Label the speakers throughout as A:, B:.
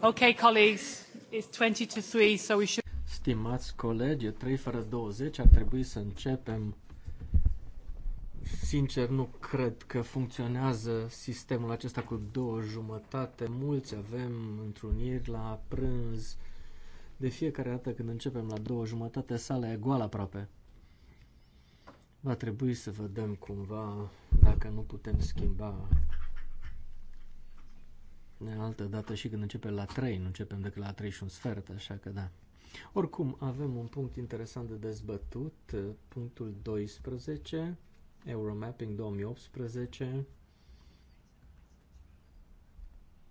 A: Ok,
B: colleagues, it's 20 to 3, so
A: we should... Stimați colegi, e 3 fără 20, ar trebui să începem. Sincer, nu cred că funcționează sistemul acesta cu două jumătate. Mulți avem întruniri la prânz. De fiecare dată când începem la două jumătate, sala e goală aproape. Va trebui să vedem cumva încă nu putem schimba. Altă dată și când începe la 3, nu începem decât la 3 și un sfert, așa că da. Oricum, avem un punct interesant de dezbătut, punctul 12, Euromapping 2018.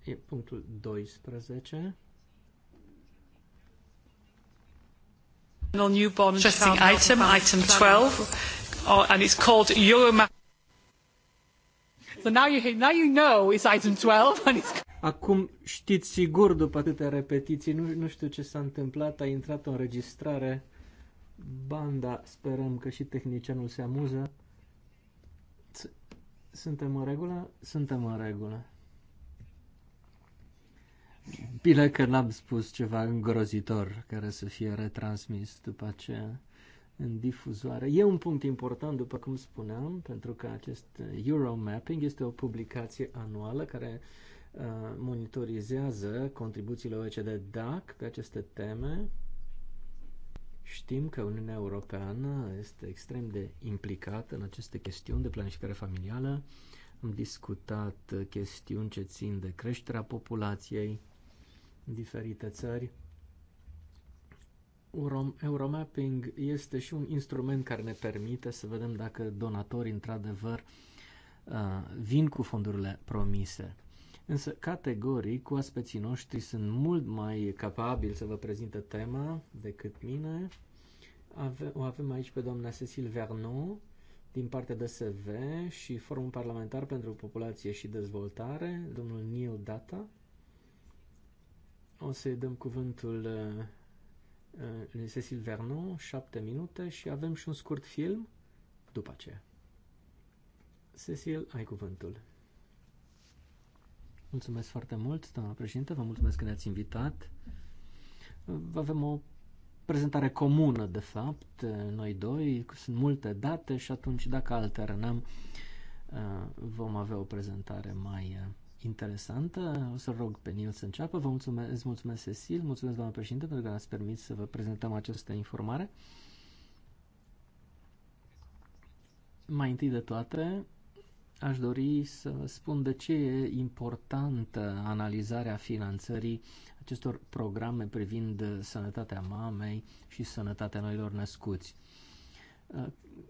A: E punctul 12.
B: Testing item, item 12, uh, and it's called Euromap. So now you, now you know it's item 12 it's...
A: Acum știți sigur după atâtea repetiții, nu, nu știu ce s-a întâmplat, a intrat o înregistrare, banda, sperăm că și tehnicianul se amuză. Suntem în regulă? Suntem în regulă. Bine că n-am spus ceva îngrozitor care să fie retransmis după aceea în difuzoare. E un punct important, după cum spuneam, pentru că acest uh, Euromapping este o publicație anuală care uh, monitorizează contribuțiile OECD DAC pe aceste teme. Știm că Uniunea Europeană este extrem de implicată în aceste chestiuni de planificare familială. Am discutat uh, chestiuni ce țin de creșterea populației în diferite țări. Euromapping este și un instrument care ne permite să vedem dacă donatorii într-adevăr uh, vin cu fondurile promise. Însă, categoric, aspeții noștri sunt mult mai capabili să vă prezinte tema decât mine. Ave- o avem aici pe doamna Cecil Vernon, din partea DSV și Forumul Parlamentar pentru Populație și Dezvoltare, domnul Neil Data. O să-i dăm cuvântul uh, Eh, Cecil Vernon, 7 minute și avem și un scurt film după aceea. Cecil, ai cuvântul. Mulțumesc foarte mult, doamna președinte, vă mulțumesc că ne-ați invitat. Eh, avem o prezentare comună, de fapt, eh, noi doi, sunt multe date și atunci, dacă alternăm, vom avea o prezentare mai interesantă. O să rog pe Nil să înceapă. Vă mulțumesc, îți mulțumesc Cecil, mulțumesc doamna președinte pentru că ne-ați permis să vă prezentăm această informare. Mai întâi de toate, aș dori să spun de ce e importantă analizarea finanțării acestor programe privind sănătatea mamei și sănătatea noilor născuți. Uh,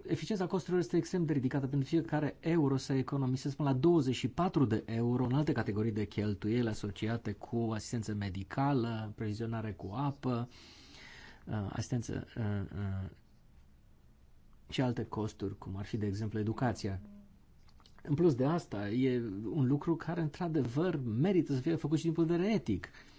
A: eficiența costurilor este extrem de ridicată. Pentru fiecare euro se economisesc până la 24 de euro în alte categorii de cheltuieli asociate cu asistență medicală, previzionare cu apă, uh, asistență uh, și alte costuri, cum ar fi, de exemplu, educația. În plus de asta, e un lucru care, într-adevăr, merită să fie făcut și din punct de vedere etic. Uh,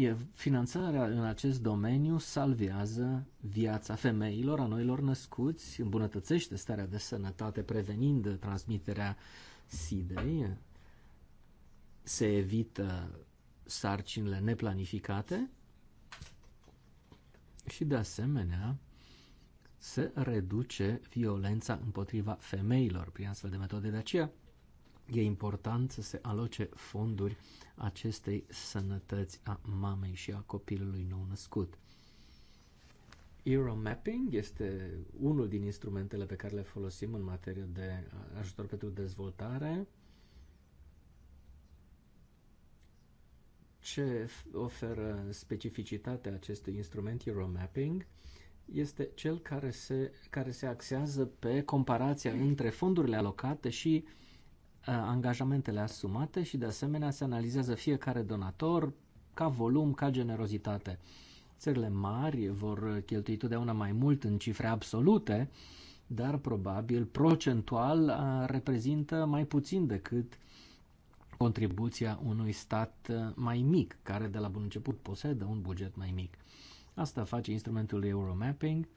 A: E, finanțarea în acest domeniu salvează viața femeilor, a noilor născuți, îmbunătățește starea de sănătate prevenind transmiterea SIDEI, se evită sarcinile neplanificate și de asemenea se reduce violența împotriva femeilor prin astfel de metode. De aceea e important să se aloce fonduri acestei sănătăți a mamei și a copilului nou născut. Euromapping este unul din instrumentele pe care le folosim în materie de ajutor pentru dezvoltare. Ce oferă specificitatea acestui instrument Euromapping este cel care se, care se axează pe comparația între fondurile alocate și uh, angajamentele asumate și de asemenea se analizează fiecare donator ca volum, ca generozitate. Țările mari vor cheltui totdeauna mai mult în cifre absolute, dar probabil procentual reprezintă mai puțin decât contribuția unui stat mai mic, care de la bun început posedă un buget mai mic. Asta face instrumentul Euromapping,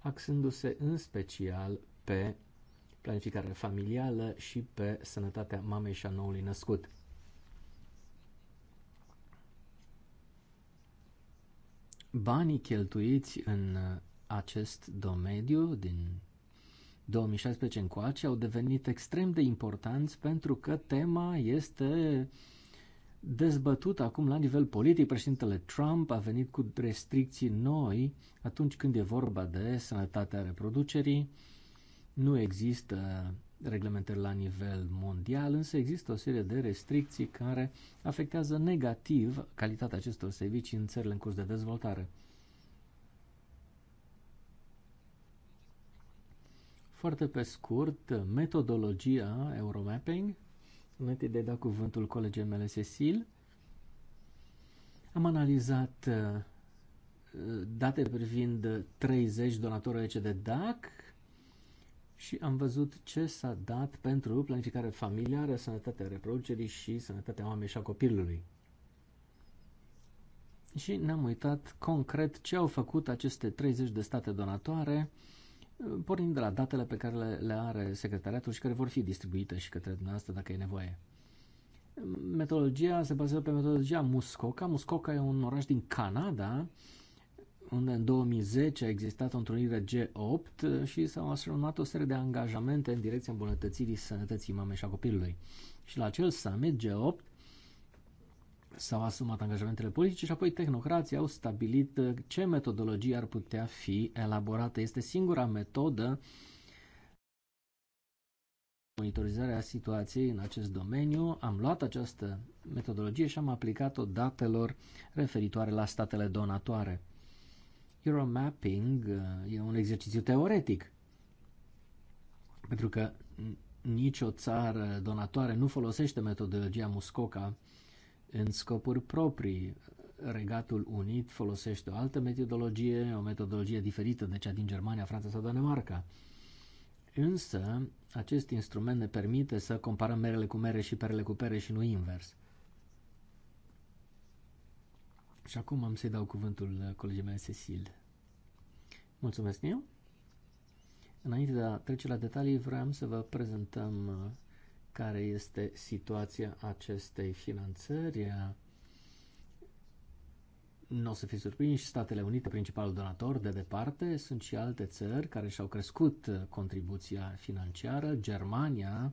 A: axându-se în special pe planificare familială și pe sănătatea mamei și a noului născut. Banii cheltuiți în acest domeniu din 2016 încoace au devenit extrem de importanți pentru că tema este dezbătută acum la nivel politic. Președintele Trump a venit cu restricții noi atunci când e vorba de sănătatea reproducerii, nu există reglementări la nivel mondial, însă există o serie de restricții care afectează negativ calitatea acestor servicii în țările în curs de dezvoltare. Foarte pe scurt, metodologia Euromapping, înainte de a da cuvântul colegii mele Cecil, am analizat uh, date privind 30 donatori de DAC, și am văzut ce s-a dat pentru planificare familiară, sănătatea reproducerii și sănătatea mamei și a copilului. Și ne-am uitat concret ce au făcut aceste 30 de state donatoare, pornind de la datele pe care le, are secretariatul și care vor fi distribuite și către dumneavoastră dacă e nevoie. Metodologia se bazează pe metodologia Muskoka. Muskoka e un oraș din Canada unde în 2010 a existat o întrunire G8 și s-au asumat o serie de angajamente în direcția îmbunătățirii sănătății mamei și a copilului. Și la acel summit G8 s-au asumat angajamentele politice și apoi tehnocrații au stabilit uh, ce metodologie ar putea fi elaborată. Este singura metodă monitorizarea situației în acest domeniu. Am luat această metodologie și am aplicat-o datelor referitoare la statele donatoare. Euromapping uh, e un exercițiu teoretic, pentru că nicio țară donatoare nu folosește metodologia Muscoca în scopuri proprii. Regatul Unit folosește o altă metodologie, o metodologie diferită de cea din Germania, Franța sau Danemarca. Însă, acest instrument ne permite să comparăm merele cu mere și perele cu pere și nu invers. Și acum am să-i dau cuvântul uh, colegii mele, Cecil. Mulțumesc eu. Înainte de a trece la detalii, vreau să vă prezentăm uh, care este situația acestei finanțări. Nu o să fiți surprinși, Statele Unite, principalul donator de departe, sunt și alte țări care și-au crescut uh, contribuția financiară. Germania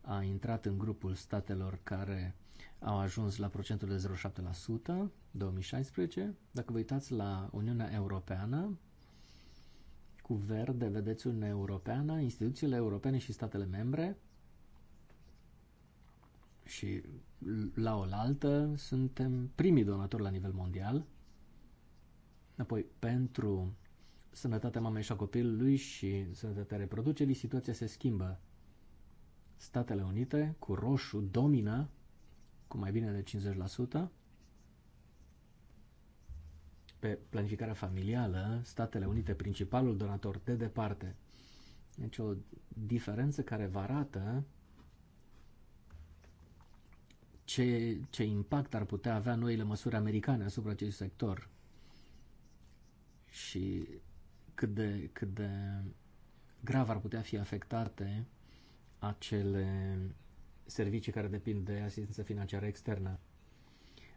A: a intrat în grupul statelor care au ajuns la procentul de 0,7%, 2016. Dacă vă uitați la Uniunea Europeană, cu verde vedeți Uniunea Europeană, instituțiile europene și statele membre și la oaltă suntem primii donatori la nivel mondial. Apoi, pentru sănătatea mamei și a copilului și sănătatea reproducerii, situația se schimbă. Statele Unite, cu roșu, domină cu mai bine de 50%. Pe planificarea familială, Statele Unite, principalul donator de departe, deci o diferență care vă arată ce, ce impact ar putea avea noile măsuri americane asupra acestui sector și cât de, cât de grav ar putea fi afectate acele servicii care depind de asistență financiară externă.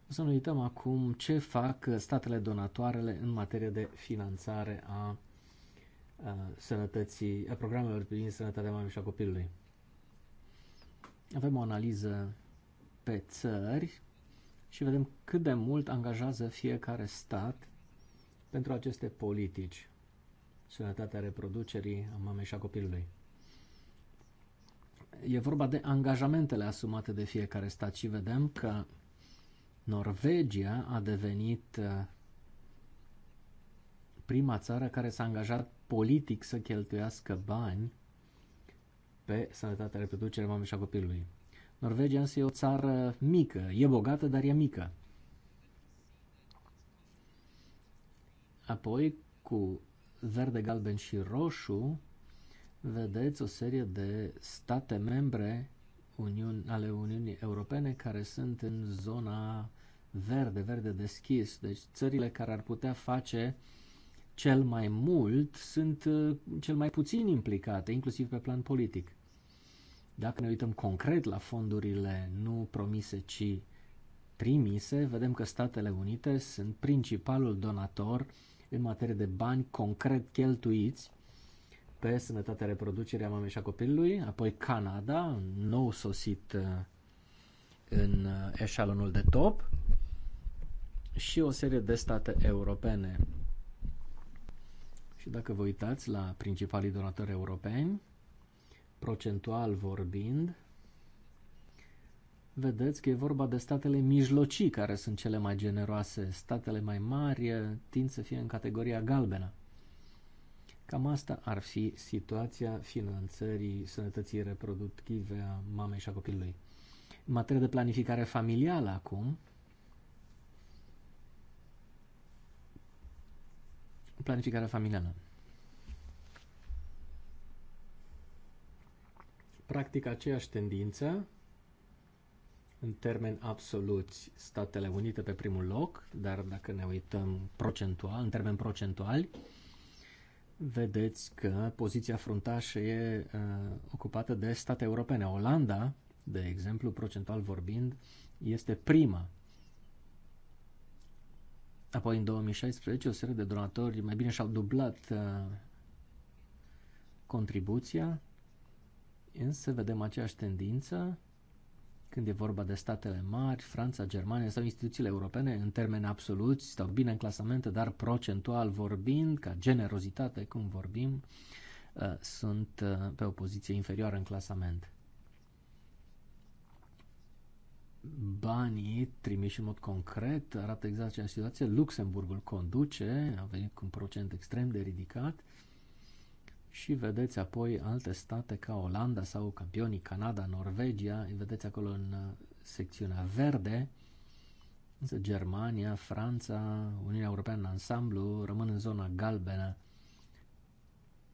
A: O să nu uităm acum ce fac statele donatoarele în materie de finanțare a, a sănătății, a programelor privind sănătatea mamei și a copilului. Avem o analiză pe țări și vedem cât de mult angajează fiecare stat pentru aceste politici, sănătatea reproducerii a mamei și a copilului e vorba de angajamentele asumate de fiecare stat și vedem că Norvegia a devenit uh, prima țară care s-a angajat politic să cheltuiască bani pe sănătatea, reproducere, mamei și a copilului. Norvegia însă e o țară mică, e bogată, dar e mică. Apoi, cu verde, galben și roșu, vedeți o serie de state membre Uniun, ale Uniunii Europene care sunt în zona verde, verde deschis. Deci țările care ar putea face cel mai mult sunt uh, cel mai puțin implicate, inclusiv pe plan politic. Dacă ne uităm concret la fondurile nu promise, ci primise, vedem că Statele Unite sunt principalul donator în materie de bani concret cheltuiți pe sănătatea reproducerii a mamei și a copilului, apoi Canada, nou sosit uh, în uh, eșalonul de top și o serie de state europene. Și dacă vă uitați la principalii donatori europeni, procentual vorbind, vedeți că e vorba de statele mijlocii care sunt cele mai generoase. Statele mai mari uh, tind să fie în categoria galbenă. Cam asta ar fi situația finanțării sănătății reproductive a mamei și a copilului. În materie de planificare familială acum, planificarea familială. Practic aceeași tendință în termeni absoluți Statele Unite pe primul loc, dar dacă ne uităm procentual, în termeni procentuali, vedeți că poziția fruntașă e uh, ocupată de state europene. Olanda, de exemplu, procentual vorbind, este prima. Apoi, în 2016, o serie de donatori mai bine și-au dublat uh, contribuția, însă vedem aceeași tendință când e vorba de statele mari, Franța, Germania sau instituțiile europene, în termeni absoluți, stau bine în clasamente, dar procentual vorbind, ca generozitate, cum vorbim, uh, sunt uh, pe o poziție inferioară în clasament. Banii trimiși în mod concret arată exact aceeași situație. Luxemburgul conduce, a venit cu un procent extrem de ridicat, și vedeți apoi alte state ca Olanda sau campionii Canada, Norvegia, îi vedeți acolo în uh, secțiunea verde, însă Germania, Franța, Uniunea Europeană în ansamblu rămân în zona galbenă,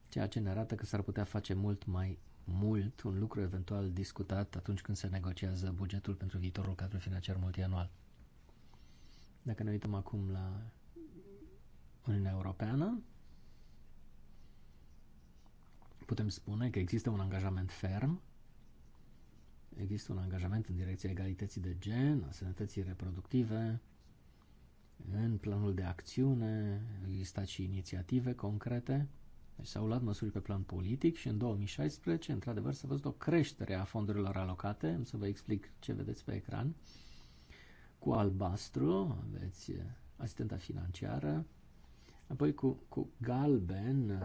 A: ceea ce ne arată că s-ar putea face mult mai mult, un lucru eventual discutat atunci când se negociază bugetul pentru viitorul cadru financiar multianual. Dacă ne uităm acum la Uniunea Europeană, putem spune că există un angajament ferm, există un angajament în direcția egalității de gen, a sănătății reproductive, în planul de acțiune, există și inițiative concrete, deci s-au luat măsuri pe plan politic și în 2016, într-adevăr, s-a văzut o creștere a fondurilor alocate, am să vă explic ce vedeți pe ecran. Cu albastru aveți asistenta financiară, apoi cu, cu galben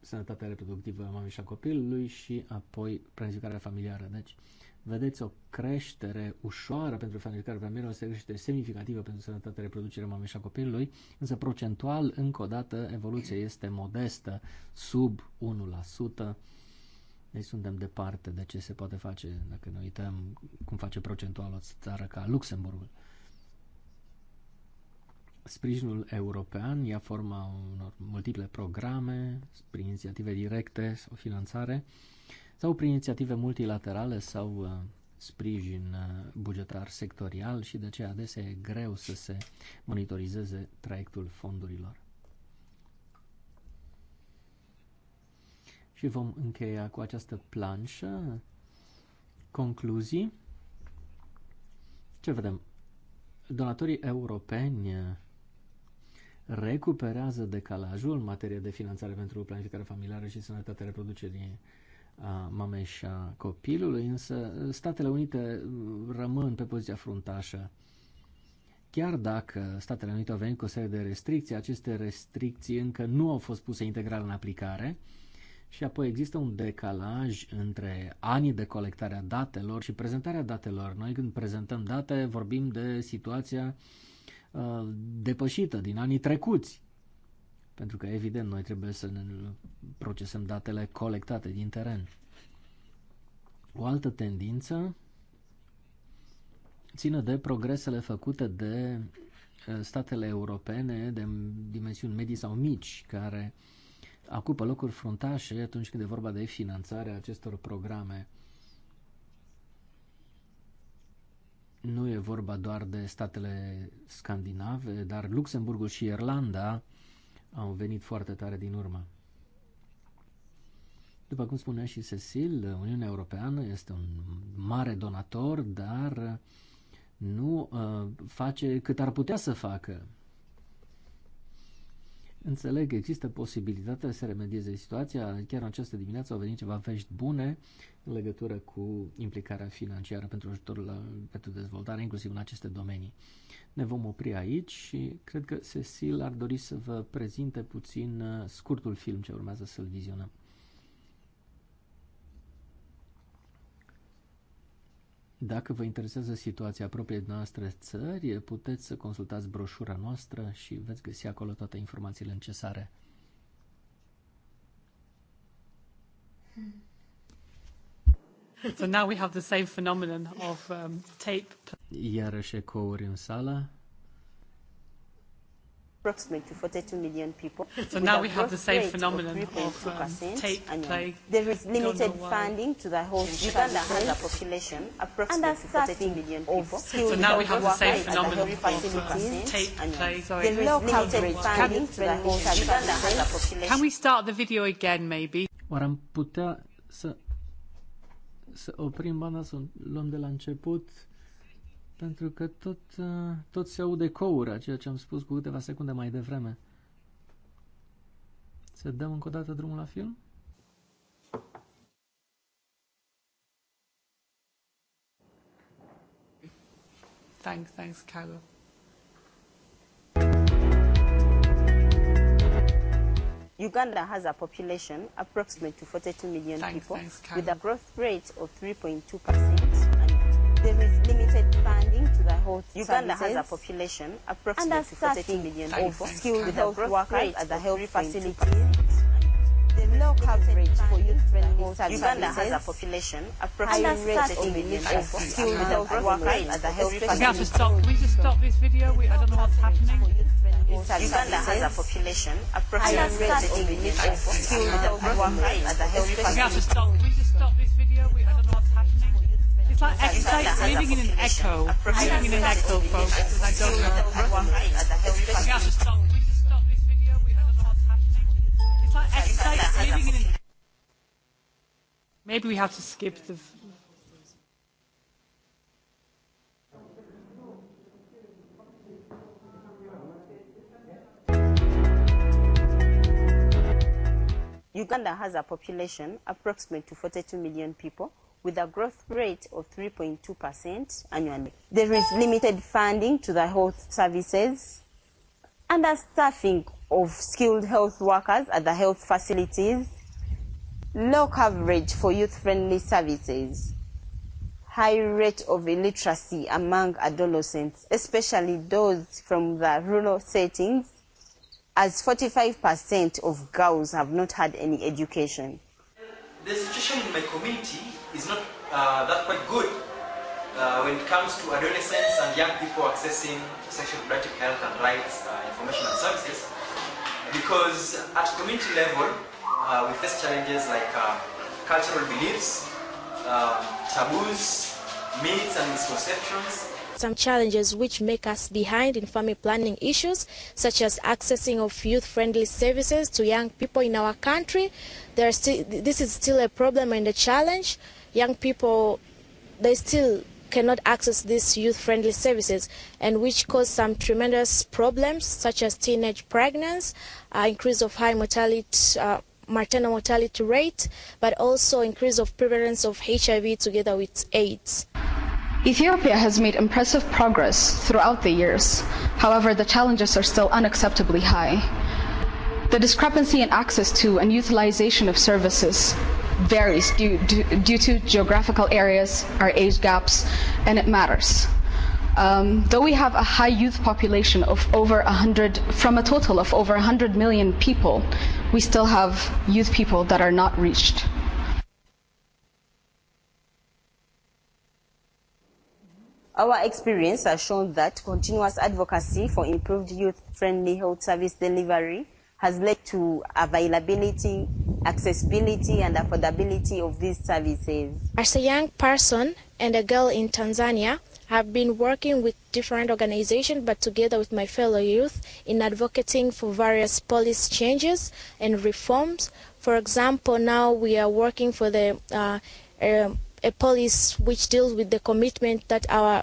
A: sănătatea reproductivă a mamei și a copilului și apoi planificarea familiară. Deci, vedeți o creștere ușoară pentru planificarea familială, o creștere semnificativă pentru sănătatea reproducerea mamei și a copilului, însă procentual, încă o dată, evoluția este modestă, sub 1%. Deci suntem departe de ce se poate face dacă ne uităm cum face procentual o țară ca Luxemburgul. Sprijinul european ia forma unor multiple programe, prin inițiative directe sau finanțare, sau prin inițiative multilaterale sau uh, sprijin uh, bugetar sectorial și de aceea adesea e greu să se monitorizeze traiectul fondurilor. Și vom încheia cu această planșă concluzii. Ce vedem? Donatorii europeni uh, recuperează decalajul în materie de finanțare pentru planificare familiară și sănătatea reproducerii a mamei și a copilului, însă Statele Unite uh, rămân pe poziția fruntașă. Chiar dacă Statele Unite au venit cu o serie de restricții, aceste restricții încă nu au fost puse integral în aplicare și apoi există un decalaj între anii de colectare a datelor și prezentarea datelor. Noi când prezentăm date vorbim de situația uh, Uh, depășită din anii trecuți. Pentru că, evident, noi trebuie să ne procesăm datele colectate din teren. O altă tendință ține de progresele făcute de uh, statele europene de dimensiuni medii sau mici, care acupă locuri fruntașe atunci când e vorba de finanțarea acestor programe nu e vorba doar de statele scandinave, dar Luxemburgul și Irlanda au venit foarte tare din urmă. După cum spunea și Cecil, Uniunea Europeană este un mare donator, dar nu uh, face cât ar putea să facă. Înțeleg că există posibilitatea să remedieze situația. Chiar în această dimineață au venit ceva vești bune în legătură cu implicarea financiară pentru ajutorul la, pentru dezvoltare, inclusiv în aceste domenii. Ne vom opri aici și cred că Cecil ar dori să vă prezinte puțin uh, scurtul film ce urmează să-l vizionăm. Dacă vă interesează situația propriei noastre țări, puteți să consultați broșura noastră și veți găsi acolo toate informațiile necesare.
B: So now we have the same phenomenon of um, tape.
A: Iarăși ecouri în sală
C: approximately 42 million people. So now we have the same phenomenon of, of um, tape play. There is limited funding to the whole Uganda has a population approximately 42 million people. So now we have the same phenomenon of um, tape play. There is limited funding to the whole Uganda has a population.
B: Can we start the video again maybe?
A: Oare am putea să să oprim bana, să luăm de la început pentru că tot, uh, tot se aude coura, ceea ce am spus cu câteva secunde mai devreme. Să dăm încă o dată drumul la film?
B: Thanks, thanks, Carlo.
C: Uganda has a population approximately to 42 million thanks, people thanks, with a growth rate of 3.2% and there is to the health Uganda services. has a population approximately 40 million of skilled health workers at the health facilities. The low coverage for youth-friendly services. Uganda has a population approximately 30 million of skilled health workers at the health facilities. We have to stop. Can we just
B: stop this video? We, I don't know what's happening. Uganda has a
C: population approximately 30 million of skilled health workers at the health facilities. We have to stop. Can we just stop this video? We It's like, it's like living in an echo. living in an echo, folks, I don't know. We have to stop. We have to stop this video. We happening. It's like, it's like living in an.
B: Maybe we have to skip
D: the.
C: Uganda has a population approximately 42 million people with a growth rate of 3.2% annually. There is limited funding to the health services, understaffing of skilled health workers at the health facilities, low coverage for youth-friendly services, high rate of illiteracy among adolescents, especially those from the rural settings, as 45% of girls have not had any education.
E: The situation in my community is not uh, that quite good uh, when it comes to adolescents and young people accessing sexual reproductive health and rights uh, information and services because at
A: community level uh, we face challenges like uh, cultural beliefs,
B: uh, taboos, myths and misconceptions
E: some challenges which make us behind in family planning issues, such as accessing of youth-friendly services to young people in our country. There are still, this is still a problem and a challenge young people, they still cannot access these youth-friendly services and which cause some tremendous problems such as teenage pregnancy, uh, increase of high mortality, uh, maternal mortality rate, but also increase of prevalence of HIV together with AIDS. Ethiopia has made impressive progress throughout the years. However, the challenges are still unacceptably high. The discrepancy in access to and utilization of services varies due, due to geographical areas, our age gaps, and it matters. Um, though we have a high youth population of over 100, from a total of over 100 million people, we still have youth people that are not reached.
C: Our experience has shown that continuous advocacy for improved youth-friendly health service delivery has led to availability, accessibility, and affordability of these services. As a young person and a girl in Tanzania, I've been working with different organizations,
E: but together with my fellow youth, in advocating for various policy changes and reforms. For example, now we are working for the uh, uh, a policy which deals with the commitment that our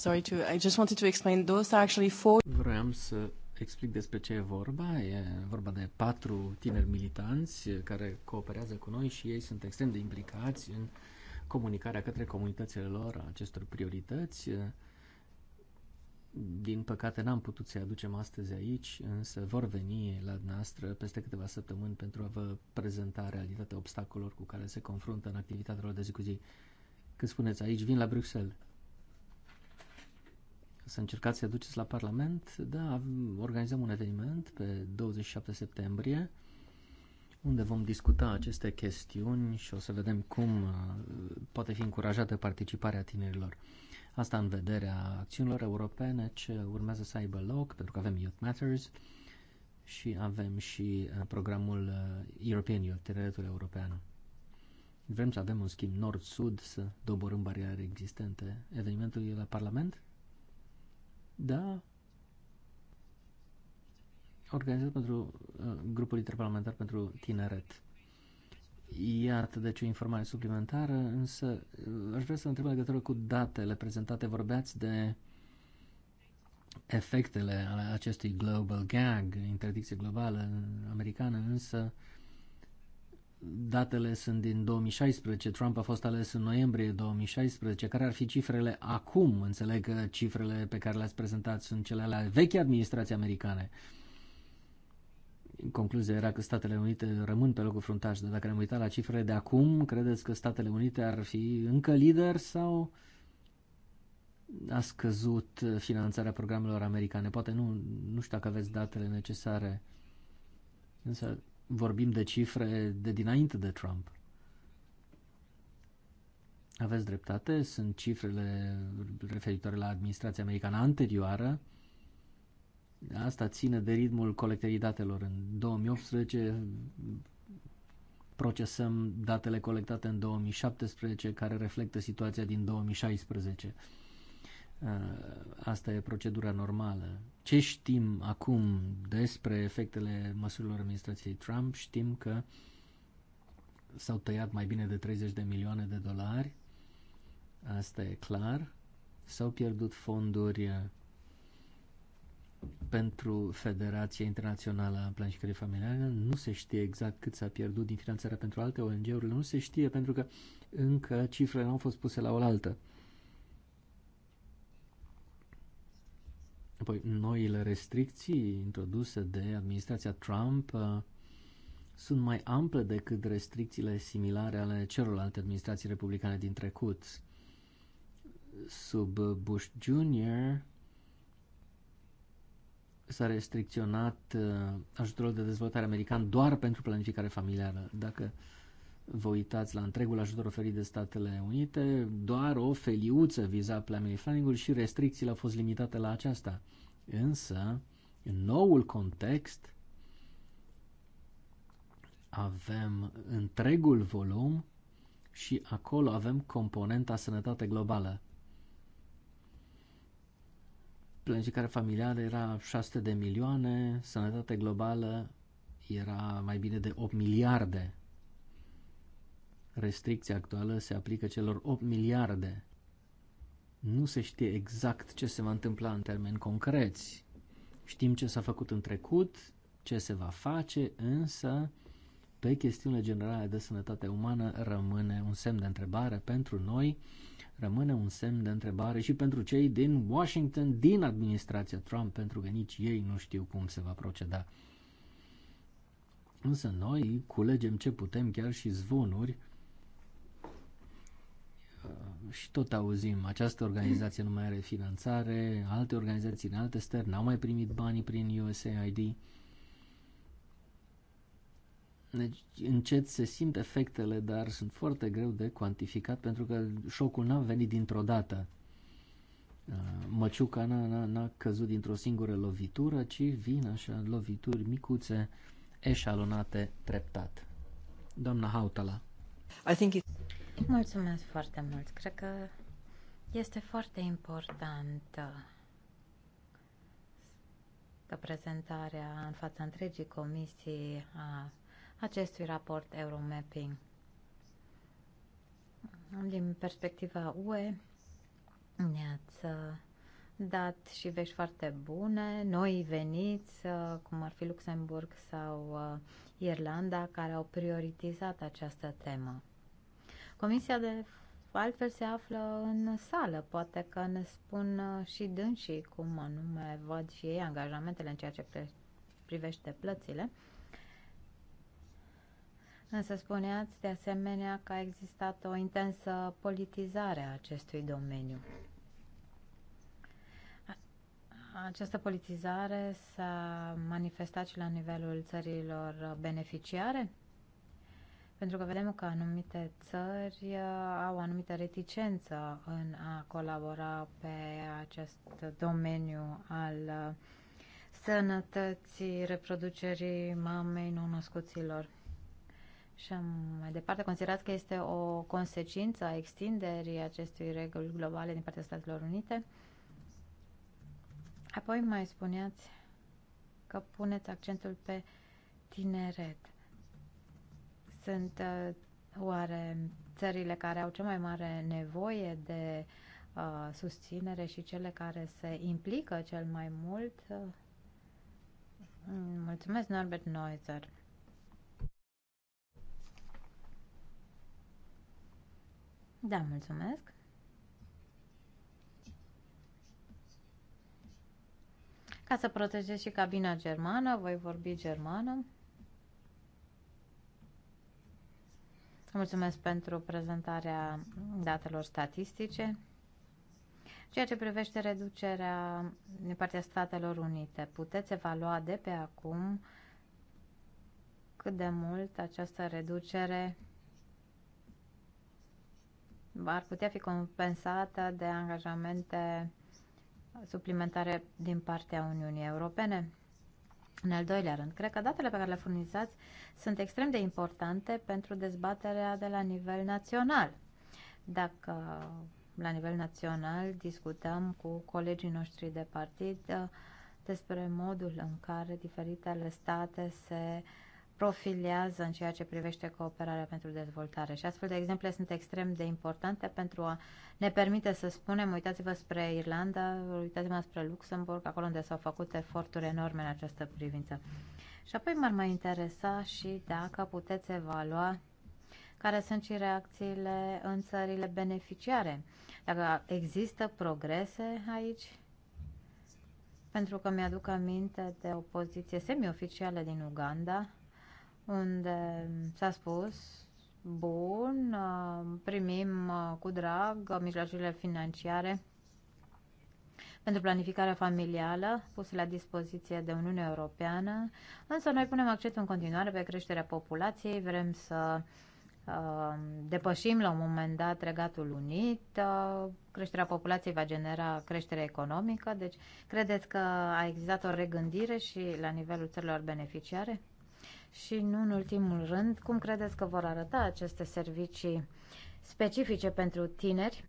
C: Sorry to, I just
A: wanted to explain, those are actually four... Vroiam să explic despre ce e vorba. E vorba de patru tineri militanți eh, care cooperează cu noi și ei sunt extrem de implicați în comunicarea către comunitățile lor a acestor priorități. Eh, din păcate n-am putut să-i aducem astăzi aici, însă vor veni la noastră peste câteva săptămâni pentru a vă prezenta realitatea obstacolelor cu care se confruntă în activitatea lor de zi cu zi. Când spuneți aici, vin la Bruxelles să încercați să duceți la Parlament, da, organizăm un eveniment pe 27 septembrie unde vom discuta aceste chestiuni și o să vedem cum uh, poate fi încurajată participarea tinerilor. Asta în vederea acțiunilor europene ce urmează să aibă loc, pentru că avem Youth Matters și avem și uh, programul uh, European Youth, Tineretul European. Vrem să avem un schimb nord-sud, să doborâm barierele existente. Evenimentul e la Parlament? Da. Organizat pentru uh, grupul interparlamentar pentru tineret. Iată, deci o informare suplimentară, însă uh, aș vrea să întreb legătură cu datele prezentate. Vorbeați de efectele ale acestui global gag, interdicție globală americană, însă uh, Datele sunt din 2016, Trump a fost ales în noiembrie 2016. Care ar fi cifrele acum? Înțeleg că cifrele pe care le-ați prezentat sunt cele ale vechi administrații americane. Concluzia era că Statele Unite rămân pe locul fruntaș, dar dacă ne-am uitat la cifrele de acum, credeți că Statele Unite ar fi încă lider sau a scăzut finanțarea programelor americane? Poate nu, nu știu dacă aveți datele necesare. Însă vorbim de cifre de dinainte de Trump. Aveți dreptate, sunt cifrele referitoare la administrația americană anterioară. Asta ține de ritmul colectării datelor. În 2018 procesăm datele colectate în 2017 care reflectă situația din 2016. Eh, asta e procedura normală. Ce știm acum despre efectele măsurilor administrației Trump? Știm că s-au tăiat mai bine de 30 de milioane de dolari, asta e clar. S-au pierdut fonduri eh, pentru Federația Internațională a Planificării Familiale. Nu se știe exact cât s-a pierdut din finanțarea pentru alte ONG-uri, nu se știe pentru că încă cifrele nu au fost puse la oaltă. Apoi, noile restricții introduse de administrația Trump uh, sunt mai ample decât restricțiile similare ale celorlalte administrații republicane din trecut. Sub Bush Jr. s-a restricționat uh, ajutorul de dezvoltare american doar pentru planificare familială. Dacă uh, vă uitați la întregul ajutor oferit de Statele Unite, doar o feliuță viza family planning și restricțiile au fost limitate la aceasta. Însă, în noul context, avem întregul volum și acolo avem componenta sănătate globală. Planificare familială era 600 de milioane, sănătate globală era mai bine de 8 miliarde Restricția actuală se aplică celor 8 miliarde. Nu se știe exact ce se va întâmpla în termeni concreți. Știm ce s-a făcut în trecut, ce se va face, însă pe chestiunile generale de sănătate umană rămâne un semn de întrebare pentru noi, rămâne un semn de întrebare și pentru cei din Washington, din administrația Trump, pentru că nici ei nu știu cum se va proceda. Însă noi culegem ce putem, chiar și zvonuri, Uh, și tot auzim, această organizație nu mai are finanțare, alte organizații în alte stări n-au mai primit banii prin USAID. Deci încet se simt efectele, dar sunt foarte greu de cuantificat pentru că șocul n-a venit dintr-o dată. Uh, măciuca n-a, căzut dintr-o singură lovitură, ci vin așa lovituri micuțe, eșalonate treptat. Doamna Hautala.
D: I think it... Mulțumesc foarte mult. Cred că este foarte important uh, că prezentarea în fața întregii comisii a acestui raport Euromapping din perspectiva UE ne-ați uh, dat și vești foarte bune, noi veniți, uh, cum ar fi Luxemburg sau Irlanda, care au prioritizat această temă. Comisia de altfel se află în sală. Poate că ne spun uh, și dânsii cum anume văd și ei angajamentele în ceea ce privește plățile. Însă spuneați de asemenea că a existat o intensă politizare a acestui domeniu. Această politizare s-a manifestat și la nivelul țărilor beneficiare? pentru că vedem că anumite țări uh, au anumită reticență în a colabora pe acest domeniu al uh, sănătății reproducerii mamei nou-născuților. Și mai departe, considerați că este o consecință a extinderii acestui reguli globale din partea Statelor Unite? Apoi mai spuneați că puneți accentul pe tineret sunt uh, oare țările care au cea mai mare nevoie de uh, susținere și cele care se implică cel mai mult? Uh, mulțumesc, Norbert Neuser. Da, mulțumesc. Ca să protejez și cabina germană, voi vorbi germană. Mulțumesc pentru prezentarea datelor statistice. Ceea ce privește reducerea din partea Statelor Unite, puteți evalua de pe acum cât de mult această reducere ar putea fi compensată de angajamente suplimentare din partea Uniunii Europene? În al doilea rând, cred că datele pe care le furnizați sunt extrem de importante pentru dezbaterea de la nivel național. Dacă la nivel național discutăm cu colegii noștri de partid uh, despre modul în care diferitele state se uh, profilează în ceea ce privește cooperarea pentru dezvoltare. Și astfel de exemple sunt extrem de importante pentru a ne permite să spunem, uitați-vă spre Irlanda, uitați-vă spre Luxemburg, acolo unde s-au făcut eforturi enorme în această privință. Și apoi m-ar mai interesa și dacă puteți evalua care sunt și reacțiile în țările beneficiare. Dacă există progrese aici, pentru că mi-aduc aminte de o poziție oficială din Uganda, unde s-a spus bun, primim uh, cu drag mijloacele financiare pentru planificarea familială pusă la dispoziție de Uniunea Europeană, însă noi punem accentul în continuare pe creșterea populației, vrem să uh, depășim la un moment dat Regatul Unit, uh, creșterea populației va genera creștere economică, deci credeți că a existat o regândire și la nivelul țărilor beneficiare? Și nu în ultimul rând, cum credeți că vor arăta aceste servicii specifice pentru tineri?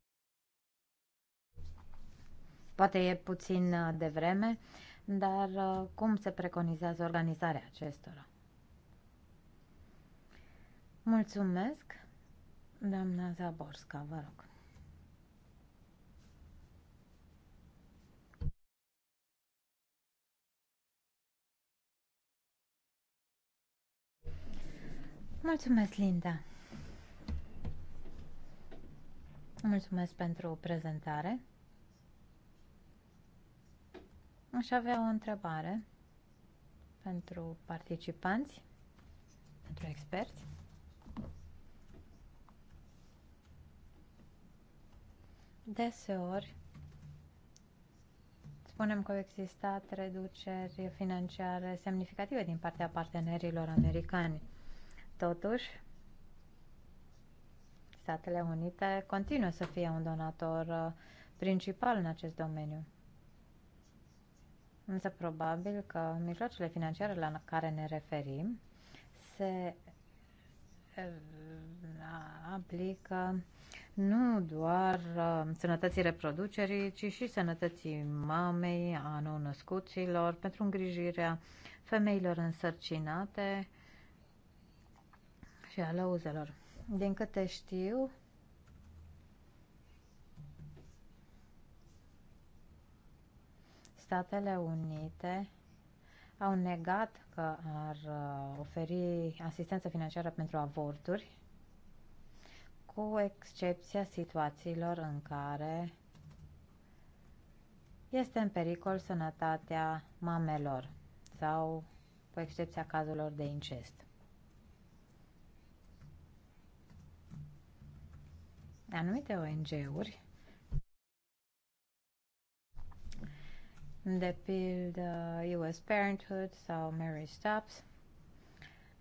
D: Poate e puțin uh, de vreme, dar uh, cum se preconizează organizarea acestora? Mulțumesc, doamna Zaborska, vă rog. Mulțumesc, Linda! Mulțumesc pentru prezentare. Aș avea o întrebare pentru participanți, pentru experți. Deseori spunem că au existat reduceri financiare semnificative din partea partenerilor americani. Totuși, Statele Unite continuă să fie un donator uh, principal în acest domeniu. Însă probabil că mijloacele financiare la care ne referim se uh, aplică nu doar uh, sănătății reproducerii, ci și sănătății mamei, a nou-născuților, pentru îngrijirea femeilor însărcinate, și ale uzelor. Din câte știu, Statele Unite au negat că ar uh, oferi asistență financiară pentru avorturi, cu excepția situațiilor în care este în pericol sănătatea mamelor sau cu excepția cazurilor de incest. anumite ONG-uri, de pildă US Parenthood sau Mary Stops,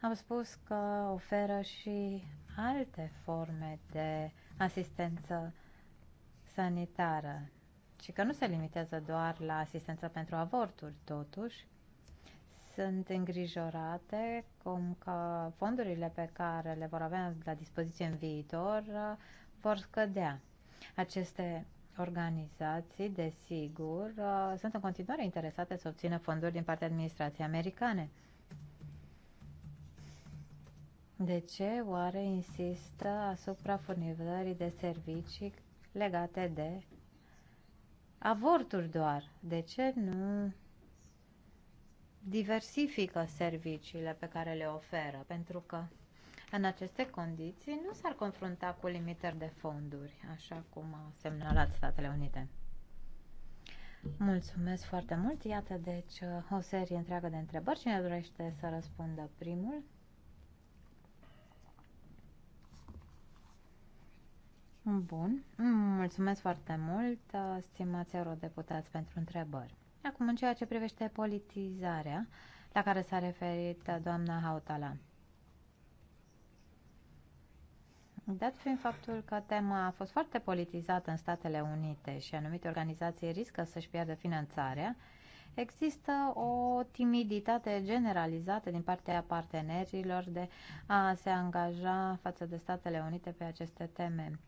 D: am spus că oferă și alte forme de asistență sanitară și că nu se limitează doar la asistență pentru avorturi, totuși sunt îngrijorate cum că fondurile pe care le vor avea la dispoziție în viitor vor scădea. Aceste organizații, desigur, uh, sunt în continuare interesate să obțină fonduri din partea administrației americane. De ce oare insistă asupra furnizării de servicii legate de avorturi doar? De ce nu diversifică serviciile pe care le oferă? Pentru că în aceste condiții nu s-ar confrunta cu limitări de fonduri, așa cum au semnalat Statele Unite. Mulțumesc foarte mult. Iată, deci, o serie întreagă de întrebări. Cine dorește să răspundă primul? Bun. Mulțumesc foarte mult, stimați eurodeputați, pentru întrebări. Acum, în ceea ce privește politizarea la care s-a referit doamna Hautala. Dat fiind faptul că tema a fost foarte politizată în Statele Unite și anumite organizații riscă să-și piardă finanțarea, există o timiditate generalizată din partea partenerilor de a se angaja față de Statele Unite pe aceste teme.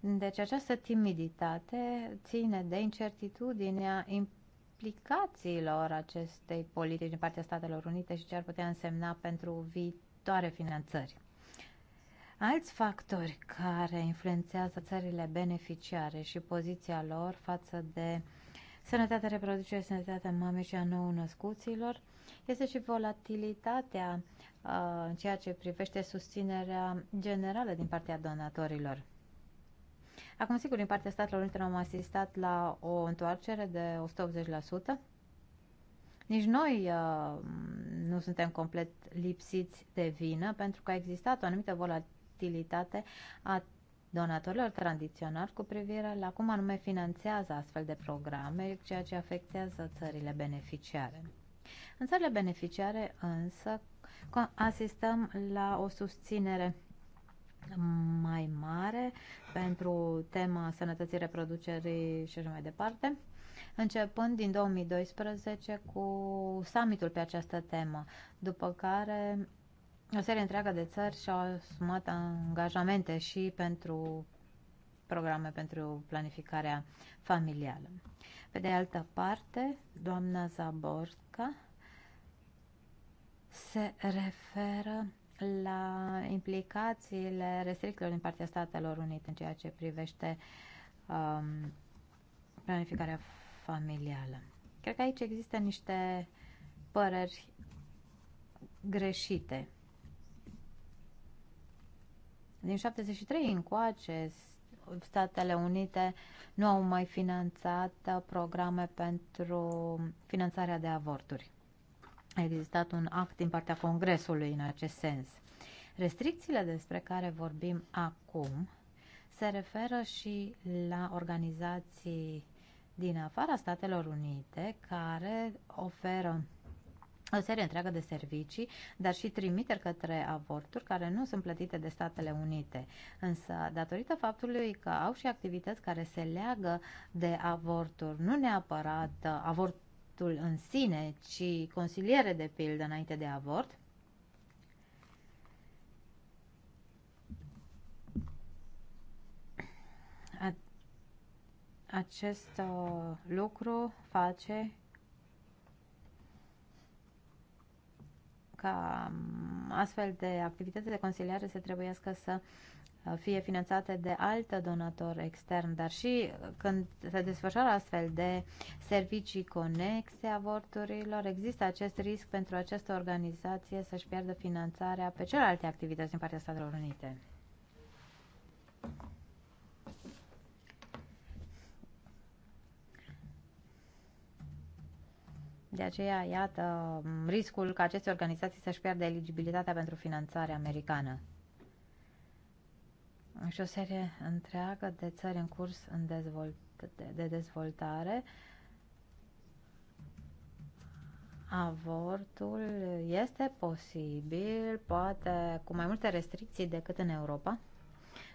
D: Deci această timiditate ține de incertitudinea implicațiilor acestei politici din partea Statelor Unite și ce ar putea însemna pentru viitoare finanțări. Alți factori care influențează țările beneficiare și poziția lor față de sănătatea reproducere, sănătatea mamei și a nou-născuților, este și volatilitatea uh, în ceea ce privește susținerea generală din partea donatorilor. Acum, sigur, din partea Statelor Unite am asistat la o întoarcere de 180%. Nici noi uh, nu suntem complet lipsiți de vină, pentru că a existat o anumită volatilitate ostilitate a donatorilor tradiționali cu privire la cum anume finanțează astfel de programe, ceea ce afectează țările beneficiare. În țările beneficiare însă asistăm la o susținere mai mare pentru tema sănătății reproducerii și așa mai departe, începând din 2012 cu summitul pe această temă, după care o serie întreagă de țări și-au asumat angajamente și pentru programe pentru planificarea familială. Pe de altă parte, doamna Zaborska se referă la implicațiile restricțiilor din partea Statelor Unite în ceea ce privește um, planificarea familială. Cred că aici există niște păreri greșite din 73 încoace, Statele Unite nu au mai finanțat programe pentru finanțarea de avorturi. A existat un act din partea Congresului în acest sens. Restricțiile despre care vorbim acum se referă și la organizații din afara Statelor Unite care oferă o serie întreagă de servicii, dar și trimiteri către avorturi care nu sunt plătite de Statele Unite. Însă, datorită faptului că au și activități care se leagă de avorturi, nu neapărat uh, avortul în sine, ci consiliere de pildă înainte de avort, acest uh, lucru face ca um, astfel de activități de consiliare să trebuiască să uh, fie finanțate de alt donator extern, dar și uh, când se desfășoară astfel de servicii conexe avorturilor, există acest risc pentru această organizație să-și pierdă finanțarea pe celelalte activități din partea Statelor Unite. De aceea, iată, riscul ca aceste organizații să-și pierdă eligibilitatea pentru finanțare americană. Și o serie întreagă de țări în curs în dezvolt- de dezvoltare. Avortul este posibil, poate cu mai multe restricții decât în Europa,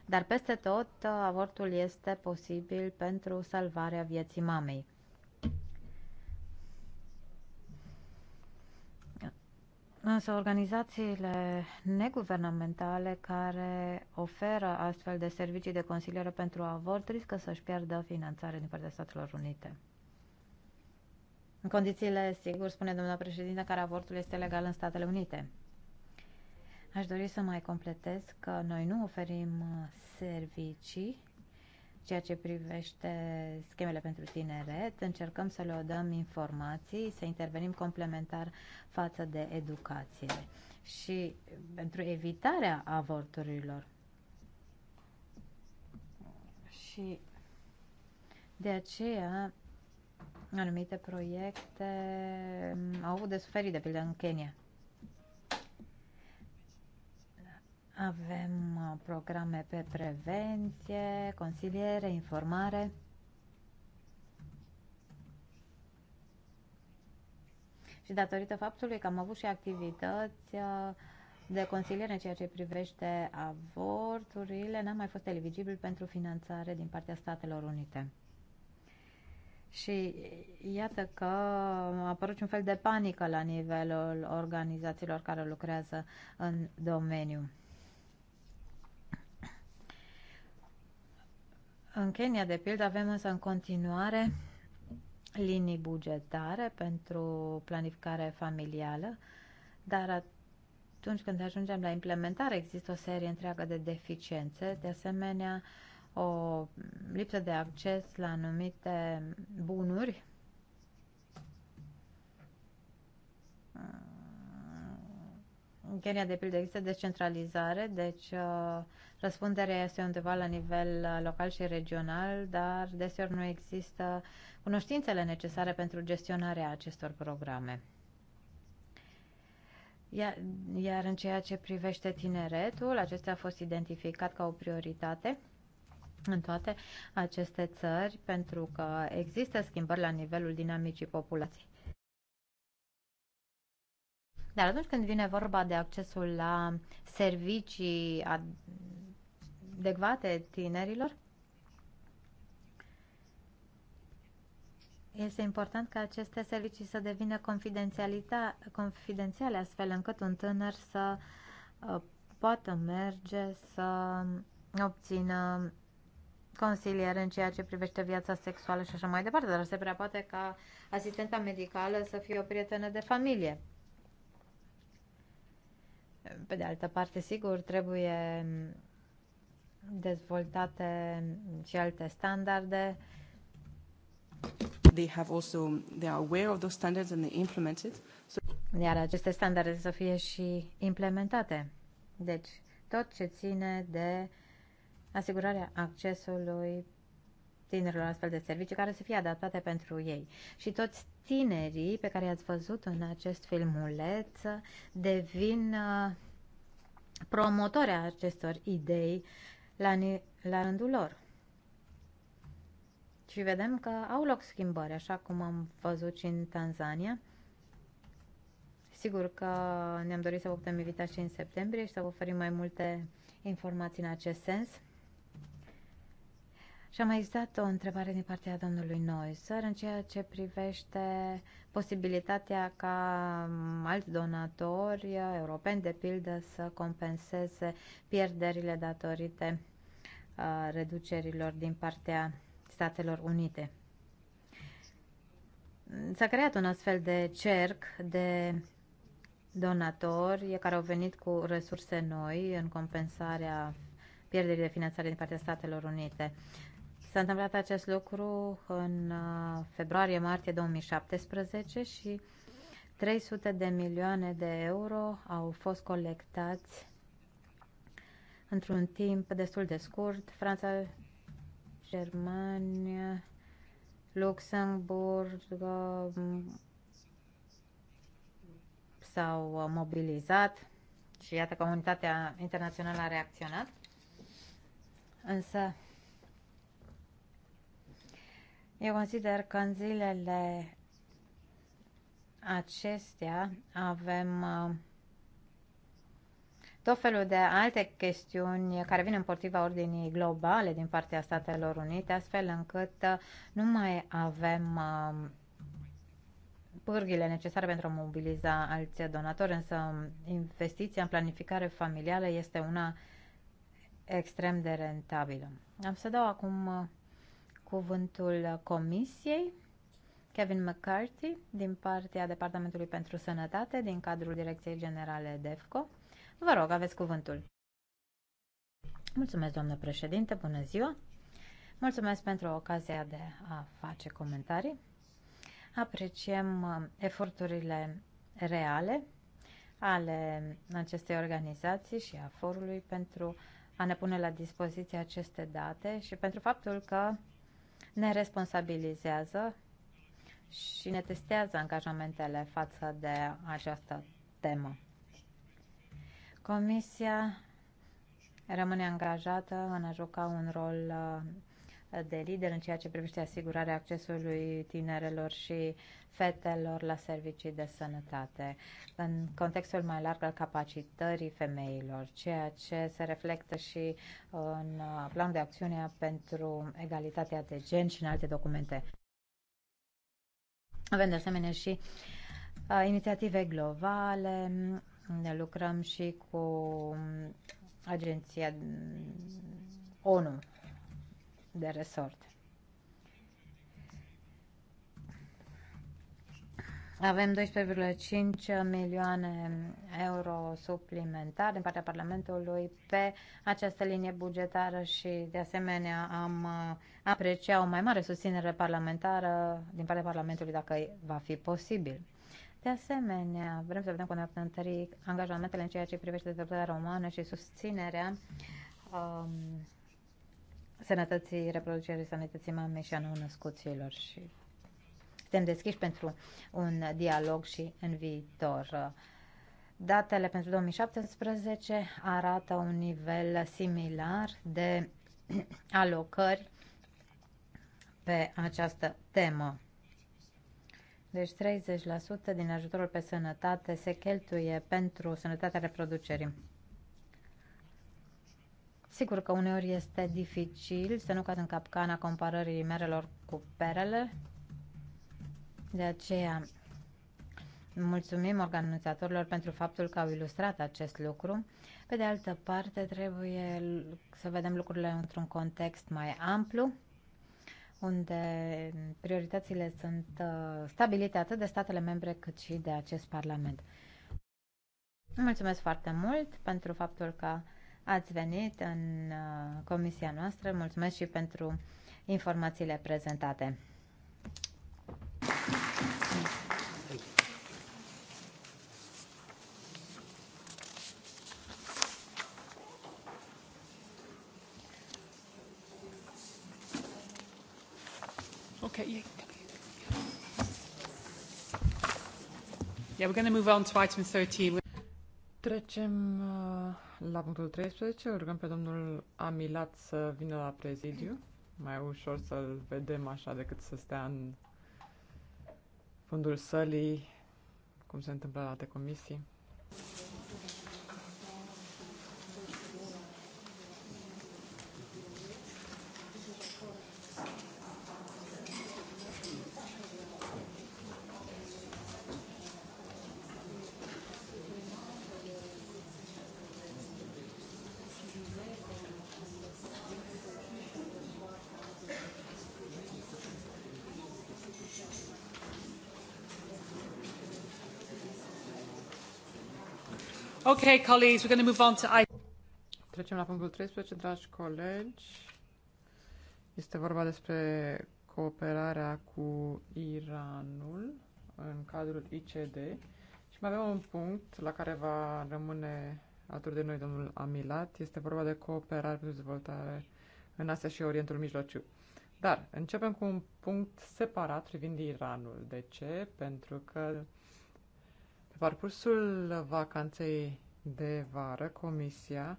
D: dar peste tot avortul este posibil pentru salvarea vieții mamei. Însă organizațiile neguvernamentale care oferă astfel de servicii de consiliere pentru avort riscă să-și pierdă finanțare din partea Statelor Unite. În condițiile, sigur, spune domnul președinte, care avortul este legal în Statele Unite. Aș dori să mai completez că noi nu oferim servicii ceea ce privește schemele pentru tineret, încercăm să le dăm informații, să intervenim complementar față de educație și pentru evitarea avorturilor. Și de aceea anumite proiecte au avut de suferit, de pildă în Kenya. Avem uh, programe pe prevenție, consiliere, informare. Și datorită faptului că am avut și activități uh, de consiliere în ceea ce privește avorturile, n-am mai fost eligibil pentru finanțare din partea Statelor Unite. Și iată că a apărut un fel de panică la nivelul organizațiilor care lucrează în domeniu. În Kenya, de pildă, avem însă în continuare linii bugetare pentru planificare familială, dar atunci când ajungem la implementare există o serie întreagă de deficiențe, de asemenea o lipsă de acces la anumite bunuri Kenya, de pildă, există descentralizare, deci uh, răspunderea este undeva la nivel uh, local și regional, dar deseori nu există cunoștințele necesare pentru gestionarea acestor programe. Iar, iar în ceea ce privește tineretul, acesta a fost identificat ca o prioritate în toate aceste țări, pentru că există schimbări la nivelul dinamicii populației. Dar atunci când vine vorba de accesul la servicii adecvate tinerilor, Este important ca aceste servicii să devină confidențiale, astfel încât un tânăr să uh, poată merge să obțină consiliere în ceea ce privește viața sexuală și așa mai departe, dar se prea poate ca asistenta medicală să fie o prietenă de familie. Pe de altă parte, sigur, trebuie dezvoltate și alte standarde. They have also, they are aware of those standards and they implement it. So... Iar aceste standarde să fie și implementate. Deci, tot ce ține de asigurarea accesului tinerilor astfel de servicii care să fie adaptate pentru ei. Și toți tinerii pe care i-ați văzut în acest filmuleț devin uh, promotori acestor idei la, la rândul lor. Și vedem că au loc schimbări, așa cum am văzut și în Tanzania. Sigur că ne-am dorit să vă putem invita și în septembrie și să vă oferim mai multe informații în acest sens. Și am mai existat o întrebare din partea domnului Noiser în ceea ce privește posibilitatea ca alți donatori europeni, de pildă, să compenseze pierderile datorite uh, reducerilor din partea Statelor Unite. S-a creat un astfel de cerc de donatori care au venit cu resurse noi în compensarea pierderii de finanțare din partea Statelor Unite. S-a întâmplat acest lucru în uh, februarie-martie 2017 și 300 de milioane de euro au fost colectați într-un timp destul de scurt. Franța, Germania, Luxemburg uh, s-au uh, mobilizat și iată că internațională a reacționat. Însă eu consider că în zilele acestea avem uh, tot felul de alte chestiuni care vin împotriva ordinii globale din partea Statelor Unite, astfel încât uh, nu mai avem uh, pârghile necesare pentru a mobiliza alți donatori, însă um, investiția în planificare familială este una extrem de rentabilă. Am să dau acum cuvântul Comisiei. Kevin McCarthy, din partea Departamentului pentru Sănătate, din cadrul Direcției Generale DEFCO. Vă rog, aveți cuvântul. Mulțumesc, doamnă președinte, bună ziua! Mulțumesc pentru ocazia de a face comentarii. Apreciem uh, eforturile reale ale acestei organizații și a forului pentru a ne pune la dispoziție aceste date și pentru faptul că ne responsabilizează și ne testează angajamentele față de această temă. Comisia rămâne angajată în a juca un rol uh, de lider în ceea ce privește asigurarea accesului tinerelor și fetelor la servicii de sănătate, în contextul mai larg al capacitării femeilor, ceea ce se reflectă și în plan de acțiune pentru egalitatea de gen și în alte documente. Avem de asemenea și inițiative globale, ne lucrăm și cu mm, agenția mm, ONU de resort. Avem 12,5 milioane euro suplimentare din partea Parlamentului pe această linie bugetară și de asemenea am aprecia o mai mare susținere parlamentară din partea Parlamentului dacă va fi posibil. De asemenea, vrem să vedem cum ne putem întări angajamentele în ceea ce privește dezvoltarea romană și susținerea um, sănătății reproducerii, sănătății mamei și a nou-născuților și suntem deschiși pentru un dialog și în viitor. Datele pentru 2017 arată un nivel similar de alocări pe această temă. Deci 30% din ajutorul pe sănătate se cheltuie pentru sănătatea reproducerii. Sigur că uneori este dificil să nu cad în capcana comparării merelor cu perele. De aceea mulțumim organizatorilor pentru faptul că au ilustrat acest lucru. Pe de altă parte, trebuie să vedem lucrurile într-un context mai amplu, unde prioritățile sunt uh, stabilite atât de statele membre cât și de acest Parlament. Mulțumesc foarte mult pentru faptul că ați venit în uh, comisia noastră. Mulțumesc și pentru informațiile prezentate.
B: Okay. Yeah, we're going to move on to item 13. Trecem uh la punctul 13 îl rugăm pe domnul Amilat să vină la prezidiu. Mai ușor să-l vedem așa decât să stea în fundul sălii, cum se întâmplă la alte comisii. Okay, colleagues, we're going to move on to Trecem la punctul 13, dragi colegi. Este vorba despre cooperarea cu Iranul în cadrul ICD și mai avem un punct la care va rămâne alături de noi domnul Amilat. Este vorba de cooperare pentru dezvoltare în Asia și Orientul Mijlociu. Dar începem cu un punct separat privind Iranul. De ce? Pentru că pe parcursul vacanței de vară, Comisia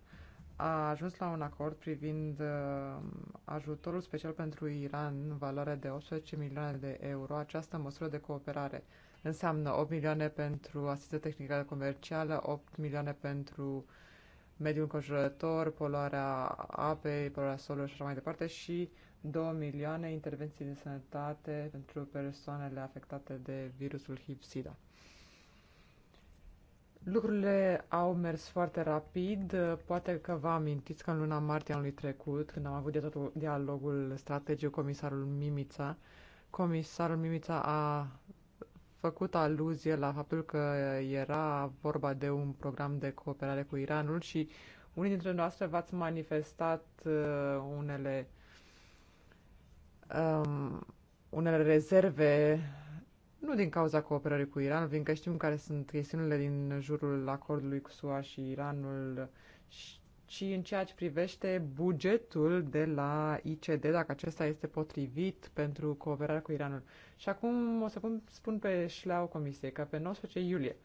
B: a ajuns la un acord privind uh, ajutorul special pentru Iran în valoare de 18 milioane de euro. Această măsură de cooperare înseamnă 8 milioane pentru asistență tehnică comercială, 8 milioane pentru mediul înconjurător, poluarea apei, poluarea solului și așa mai departe și 2 milioane intervenții de sănătate pentru persoanele afectate de virusul HIV-SIDA. Lucrurile au mers foarte rapid. Poate că vă amintiți că în luna martie anului trecut, când am avut de totul dialogul strategic cu comisarul Mimița, comisarul Mimița a făcut aluzie la faptul că era vorba de un program de cooperare cu Iranul și unii dintre noastre v-ați manifestat uh, unele um, unele rezerve nu din cauza cooperării cu Iranul, fiindcă știm care sunt chestiunile din jurul acordului cu SUA și Iranul, ci în ceea ce privește bugetul de la ICD, dacă acesta este potrivit pentru cooperarea cu Iranul. Și acum o să pun, spun pe șleau comisiei că pe 19 iulie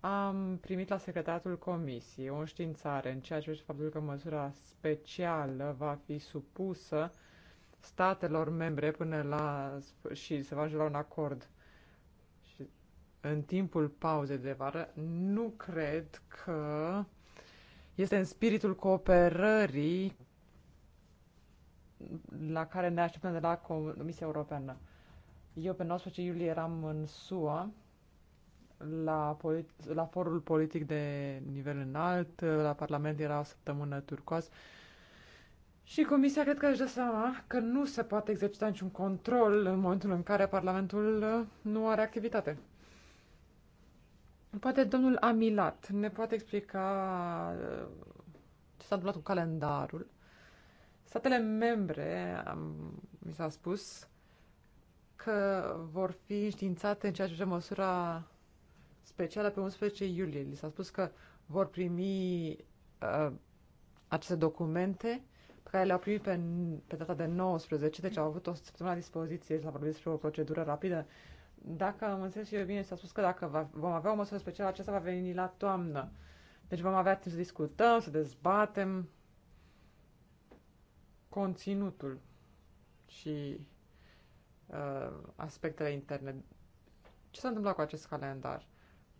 B: am primit la secretatul comisiei o științare în ceea ce privește faptul că măsura specială va fi supusă statelor membre până la și se va ajunge la un acord în timpul pauzei de vară, nu cred că este în spiritul cooperării la care ne așteptăm de la Comisia Europeană. Eu pe 19 iulie eram în SUA la, polit- la forul politic de nivel înalt, la Parlament era o săptămână turcoasă și Comisia cred că își dă seama că nu se poate exercita niciun control în momentul în care Parlamentul nu are activitate. Poate domnul Amilat ne poate explica uh, ce s-a întâmplat cu calendarul. Statele membre, am, mi s-a spus, că vor fi înștiințate în ceea ce privește măsura specială pe 11 iulie. Li s-a spus că vor primi uh, aceste documente pe care le-au primit pe, pe data de 19, deci au avut o săptămână la dispoziție, s-a vorbit despre o procedură rapidă dacă am înțeles eu bine, s-a spus că dacă va, vom avea o măsură specială, aceasta va veni la toamnă. Deci vom avea timp să discutăm, să dezbatem conținutul și uh, aspectele interne. Ce s-a întâmplat cu acest calendar?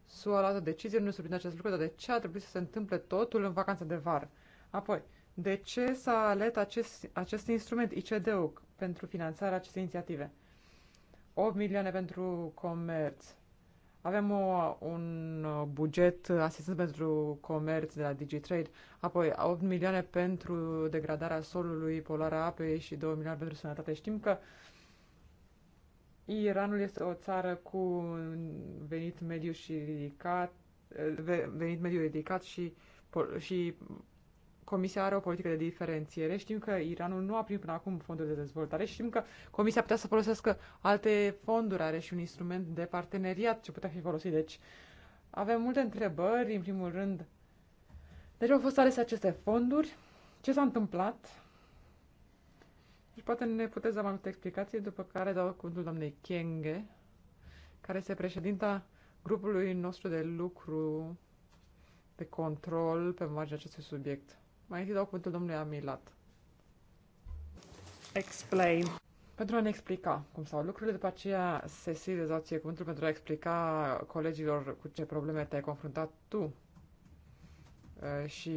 B: Su a luat o decizie, nu surprinde acest lucru, dar de ce a trebuit să se întâmple totul în vacanța de vară? Apoi, de ce s-a ales acest, acest instrument, ICD-ul, pentru finanțarea acestei inițiative? 8 milioane pentru comerț. Avem o, un buget asistent pentru comerț de la DigiTrade, apoi 8 milioane pentru degradarea solului, poluarea apei și 2 milioane pentru sănătate. Știm că Iranul este o țară cu venit mediu și ridicat, eh, venit mediu ridicat și, și Comisia are o politică de diferențiere. Știm că Iranul nu a primit până acum fonduri de dezvoltare și știm că Comisia putea să folosească alte fonduri, are și un instrument de parteneriat ce putea fi folosit. Deci avem multe întrebări, în primul rând. Deci au fost alese aceste fonduri. Ce s-a întâmplat? Și deci, poate ne puteți da mai multe explicații, după care dau cuvântul doamnei Kenge, care este președinta grupului nostru de lucru de control pe marginea acestui subiect. Mai întâi dau cuvântul domnului Amilat. Explain. Pentru a ne explica cum stau lucrurile, după aceea se îți ție cuvântul pentru a explica colegilor cu ce probleme te-ai confruntat tu uh, și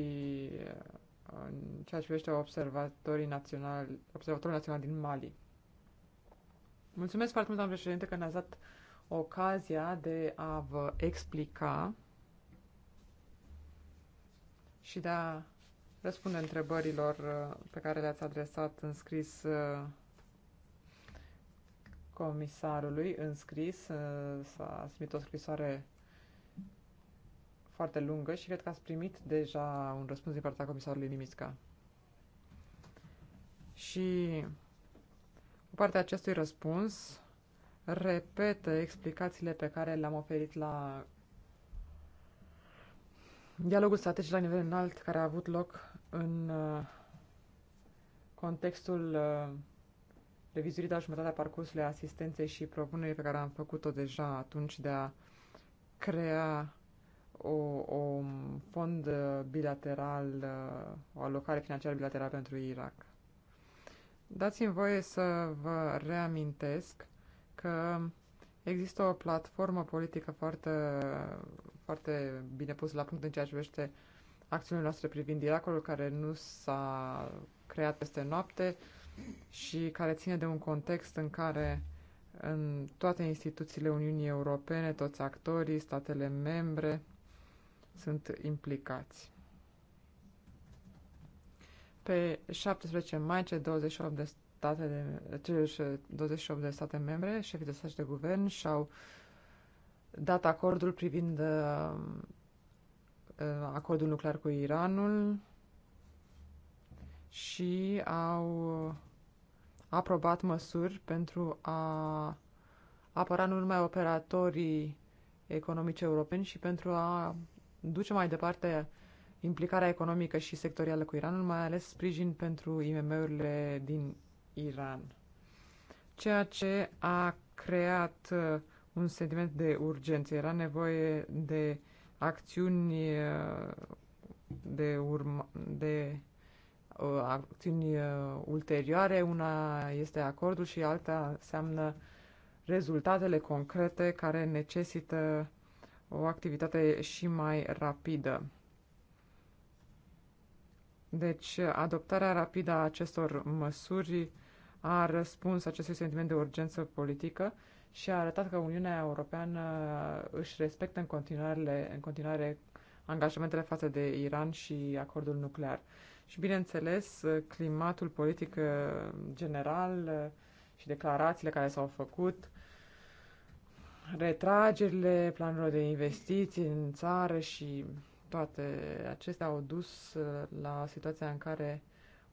B: uh, în ceea ce privește observatorii naționali, observatorul național din Mali. Mulțumesc foarte mult, doamnă președinte, că ne-ați dat ocazia de a vă explica și de a răspunde întrebărilor uh, pe care le-ați adresat în scris uh, comisarului, în scris. Uh, s-a trimis o scrisoare foarte lungă și cred că ați primit deja un răspuns din partea comisarului Nimisca. Și o parte acestui răspuns repetă explicațiile pe care le-am oferit la dialogul strategic la nivel înalt care a avut loc în uh, contextul uh, revizuirii la jumătatea parcursului asistenței și propunerii pe care am făcut-o deja atunci de a crea o, o fond uh, bilateral, o alocare financiară bilaterală pentru Irak. Dați-mi voie să vă reamintesc că există o platformă politică foarte, foarte bine pusă la punct în ceea ce vește uh, acțiunile noastre privind Irakul, care nu s-a creat peste noapte și care ține de un context în care în toate instituțiile Uniunii Europene, toți actorii, statele membre sunt implicați. Pe 17 mai, cele 28 de state, de, cele 28 de state membre, șefii de stat și de guvern și-au dat acordul privind uh, Uh, acordul nuclear cu Iranul și au aprobat măsuri pentru a apăra nu numai operatorii economici europeni și pentru a duce mai departe implicarea economică și sectorială cu Iranul, mai ales sprijin pentru IMM-urile din Iran. Ceea ce a creat uh, un sentiment de urgență. Era nevoie de acțiuni uh, de, urma, de uh, acțiuni uh, ulterioare. Una este acordul și alta înseamnă rezultatele concrete care necesită o activitate și mai rapidă. Deci, adoptarea rapidă a acestor măsuri a răspuns acestui sentiment de urgență politică și a arătat că Uniunea Europeană își respectă în continuare, în continuare angajamentele față de Iran și acordul nuclear. Și, bineînțeles, climatul politic uh, general uh, și declarațiile care s-au făcut, retragerile planurilor de investiții în țară și toate acestea au dus uh, la situația în care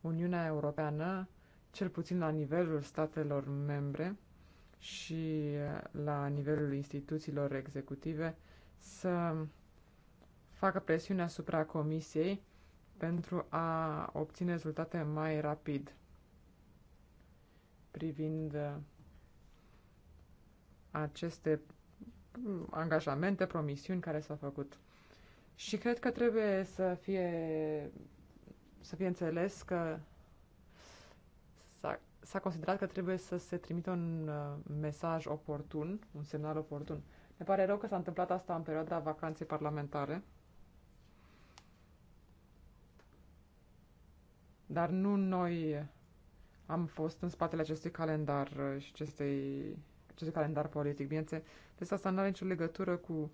B: Uniunea Europeană, cel puțin la nivelul statelor membre, și uh, la nivelul instituțiilor executive să facă presiune asupra Comisiei pentru a obține rezultate mai rapid privind uh, aceste angajamente, promisiuni care s-au făcut. Și cred că trebuie să fie, să fie înțeles că s-a considerat că trebuie să se trimită un uh, mesaj oportun, un semnal oportun. Ne pare rău că s-a întâmplat asta în perioada vacanței parlamentare. Dar nu noi am fost în spatele acestui calendar uh, și acestei, acestui calendar politic. Bineînțeles, deci asta nu are nicio legătură cu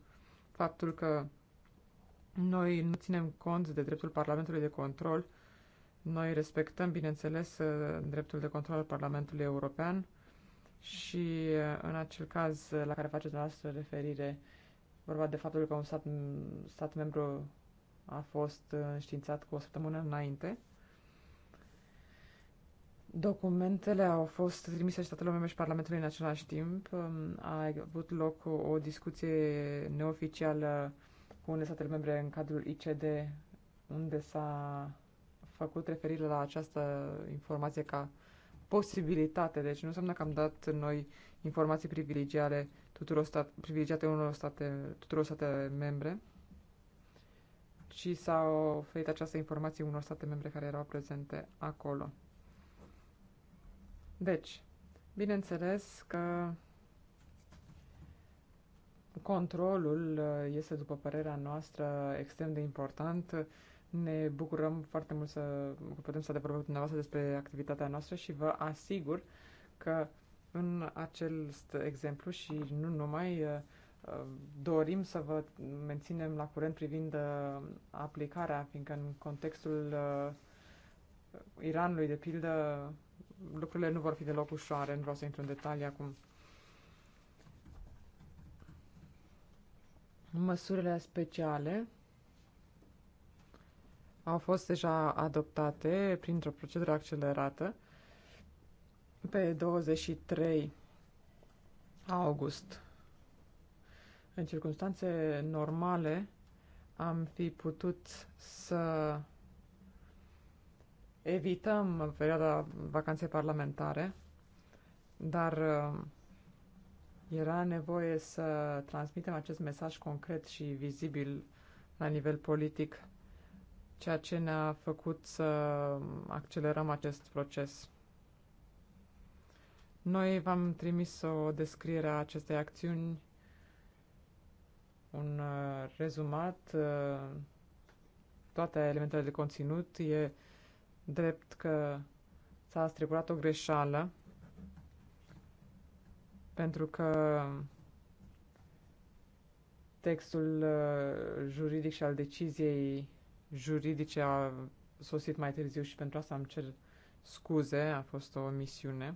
B: faptul că noi nu ținem cont de dreptul Parlamentului de control noi respectăm, bineînțeles, uh, dreptul de control al Parlamentului European și uh, în acel caz uh, la care faceți dumneavoastră referire, vorba de faptul că un stat, stat membru a fost înștiințat cu o săptămână înainte. Documentele au fost trimise statelor membre și Parlamentului în același timp. Um, a avut loc o discuție neoficială cu unele statele membre în cadrul ICD, unde s-a făcut referire la această informație ca posibilitate, deci nu înseamnă că am dat noi informații privilegiate tuturor stat, privilegiate unor state, tuturor state membre, ci s-a oferit această informație unor state membre care erau prezente acolo. Deci, bineînțeles că controlul uh, este, după părerea noastră, extrem de important ne bucurăm foarte mult să că putem să adevărăm dumneavoastră despre activitatea noastră și vă asigur că în acel exemplu și nu numai uh, uh, dorim să vă menținem la curent privind uh, aplicarea, fiindcă în contextul Iranului, de pildă, lucrurile nu vor fi deloc ușoare, nu vreau să intru în detalii acum. Măsurile speciale au fost deja adoptate printr-o procedură accelerată pe 23 august. În circunstanțe normale am fi putut să evităm perioada vacanței parlamentare, dar uh, era nevoie să transmitem acest mesaj concret și vizibil la nivel politic ceea ce ne-a făcut să accelerăm acest proces. Noi v-am trimis o descriere a acestei acțiuni, un uh, rezumat, uh, toate elementele de conținut. E drept că s-a strecurat o greșeală, pentru că textul uh, juridic și al deciziei juridice a sosit mai târziu și pentru asta îmi cer scuze, a fost o misiune.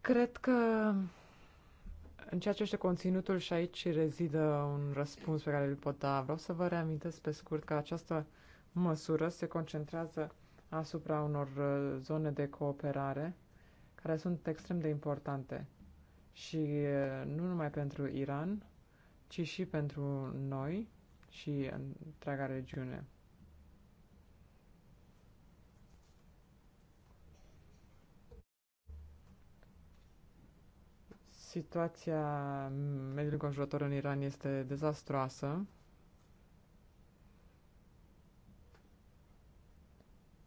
B: Cred că în ceea ce este conținutul și aici rezidă un răspuns pe care îl pot da. Vreau să vă reamintesc pe scurt că această măsură se concentrează asupra unor uh, zone de cooperare care sunt extrem de importante și uh, nu numai pentru Iran, ci și pentru noi și întreaga regiune. Situația mediului conjurător în Iran este dezastroasă.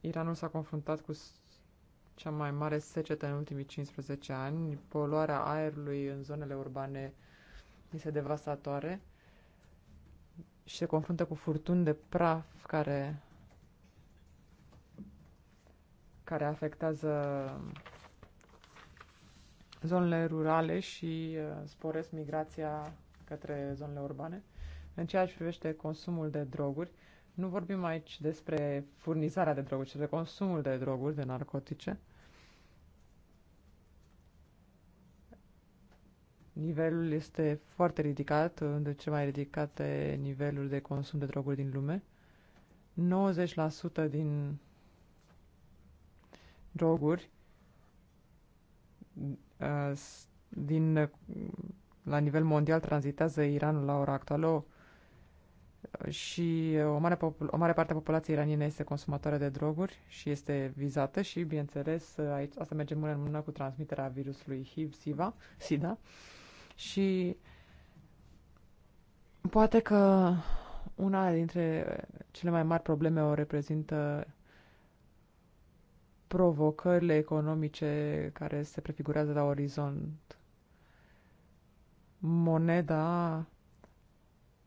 B: Iranul s-a confruntat cu cea mai mare secetă în ultimii 15 ani. Poluarea aerului în zonele urbane uh, este devastatoare și se confruntă cu furtuni de praf care, care afectează zonele rurale și uh, sporesc migrația către zonele urbane. În ceea ce privește consumul de droguri, nu vorbim aici despre furnizarea de droguri, ci despre consumul de droguri, de narcotice. Nivelul este foarte ridicat, unul dintre cele mai ridicate niveluri de consum de droguri din lume. 90% din droguri uh, din, uh, la nivel mondial tranzitează Iranul la ora actuală uh, și o mare, o mare parte a populației iraniene este consumatoare de droguri și este vizată și, bineînțeles, aici, asta merge mână în mână cu transmiterea virusului HIV, SIDA. Și poate că una dintre cele mai mari probleme o reprezintă provocările economice care se prefigurează la orizont. Moneda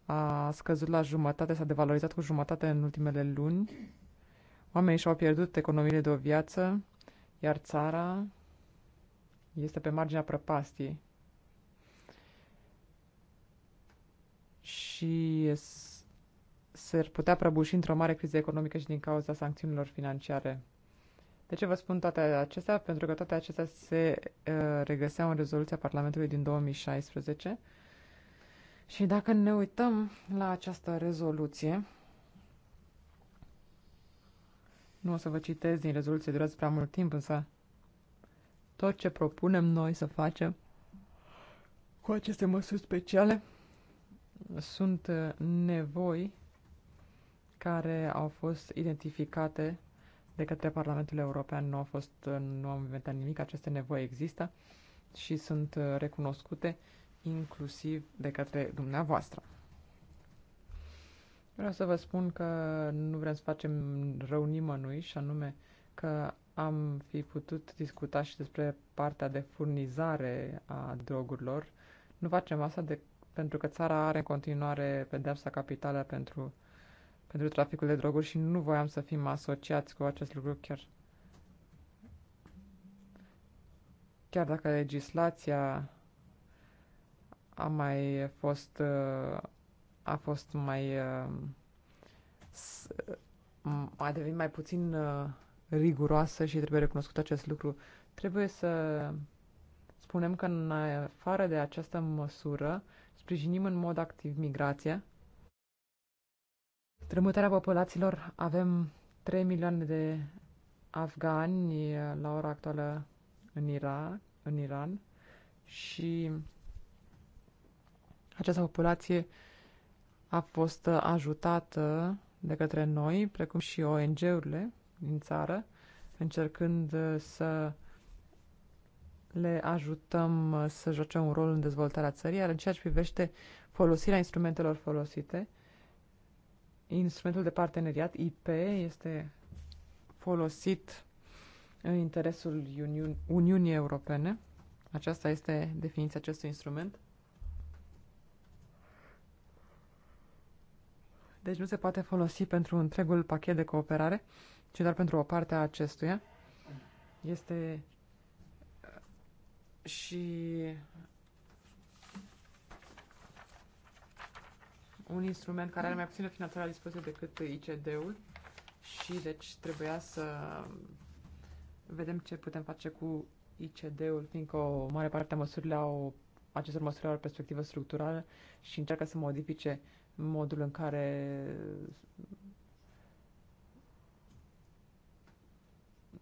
B: a scăzut la jumătate, s-a devalorizat cu jumătate în ultimele luni. Oamenii și-au pierdut economiile de o viață, iar țara este pe marginea prăpastiei. și s-ar putea prăbuși într-o mare criză economică și din cauza sancțiunilor financiare. De ce vă spun toate acestea? Pentru că toate acestea se uh, regăseau în rezoluția Parlamentului din 2016. Și dacă ne uităm la această rezoluție, nu o să vă citesc din rezoluție, durează prea mult timp, însă tot ce propunem noi să facem cu aceste măsuri speciale sunt uh, nevoi care au fost identificate de către Parlamentul European. Nu au fost, uh, nu am inventat nimic, aceste nevoi există și sunt uh, recunoscute inclusiv de către dumneavoastră. Vreau să vă spun că nu vrem să facem rău nimănui și anume că am fi putut discuta și despre partea de furnizare a drogurilor. Nu facem asta de pentru că țara are în continuare pedepsa capitală pentru, pentru traficul de droguri și nu voiam să fim asociați cu acest lucru chiar. Chiar dacă legislația a mai fost a fost mai a devenit mai puțin riguroasă și trebuie recunoscut acest lucru. Trebuie să spunem că în afară de această măsură sprijinim în mod activ migrația. Strămutarea populațiilor avem 3 milioane de afgani eh, la ora actuală în Ira, în Iran și această populație a fost ajutată de către noi, precum și ONG-urile din țară, încercând eh, să le ajutăm uh, să joace un rol în dezvoltarea țării, iar în ceea ce privește folosirea instrumentelor folosite, instrumentul de parteneriat, IP, este folosit în interesul Uniun Uniunii Europene. Aceasta este definiția acestui instrument. Deci nu se poate folosi pentru întregul pachet de cooperare, ci doar pentru o parte a acestuia. Este și un instrument care are mai puțină finanțare la dispoziție decât ICD-ul și deci trebuia să vedem ce putem face cu ICD-ul, fiindcă o mare parte a măsurile au, acestor măsuri au o perspectivă structurală și încearcă să modifice modul în care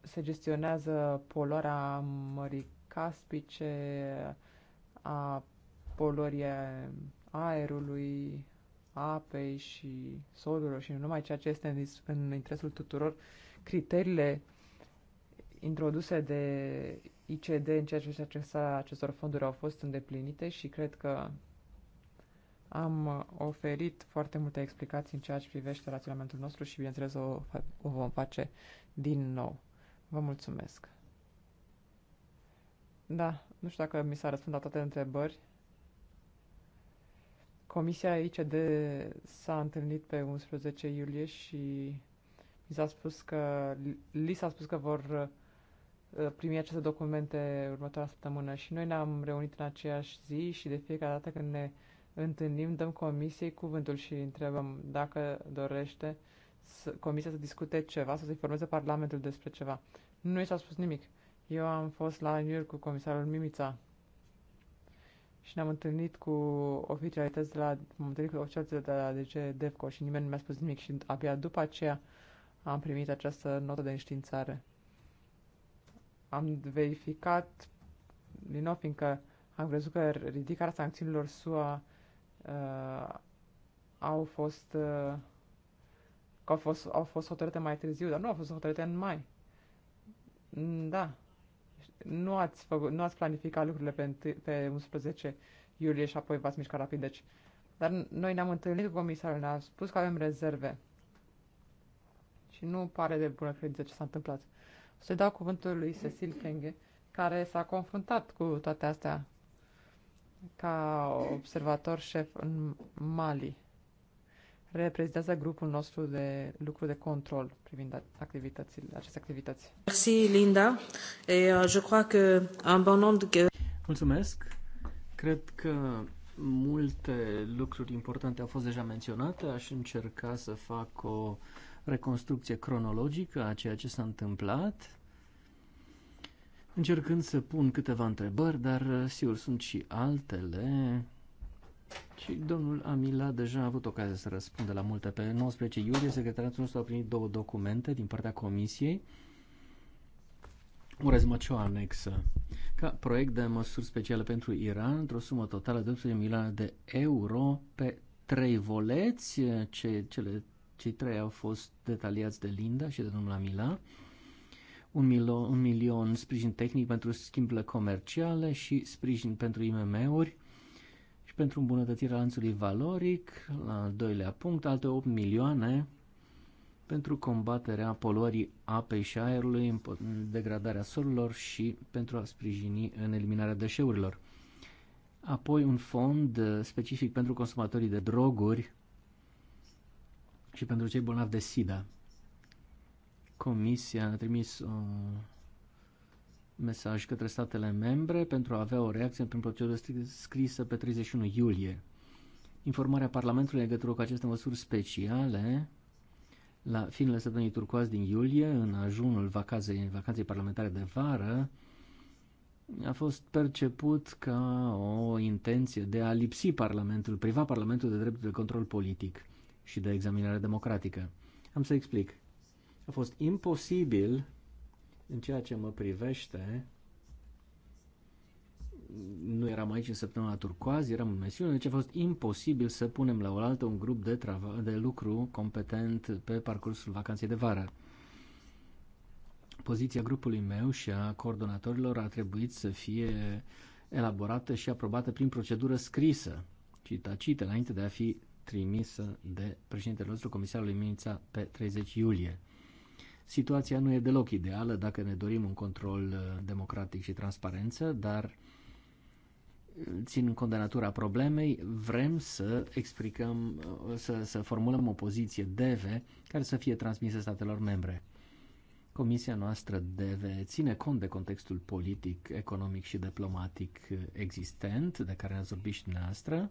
B: se gestionează poluarea mării caspice, a poluării aerului, apei și solului și nu numai ceea ce este în, în interesul tuturor, criteriile introduse de ICD în ceea ce acesta, acestor fonduri au fost îndeplinite și cred că am oferit foarte multe explicații în ceea ce privește raționamentul nostru și, bineînțeles, o, o vom face din nou. Vă mulțumesc! Da, nu știu dacă mi s-a răspuns la toate întrebări. Comisia ICD s-a întâlnit pe 11 iulie și mi s-a spus că, li s-a spus că vor uh, primi aceste documente următoarea săptămână și noi ne-am reunit în aceeași zi și de fiecare dată când ne întâlnim, dăm comisiei cuvântul și întrebăm dacă dorește să, comisia să discute ceva, să se informeze Parlamentul despre ceva. Nu i s-a spus nimic. Eu am fost la New York cu comisarul Mimița și ne-am întâlnit cu oficialități de la, am întâlnit cu de la DG DEFCO și nimeni nu mi-a spus nimic și abia după aceea am primit această notă de înștiințare. Am verificat din nou, fiindcă am crezut că ridicarea sancțiunilor SUA uh, au fost uh, că au fost, au fost hotărâte mai târziu, dar nu au fost hotărâte în mai. Mm, da, nu ați, făcut, nu ați planificat lucrurile pe, pe 11 iulie și apoi v-ați mișcat rapid. Deci, dar noi ne-am întâlnit cu comisarul, ne-a spus că avem rezerve. Și nu pare de bună credință ce s-a întâmplat. O să dau cuvântul lui Cecil Kenge, care s-a confruntat cu toate astea ca observator șef în Mali reprezintează grupul nostru de lucru de control privind activitățile, aceste activități. Merci, Linda. Et, euh,
A: je crois que un bon nombre de... Mulțumesc. Cred că multe lucruri importante au fost deja menționate. Aș încerca să fac o reconstrucție cronologică a ceea ce s-a întâmplat, încercând să pun câteva întrebări, dar sigur sunt și altele și domnul Amila deja a avut ocazia să răspundă la multe. Pe 19 iulie, secretariatul nostru a primit două documente din partea comisiei. O rezumăciu anexă. Ca proiect de măsuri speciale pentru Iran, într-o sumă totală de 800 milioane de euro pe trei voleți. Ce, cele, cei trei au fost detaliați de Linda și de domnul Amila. Un, milo, un milion sprijin tehnic pentru schimburile comerciale și sprijin pentru IMM-uri pentru îmbunătățirea lanțului valoric, la al doilea punct, alte 8 milioane pentru combaterea poluării apei și aerului, degradarea solurilor și pentru a sprijini în eliminarea deșeurilor. Apoi un fond uh, specific pentru consumatorii de droguri și pentru cei bolnavi de SIDA. Comisia a trimis o uh, mesaj către statele membre pentru a avea o reacție prin procedură scrisă pe 31 iulie. Informarea Parlamentului legătură cu aceste măsuri speciale la finele săptămânii turcoaz din iulie, în ajunul vacanței, vacanței parlamentare de vară, a fost perceput ca o intenție de a lipsi Parlamentul, priva Parlamentul de dreptul de control politic și de examinare democratică. Am să explic. A fost imposibil în ceea ce mă privește, nu eram aici în săptămâna turcoaz, eram în mesiune, deci a fost imposibil să punem la oaltă un grup de, trava- de lucru competent pe parcursul vacanței de vară. Poziția grupului meu și a coordonatorilor a trebuit să fie elaborată și aprobată prin procedură scrisă și tacită înainte de a fi trimisă de președintele nostru, comisarului Mința, pe 30 iulie. Situația nu e deloc ideală dacă ne dorim un control uh, democratic și transparență, dar uh, țin cont de natura problemei, vrem să explicăm, uh, să, să formulăm o poziție DEVE care să fie transmisă statelor membre. Comisia noastră deve ține cont de contextul politic, economic și diplomatic existent, de care ne-ați vorbit și dumneavoastră,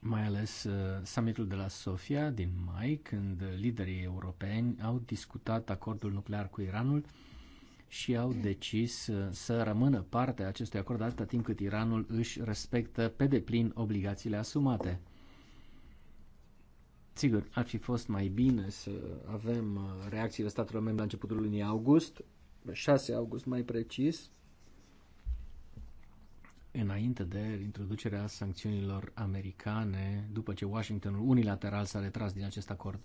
A: mai ales uh, summitul de la Sofia din mai, când liderii europeni au discutat acordul nuclear cu Iranul și au decis uh, să rămână parte a acestui acord atâta timp cât Iranul își respectă pe deplin obligațiile asumate. Sigur, ar fi fost mai bine să avem uh, reacțiile statelor membre la începutul lunii august, 6 august mai precis, înainte de introducerea sancțiunilor americane, după ce Washingtonul unilateral s-a retras din acest acord.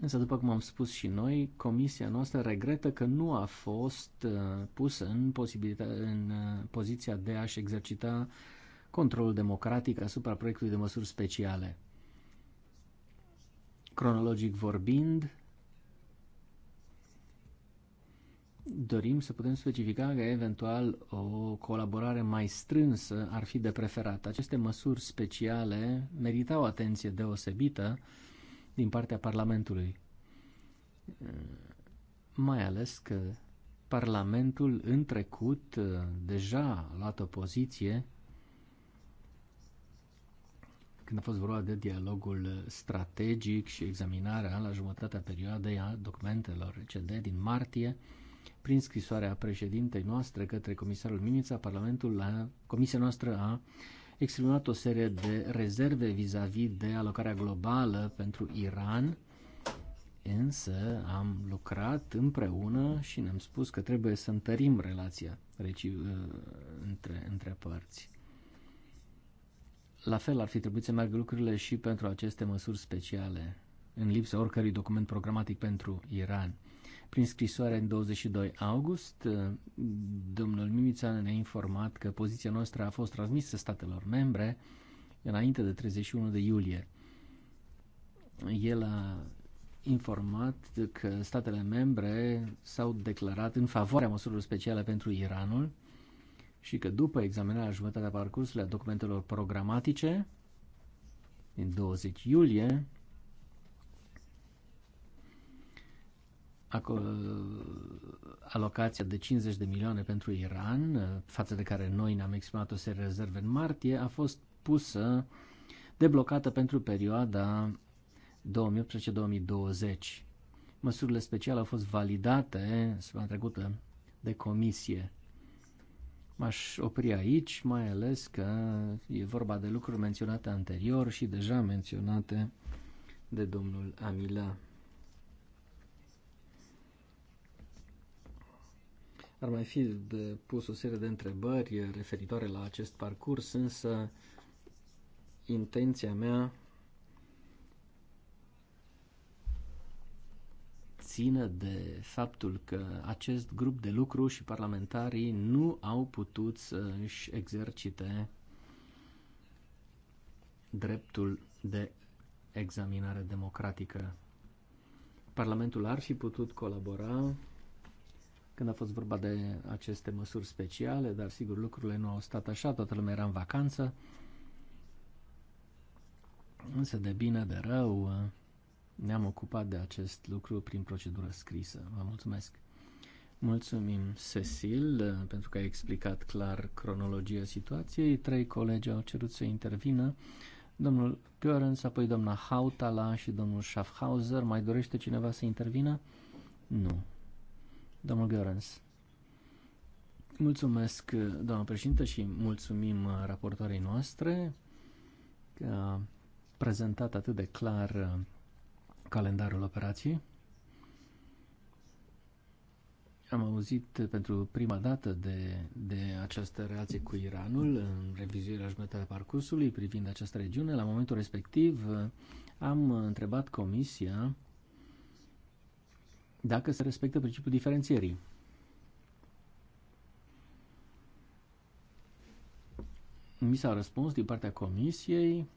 A: Însă, după cum am spus și noi, comisia noastră regretă că nu a fost uh, pusă în, în uh, poziția de a-și exercita controlul democratic asupra proiectului de măsuri speciale. Cronologic vorbind, dorim să putem specifica că eventual o colaborare mai strânsă ar fi de preferat. Aceste măsuri speciale meritau atenție deosebită din partea Parlamentului. Mai ales că Parlamentul în trecut deja a luat o poziție când a fost vorba de dialogul strategic și examinarea la jumătatea perioadei a documentelor CD din martie, prin scrisoarea președintei noastre către comisarul Mimița, Parlamentul la comisia noastră a exprimat o serie de rezerve vis-a-vis -vis de alocarea globală pentru Iran, însă am lucrat împreună și ne-am spus că trebuie să întărim relația reci, ă, între, între părți. La fel ar fi trebuit să meargă lucrurile și pentru aceste măsuri speciale, în lipsa oricărui document programatic pentru Iran prin scrisoare în 22 august, domnul Mimița ne-a informat că poziția noastră a fost transmisă statelor membre înainte de 31 de iulie. El a informat că statele membre s-au declarat în favoarea măsurilor speciale pentru Iranul și că după examinarea jumătatea parcursului a documentelor programatice din 20 iulie, alocația de 50 de milioane pentru Iran, eh, față de care noi ne-am exprimat o serie rezerve în martie, a fost pusă, deblocată pentru perioada 2018-2020. Măsurile speciale au fost validate săptămâna trecută de comisie. M-aș opri aici, mai ales că e vorba de lucruri menționate anterior și deja menționate de domnul Amila. Ar mai fi de pus o serie de întrebări referitoare la acest parcurs, însă intenția mea ține de faptul că acest grup de lucru și parlamentarii nu au putut să își exercite dreptul de examinare democratică. Parlamentul ar fi putut colabora când a fost vorba de aceste măsuri speciale, dar sigur lucrurile nu au stat așa, toată lumea era în vacanță. Însă de bine, de rău, ne-am ocupat de acest lucru prin procedură scrisă. Vă mulțumesc! Mulțumim, Cecil, pentru că ai explicat clar cronologia situației. Trei colegi au cerut să intervină. Domnul Görens, apoi doamna Hautala și domnul Schaffhauser. Mai dorește cineva să intervină? Nu. Domnul Görens. Mulțumesc, eh, doamnă președintă, și mulțumim eh, raportoarei noastre că a prezentat atât de clar eh, calendarul operației. Am auzit pentru prima dată de, de această relație cu Iranul în revizuirea jumătatea parcursului privind această regiune. La momentul respectiv am întrebat Comisia dacă se respectă principiul diferențierii. Mi s-a răspuns din partea comisiei,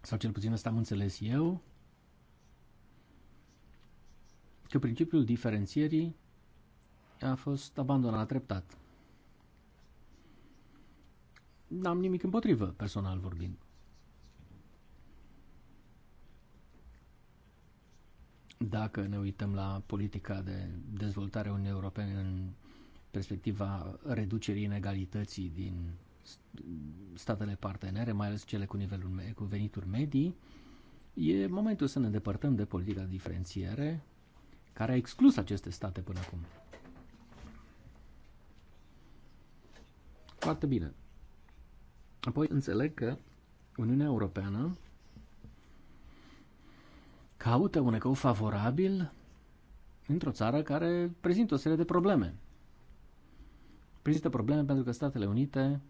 A: sau cel puțin asta am înțeles eu, că principiul diferențierii a fost abandonat treptat. N-am nimic împotrivă, personal vorbind. Dacă ne uităm la politica de dezvoltare a Uniunii Europene în perspectiva reducerii inegalității din statele partenere, mai ales cele cu, nivelul, cu venituri medii, e momentul să ne depărtăm de politica de diferențiere care a exclus aceste state până acum. Foarte bine. Apoi înțeleg că Uniunea Europeană caută un ecou favorabil într-o țară care prezintă o serie de probleme. Prezintă probleme pentru că Statele Unite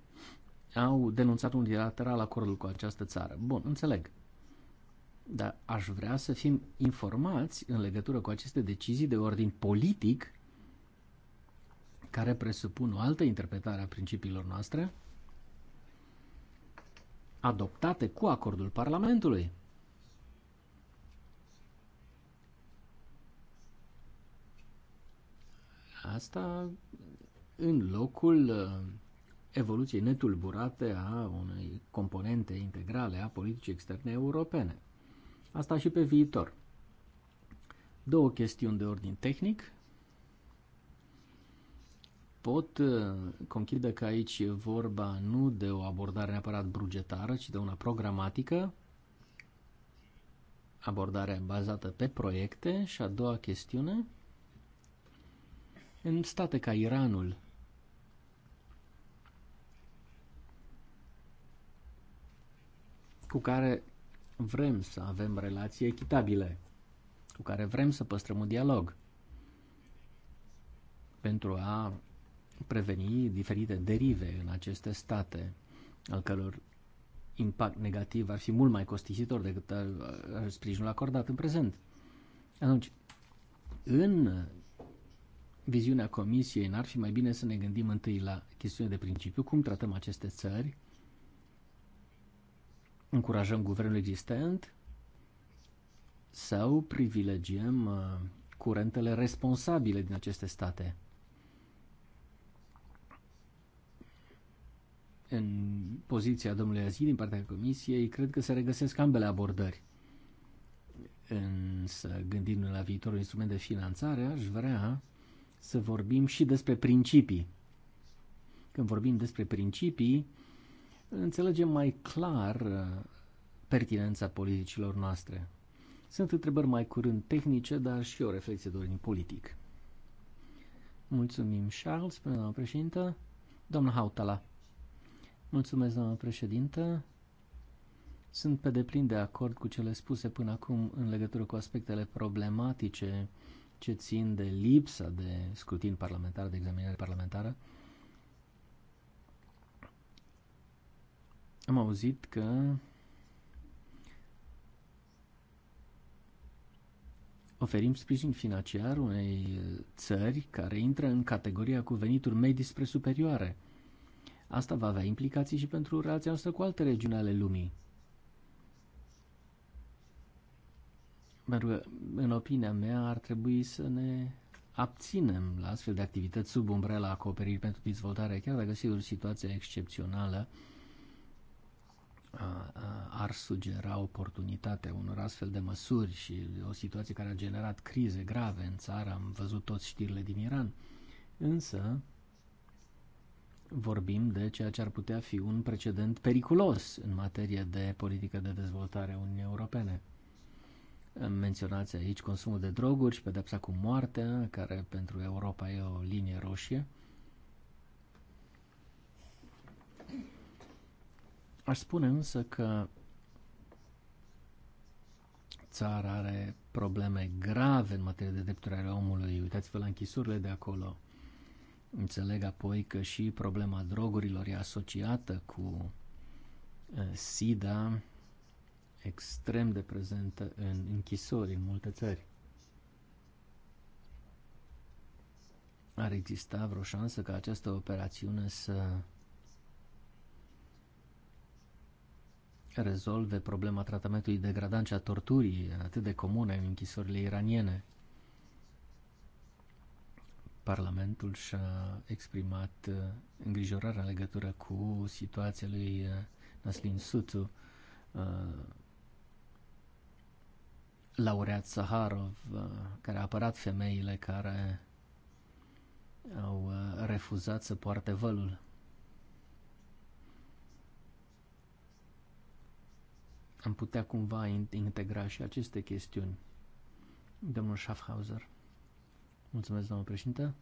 A: au denunțat unilateral acordul cu această țară. Bun, înțeleg. Dar aș vrea să fim informați în legătură cu aceste decizii de ordin politic care presupun o altă interpretare a principiilor noastre adoptate cu acordul Parlamentului. Asta în locul uh, evoluției netulburate a unei componente integrale a politicii externe europene. Asta și pe viitor. Două chestiuni de ordin tehnic. Pot uh, conchide că aici e vorba nu de o abordare neapărat brugetară, ci de una programatică, abordare bazată pe proiecte și a doua chestiune, în state ca Iranul. cu care vrem să avem relații echitabile, cu care vrem să păstrăm un dialog pentru a preveni diferite derive în aceste state, al căror impact negativ ar fi mult mai costisitor decât sprijinul acordat în prezent. Atunci, în viziunea Comisiei, n-ar fi mai bine să ne gândim întâi la chestiune de principiu, cum tratăm aceste țări, încurajăm guvernul existent sau privilegiem uh, curentele responsabile din aceste state. În poziția domnului Azi din partea Comisiei, cred că se regăsesc ambele abordări. Însă, gândindu-ne la viitorul instrument de finanțare, aș vrea să vorbim și despre principii. Când vorbim despre principii, înțelegem mai clar uh, pertinența politicilor noastre. Sunt întrebări mai curând tehnice, dar și o reflexie de ordin politic. Mulțumim, Charles, până doamna președintă. Doamna Hautala. Mulțumesc, doamna președintă. Sunt pe deplin de acord cu cele spuse până acum în legătură cu aspectele problematice ce țin de lipsa de scrutin parlamentar, de examinare parlamentară. Am auzit că oferim sprijin financiar unei țări care intră în categoria cu venituri medii spre superioare. Asta va avea implicații și pentru relația noastră cu alte regiuni ale lumii. Pentru că, în opinia mea, ar trebui să ne abținem la astfel de activități sub umbrela acoperirii pentru dezvoltare, chiar dacă, sigur, situația excepțională ar sugera oportunitatea unor astfel de măsuri și o situație care a generat crize grave în țară, am văzut toți știrile din Iran. Însă, vorbim de ceea ce ar putea fi un precedent periculos în materie de politică de dezvoltare Uniunii Europene. Menționați aici consumul de droguri și pedepsa cu moartea, care pentru Europa e o linie roșie. Aș spune însă că țara are probleme grave în materie de drepturi ale omului. Uitați-vă la închisurile de acolo. Înțeleg apoi că și problema drogurilor e asociată cu eh, SIDA extrem de prezentă în închisori în multe țări. Ar exista vreo șansă ca această operațiune să rezolve problema tratamentului degradant și a torturii atât de comune în închisorile iraniene. Parlamentul și-a exprimat uh, îngrijorarea în legătură cu situația lui uh, Naslin Sutu, uh, laureat Saharov, uh, care a apărat femeile care au uh, refuzat să poarte vălul. Am putea cumva integra și aceste chestiuni. Domnul Schaffhauser. Mulțumesc, doamnă președinte.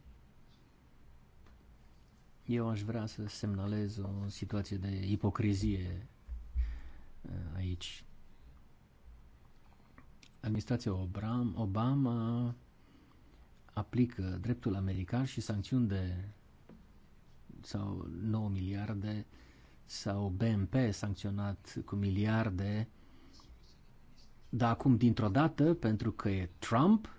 A: Eu aș vrea să semnalez o situație de ipocrizie uh, aici administrația Obama aplică dreptul american și sancțiuni de sau 9 miliarde sau BNP sancționat cu miliarde dar acum dintr-o dată pentru că e Trump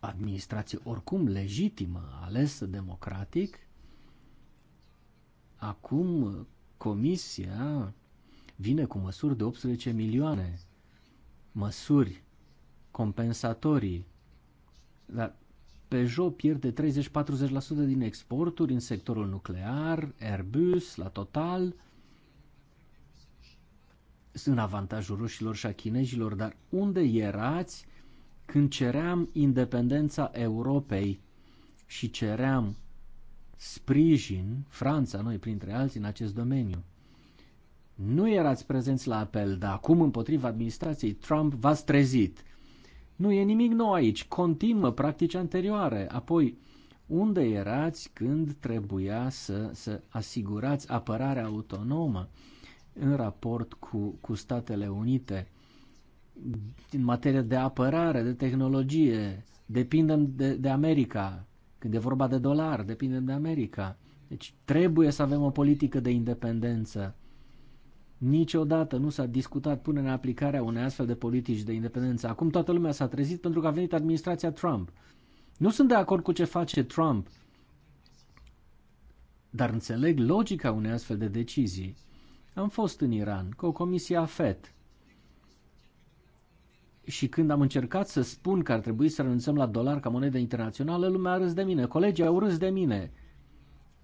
A: administrație oricum legitimă, alesă democratic, acum comisia vine cu măsuri de 18 milioane măsuri compensatorii. Dar Peugeot pierde 30-40% din exporturi în sectorul nuclear, Airbus, la total. Sunt avantajul rușilor și a chinezilor, dar unde erați când ceream independența Europei și ceream sprijin, Franța, noi printre alții, în acest domeniu? Nu erați prezenți la apel, dar acum împotriva administrației Trump v-ați trezit. Nu e nimic nou aici, continuă practici anterioare. Apoi, unde erați când trebuia să, să asigurați apărarea autonomă în raport cu, cu Statele Unite? În materie de apărare, de tehnologie, depindem de, de America. Când e vorba de dolar, depindem de America. Deci trebuie să avem o politică de independență. Niciodată nu s-a discutat până în aplicarea unei astfel de politici de independență. Acum toată lumea s-a trezit pentru că a venit administrația Trump. Nu sunt de acord cu ce face Trump, dar înțeleg logica unei astfel de decizii. Am fost în Iran cu o comisie a FET. și când am încercat să spun că ar trebui să renunțăm la dolar ca monedă internațională, lumea a râs de mine, colegii au râs de mine.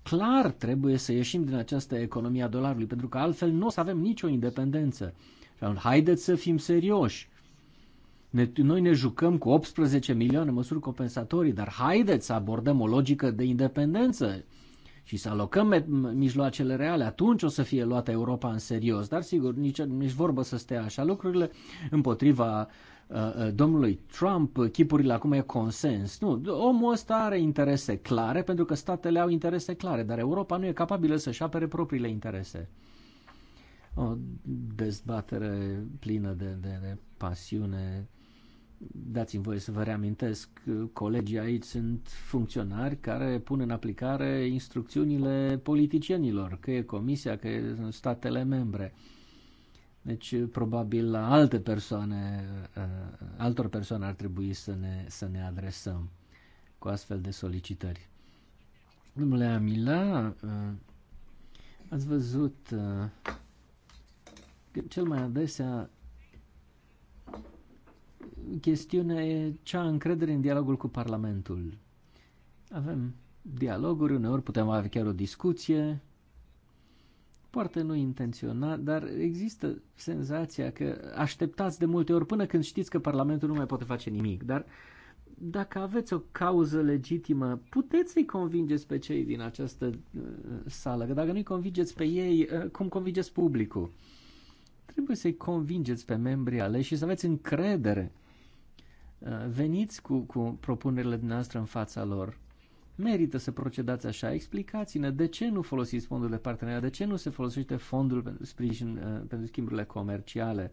A: Clar trebuie să ieșim din această economie a dolarului, pentru că altfel nu o să avem nicio independență. Haideți să fim serioși. Ne, noi ne jucăm cu 18 milioane măsuri compensatorii, dar haideți să abordăm o logică de independență și să alocăm mijloacele reale, atunci o să fie luată Europa în serios. Dar sigur, nici, nici vorbă să stea așa lucrurile împotriva Uh, uh, domnului Trump, chipurile acum e consens. Nu, omul ăsta are interese clare pentru că statele au interese clare, dar Europa nu e capabilă să-și apere propriile interese. O dezbatere plină de, de, de pasiune. Dați-mi voie să vă reamintesc, colegii aici sunt funcționari care pun în aplicare instrucțiunile politicienilor, că e Comisia, că e statele membre. Uh, deci, eh, probabil la alte persoane, eh, altor persoane ar trebui să ne, să ne adresăm cu astfel de solicitări. Domnule Amila, eh, ați văzut că cel mai adesea chestiunea e cea încredere în dialogul cu Parlamentul. Avem dialoguri, uneori putem avea chiar o discuție, Poate nu intenționat, dar există senzația că așteptați de multe ori până când știți că Parlamentul nu mai poate face nimic, dar dacă aveți o cauză legitimă, puteți să-i convingeți pe cei din această uh, sală, că dacă nu-i convingeți pe ei, uh, cum convingeți publicul? Trebuie să-i convingeți pe membrii aleși și să aveți încredere. Uh, veniți cu, cu propunerile noastre în fața lor merită să procedați așa. Explicați-ne de ce nu folosiți fondul de parteneriat, de ce nu se folosește fondul pentru sprijin uh, pentru schimburile comerciale.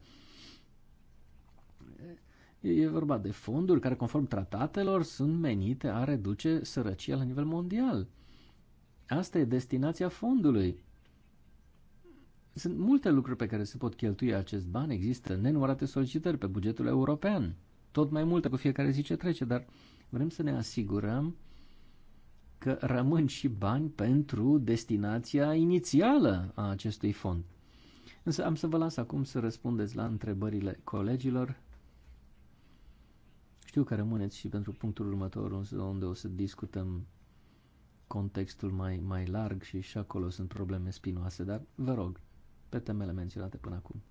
A: E vorba de fonduri care, conform tratatelor, sunt menite a reduce sărăcia la nivel mondial. Asta e destinația fondului. Sunt multe lucruri pe care se pot cheltui acest ban. Există nenumărate solicitări pe bugetul european. Tot mai multe cu fiecare zi ce trece, dar vrem să ne asigurăm că rămân și bani pentru destinația inițială a acestui fond. Însă am să vă las acum să răspundeți la întrebările colegilor. Știu că rămâneți și pentru punctul următor, unde o să discutăm contextul mai, mai larg și și acolo sunt probleme spinoase, dar vă rog, pe temele menționate până acum.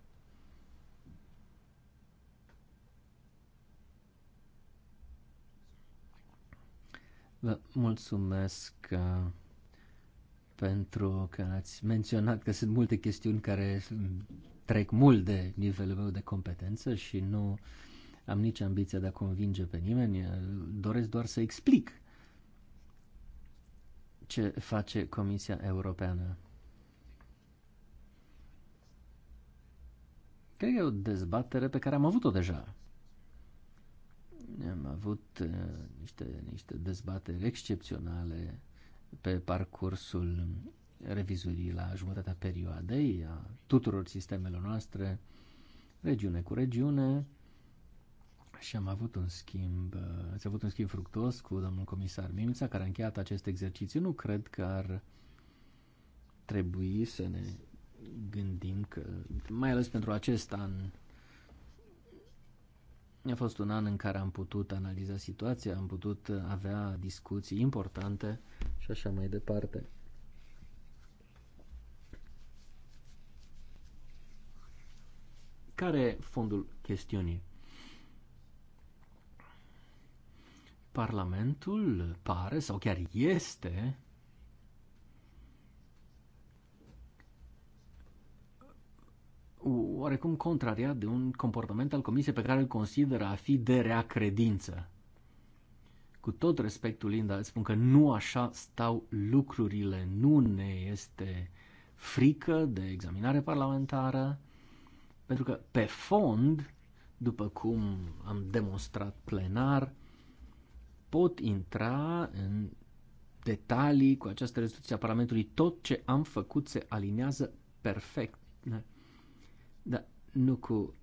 A: Vă mulțumesc uh, pentru că ați menționat că sunt multe chestiuni care trec mult de nivelul meu de competență și nu am nici ambiția de a convinge pe nimeni, uh, doresc doar să explic ce face Comisia Europeană. Cred că e o dezbatere pe care am avut-o deja. Am avut uh, niște, niște dezbateri excepționale pe parcursul revizuirii la jumătatea perioadei a tuturor sistemelor noastre, regiune cu regiune, și am avut un schimb, uh, ați avut un schimb fructos cu domnul comisar Mimița, care a încheiat acest exercițiu. Nu cred că ar trebui să ne gândim că, mai ales pentru acest an, a fost un an în care am putut analiza situația, am putut avea discuții importante și așa mai departe. Care e fondul chestiunii? Parlamentul pare sau chiar este oarecum contrariat de un comportament al comisiei pe care îl consideră a fi de rea credință. Cu tot respectul, Linda, îți spun că nu așa stau lucrurile, nu ne este frică de examinare parlamentară, pentru că pe fond, după cum am demonstrat plenar, pot intra în detalii cu această rezoluție a Parlamentului. Tot ce am făcut se aliniază perfect da, nu cu,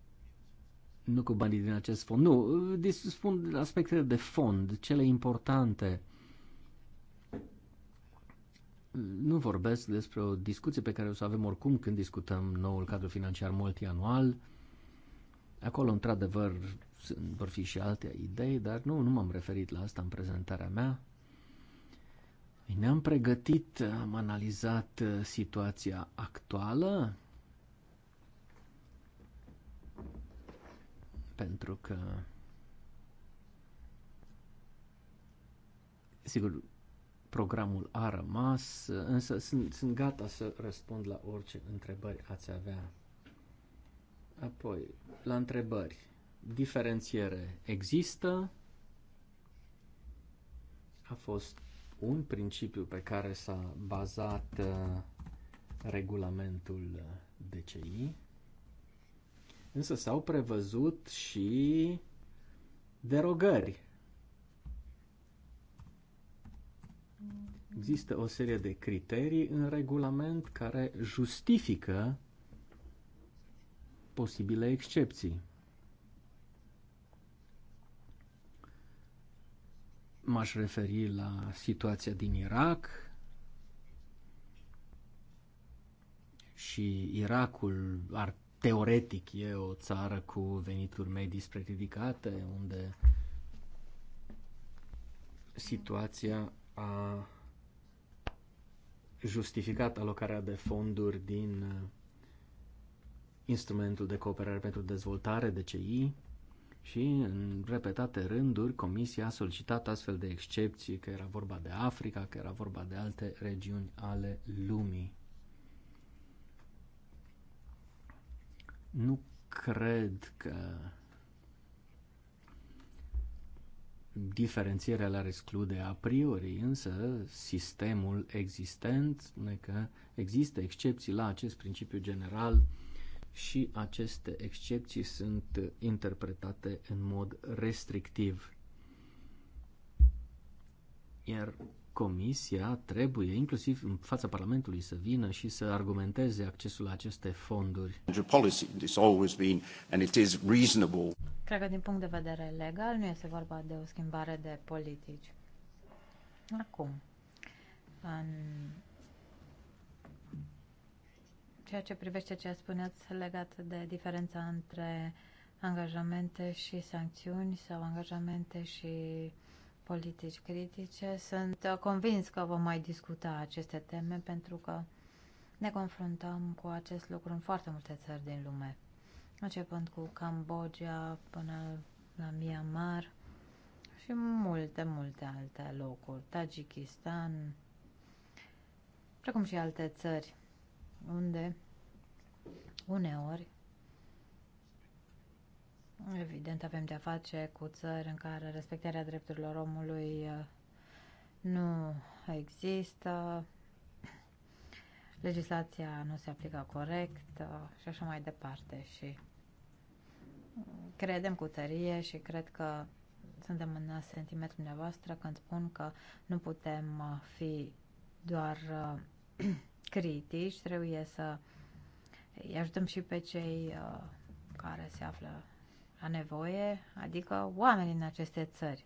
A: nu cu banii din acest fond. Nu, spun aspectele de fond, cele importante. Nu vorbesc despre o discuție pe care o să avem oricum când discutăm noul cadru financiar multianual. Acolo, într-adevăr, vor fi și alte idei, dar nu, nu m-am referit la asta în prezentarea mea. Ne-am pregătit, am analizat uh, situația actuală, pentru că sigur programul a rămas, însă sunt, sunt gata să răspund la orice întrebări ați avea. Apoi, la întrebări. Diferențiere există? A fost un principiu pe care s-a bazat uh, regulamentul uh, DCI. Însă s-au prevăzut și derogări. Există o serie de criterii în regulament care justifică posibile excepții. M-aș referi la situația din Irak și Irakul ar teoretic e o țară cu venituri medii spre ridicate, unde situația a justificat alocarea de fonduri din uh, instrumentul de cooperare pentru dezvoltare, de CI și în repetate rânduri Comisia a solicitat astfel de excepții, că era vorba de Africa, că era vorba de alte regiuni ale lumii. Nu cred că diferențierea l-ar exclude a priori, însă sistemul existent spune că există excepții la acest principiu general și aceste excepții sunt interpretate în mod restrictiv. Iar Comisia trebuie, inclusiv în fața Parlamentului, să vină și să argumenteze accesul la aceste fonduri.
D: Cred că din punct de vedere legal nu este vorba de o schimbare de politici. Acum, în ceea ce privește ce spuneați legat de diferența între angajamente și sancțiuni sau angajamente și politici critice. Sunt uh, convins că vom mai discuta aceste teme pentru că ne confruntăm cu acest lucru în foarte multe țări din lume, începând cu Cambodgia până la Myanmar și multe, multe alte locuri, Tajikistan, precum și alte țări unde uneori Evident, avem de-a face cu țări în care respectarea drepturilor omului uh, nu există, legislația nu se aplică corect uh, și așa mai departe. Și uh, credem cu tărie și cred că suntem în sentimentul dumneavoastră când spun că nu putem fi doar critici, trebuie să îi ajutăm și pe cei care se află la nevoie, adică oamenii în aceste țări.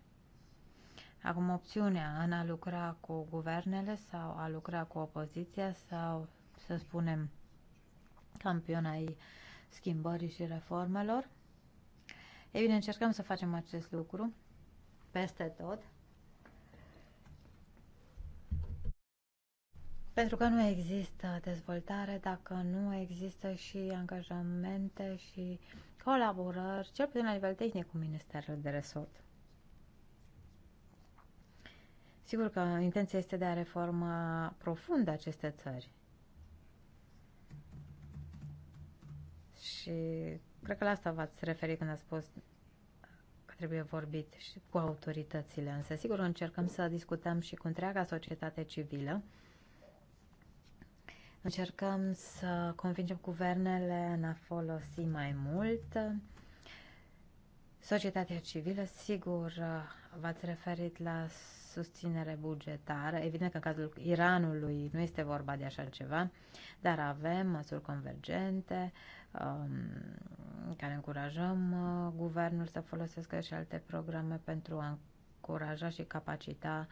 D: Acum opțiunea în a lucra cu guvernele sau a lucra cu opoziția sau, să spunem, campion ai schimbării și reformelor. Ei bine, încercăm să facem acest lucru peste tot. Pentru că nu există dezvoltare dacă nu există și angajamente și colaborări, cel puțin la nivel tehnic, cu Ministerul de Resort. Sigur că intenția este de a reforma profundă aceste țări. Și cred că la asta v-ați referit când ați spus că trebuie vorbit și cu autoritățile. Însă, sigur, încercăm să discutăm și cu întreaga societate civilă Încercăm să convingem guvernele în a folosi mai mult. Societatea civilă, sigur, v-ați referit la susținere bugetară. Evident că în cazul Iranului nu este vorba de așa ceva, dar avem măsuri convergente um, care încurajăm uh, guvernul să folosească și alte programe pentru a încuraja și capacita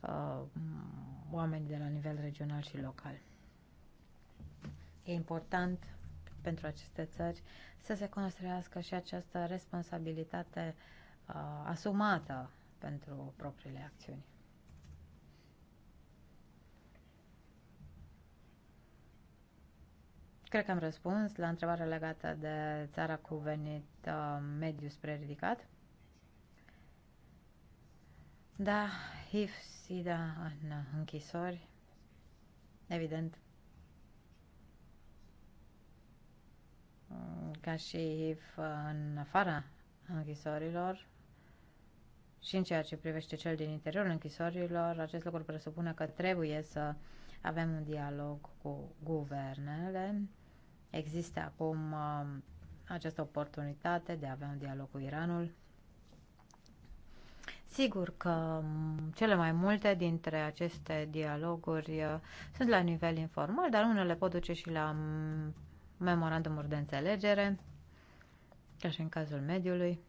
D: uh, oamenii de la nivel regional și local. E important pentru aceste țări să se construiască și această responsabilitate uh, asumată pentru propriile acțiuni. Cred că am răspuns la întrebarea legată de țara cu venit uh, mediu spre ridicat. Da, HIV, SIDA în închisori, evident, Mm, ca și HIV uh, în afara închisorilor și în ceea ce privește cel din interiorul închisorilor, acest lucru presupune că trebuie să avem un dialog cu guvernele. Există acum uh, această oportunitate de a avea un dialog cu Iranul. Sigur că mm, cele mai multe dintre aceste dialoguri uh, sunt la nivel informal, dar unele pot duce și la mm, memorandumuri de înțelegere, ca și în cazul mediului,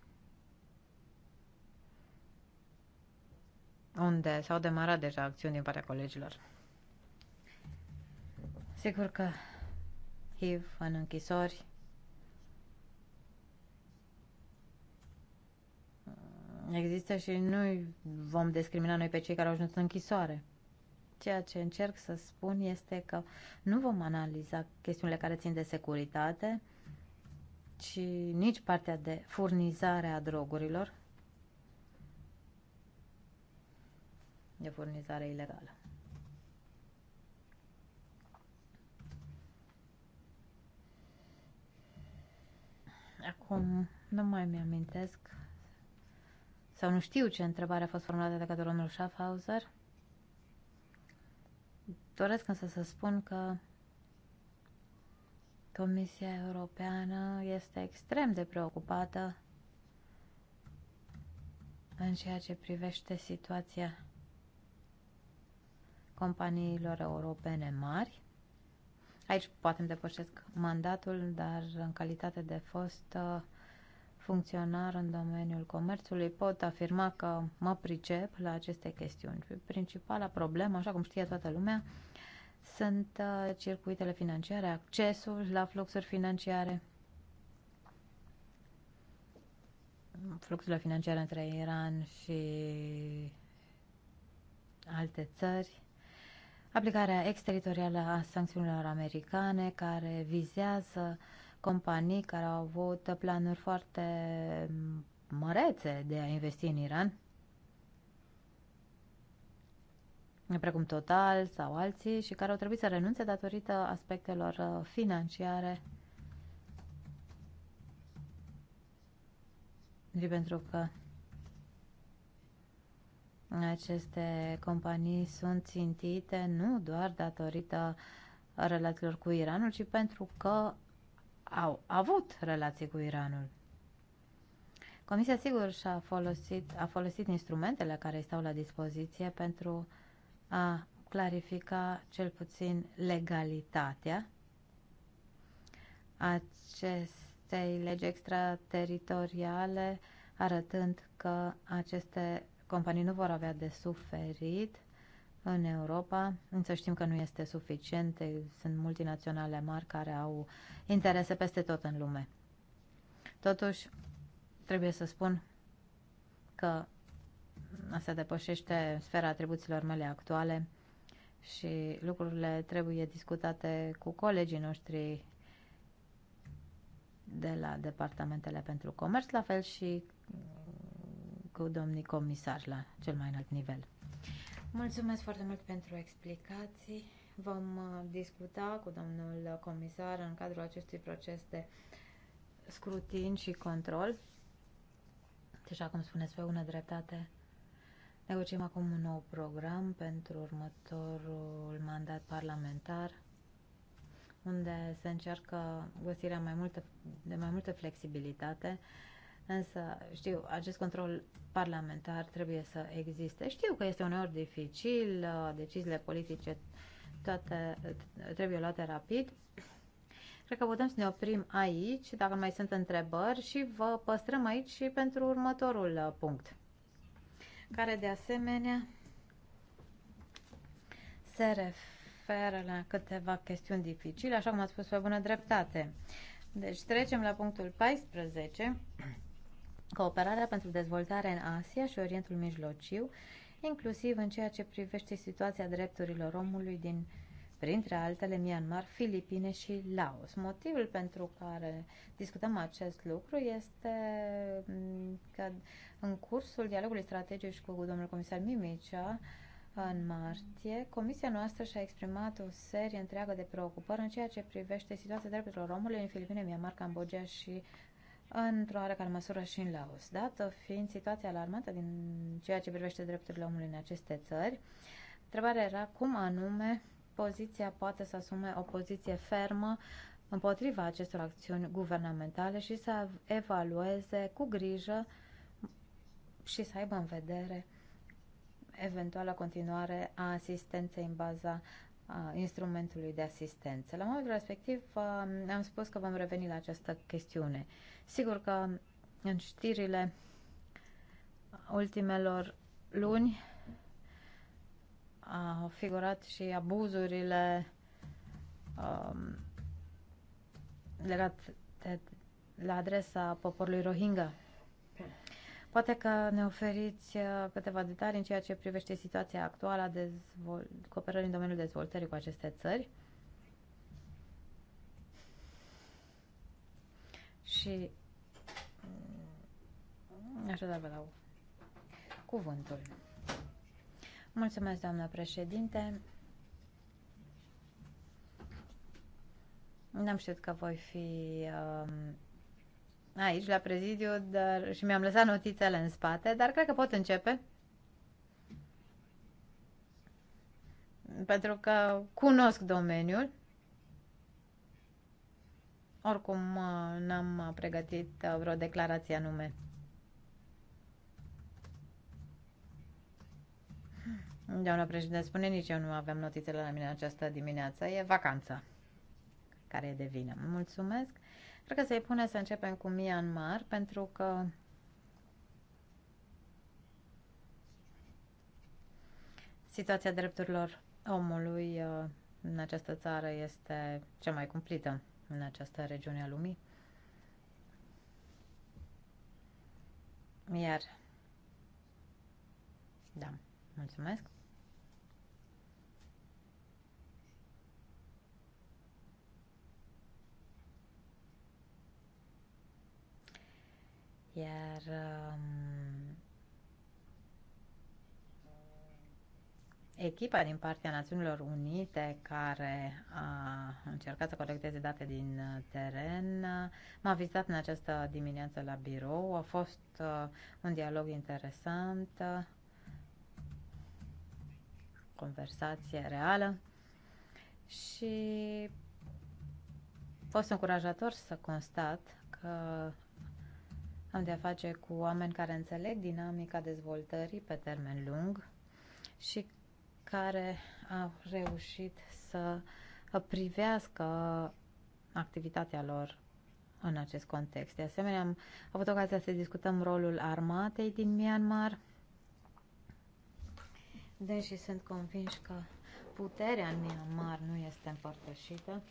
D: unde s-au demarat deja acțiuni din partea colegilor. Sigur că HIV în închisori există și noi vom discrimina noi pe cei care au ajuns în închisoare. Ceea ce încerc să spun este că nu vom analiza chestiunile care țin de securitate, ci nici partea de furnizare a drogurilor, de furnizare ilegală. Acum nu mai mi-amintesc sau nu știu ce întrebare a fost formulată de către domnul Schaffhauser. Doresc însă să spun că Comisia Europeană este extrem de preocupată în ceea ce privește situația companiilor europene mari. Aici poate îmi depășesc mandatul, dar în calitate de fost uh, funcționar în domeniul comerțului, pot afirma că mă pricep la aceste chestiuni. Principala problemă, așa cum știe toată lumea, sunt uh, circuitele financiare, accesul la fluxuri financiare, fluxurile financiare între Iran și alte țări, aplicarea exteritorială a sancțiunilor americane care vizează uh, companii care au avut planuri foarte mărețe de a investi în Iran, precum Total sau alții, și care au trebuit să renunțe datorită aspectelor uh, financiare și pentru că aceste companii sunt țintite nu doar datorită relațiilor cu Iranul, ci pentru că au avut relații cu Iranul. Comisia, sigur, și-a folosit, a folosit instrumentele care stau la dispoziție pentru a clarifica cel puțin legalitatea acestei legi extrateritoriale, arătând că aceste companii nu vor avea de suferit în Europa, însă știm că nu este suficient. Sunt multinaționale mari care au interese peste tot în lume. Totuși, trebuie să spun că asta depășește sfera atribuțiilor mele actuale și lucrurile trebuie discutate cu colegii noștri de la departamentele pentru comerț, la fel și cu domnii comisari la cel mai înalt nivel. Mulțumesc foarte mult pentru explicații. Vom uh, discuta cu domnul comisar în cadrul acestui proces de scrutin și control. Deja, cum spuneți, pe una dreptate, negociem acum un nou program pentru următorul mandat parlamentar, unde se încearcă găsirea mai multă, de mai multă flexibilitate Însă, știu, acest control parlamentar trebuie să existe. Știu că este uneori dificil, uh, deciziile politice toate uh, trebuie luate rapid. Cred că putem să ne oprim aici, dacă mai sunt întrebări, și vă păstrăm aici și pentru următorul uh, punct, care de asemenea se referă la câteva chestiuni dificile, așa cum ați spus pe bună dreptate. Deci trecem la punctul 14 cooperarea pentru dezvoltare în Asia și Orientul Mijlociu, inclusiv în ceea ce privește situația drepturilor omului din, printre altele, Myanmar, Filipine și Laos. Motivul pentru care discutăm acest lucru este mm, că în cursul dialogului strategic cu domnul comisar Mimicea, în martie, comisia noastră și-a exprimat o serie întreagă de preocupări în ceea ce privește situația drepturilor omului în Filipine, Myanmar, Cambodgia și într-o oarecare măsură și în Laos. Dată fiind situația alarmantă din ceea ce privește drepturile omului în aceste țări, întrebarea era cum anume poziția poate să asume o poziție fermă împotriva acestor acțiuni guvernamentale și să evalueze cu grijă și să aibă în vedere eventuala continuare a asistenței în baza a instrumentului de asistență. La momentul respectiv am spus că vom reveni la această chestiune. Sigur că în știrile ultimelor luni au figurat și abuzurile um, legate de, la adresa poporului Rohingya. Poate că ne oferiți uh, câteva detalii în ceea ce privește situația actuală a cooperării în domeniul dezvoltării cu aceste țări. și mm, așadar vă dau cuvântul. Mulțumesc, doamnă președinte. N-am știut că voi fi uh, aici, la prezidiu, dar, și mi-am lăsat notițele în spate, dar cred că pot începe. Pentru că cunosc domeniul. Oricum, n-am pregătit uh, vreo declarație anume. Doamna președinte, spune nici eu nu aveam notițele la mine această dimineață. E vacanță care e de vină. Mulțumesc. Cred că se pune să începem cu Myanmar pentru că situația drepturilor omului uh, în această țară este cea mai cumplită în această regiune a lumii. Iar, da, mulțumesc. Iar um, echipa din partea Națiunilor Unite care a încercat să colecteze date din uh, teren uh, m-a vizitat în această dimineață la birou. A fost uh, un dialog interesant, conversație reală și a fost încurajator să constat că am de-a face cu oameni care înțeleg dinamica dezvoltării pe termen lung și care au reușit să privească activitatea lor în acest context. De asemenea, am avut ocazia să discutăm rolul armatei din Myanmar, deși sunt convinși că puterea în Myanmar nu este împărtășită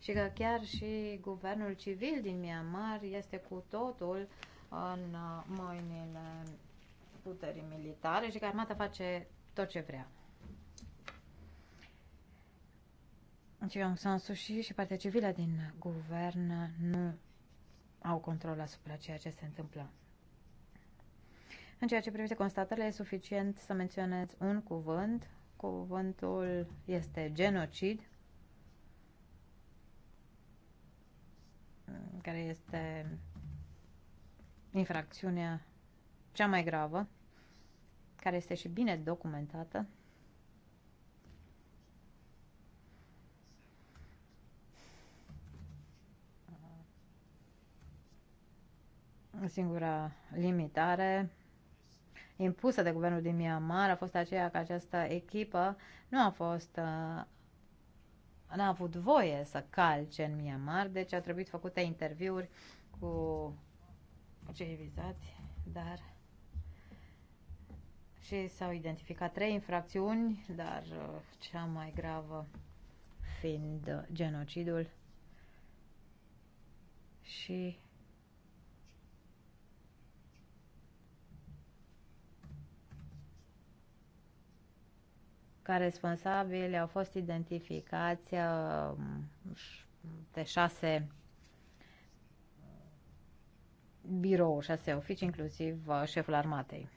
D: și că chiar și guvernul civil din Myanmar este cu totul în mâinile puterii militare și că armata face tot ce vrea. Și Aung San Suu Kyi și partea civilă din guvern nu au control asupra ceea ce se întâmplă. În ceea ce privește constatările, e suficient să menționez un cuvânt. Cuvântul este genocid, care este infracțiunea cea mai gravă, care este și bine documentată, singura limitare impusă de guvernul din Myanmar a fost aceea că această echipă nu a fost uh, n-a avut voie să calce în Myanmar, deci a trebuit făcute interviuri cu cei vizați, dar ce s-au identificat trei infracțiuni, dar uh, cea mai gravă fiind genocidul și ca responsabili au fost identificați de uh, șase birou, șase oficii, inclusiv uh, șeful armatei.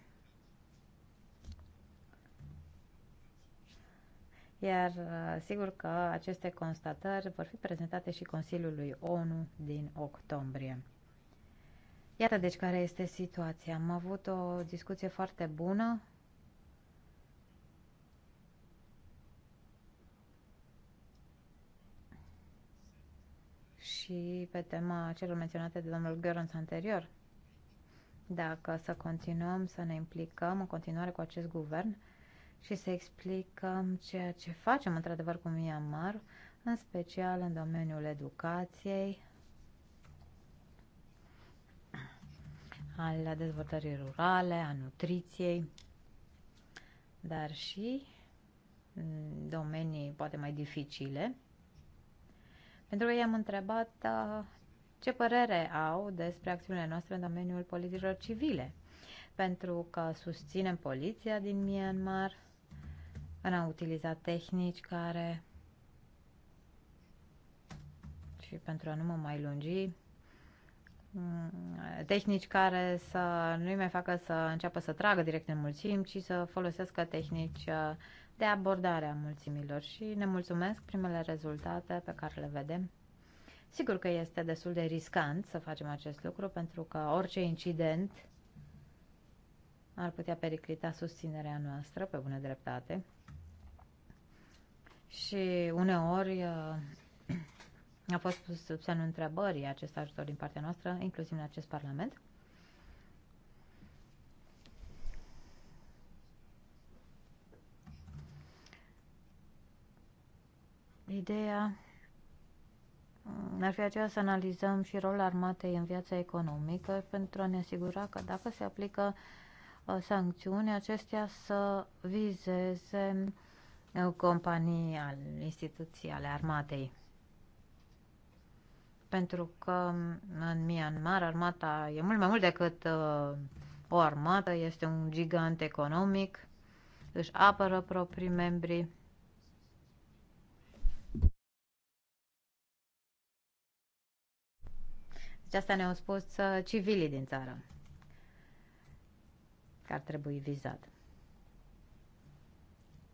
D: iar uh, sigur că aceste constatări vor fi prezentate și Consiliului ONU din octombrie. Iată deci care este situația. Am avut o discuție foarte bună. Și pe tema celor menționate de domnul Görans anterior. Dacă să continuăm să ne implicăm în continuare cu acest guvern, și să explicăm ceea ce facem într-adevăr cu Myanmar, în special în domeniul educației, al dezvoltării rurale, a nutriției, dar și domenii poate mai dificile. Pentru că i-am întrebat ce părere au despre acțiunile noastre în domeniul politicilor civile, pentru că susținem poliția din Myanmar, în a utiliza tehnici care și pentru a nu mă mai lungi mm, tehnici care să nu-i mai facă să înceapă să tragă direct în mulțim, ci să folosească tehnici uh, de abordare a mulțimilor și ne mulțumesc primele rezultate pe care le vedem. Sigur că este destul de riscant să facem acest lucru pentru că orice incident ar putea periclita susținerea noastră pe bună dreptate și uneori uh, a fost pus sub semnul întrebării acest ajutor din partea noastră, inclusiv în acest Parlament. Ideea uh, ar fi aceea să analizăm și rolul armatei în viața economică pentru a ne asigura că dacă se aplică uh, sancțiuni, acestea să vizeze companii, al instituții, ale armatei. Pentru că în Myanmar armata e mult mai mult decât uh, o armată, este un gigant economic, își apără proprii membri. Deci asta ne-au spus uh, civilii din țară că ar trebui vizat.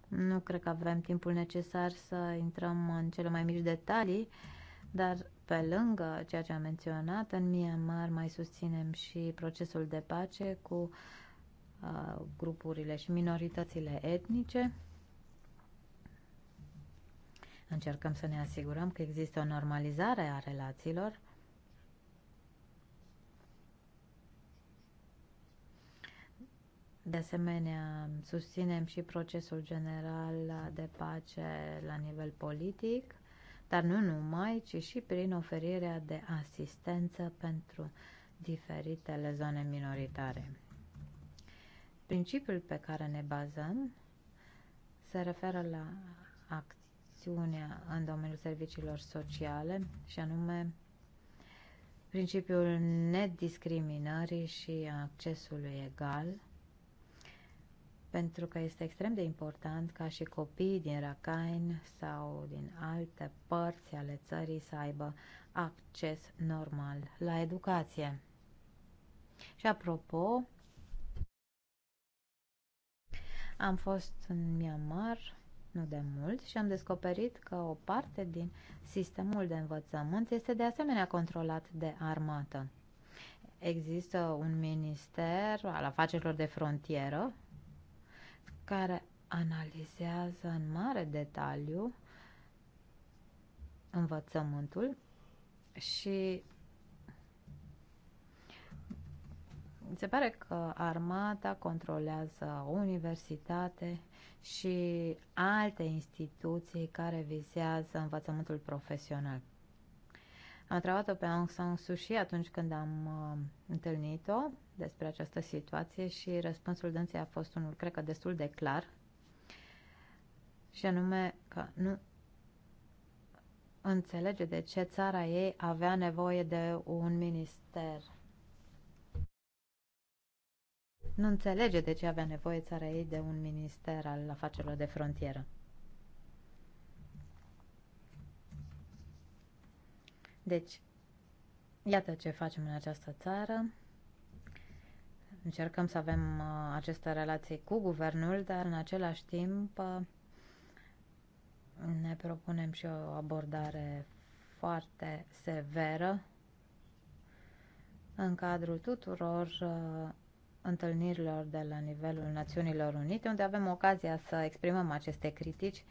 D: Nu cred că avem timpul necesar să intrăm în cele mai mici detalii, dar pe lângă ceea ce am menționat, în Myanmar mai susținem și procesul de pace cu uh, grupurile și minoritățile etnice. Încercăm să ne asigurăm că există o normalizare a relațiilor De asemenea, susținem și procesul general de pace la nivel politic, dar nu numai, ci și prin oferirea de asistență pentru diferitele zone minoritare. Principiul pe care ne bazăm se referă la acțiunea în domeniul serviciilor sociale și anume principiul nediscriminării și accesului egal pentru că este extrem de important ca și copiii din Rakhine sau din alte părți ale țării să aibă acces normal la educație. Și apropo, am fost în Myanmar nu de mult și am descoperit că o parte din sistemul de învățământ este de asemenea controlat de armată. Există un minister al afacerilor de frontieră, care analizează în mare detaliu învățământul și se pare că armata controlează universitate și alte instituții care vizează învățământul profesional. Am întrebat-o pe Aung San Suu Kyi atunci când am uh, întâlnit-o despre această situație și răspunsul dânsei a fost unul, cred că destul de clar, și anume că nu înțelege de ce țara ei avea nevoie de un minister. Nu înțelege de ce avea nevoie țara ei de un minister al afacerilor de frontieră. Deci, iată ce facem în această țară. Încercăm să avem uh, aceste relații cu guvernul, dar în același timp uh, ne propunem și o abordare foarte severă în cadrul tuturor uh, întâlnirilor de la nivelul Națiunilor Unite, unde avem ocazia să exprimăm aceste critici uh,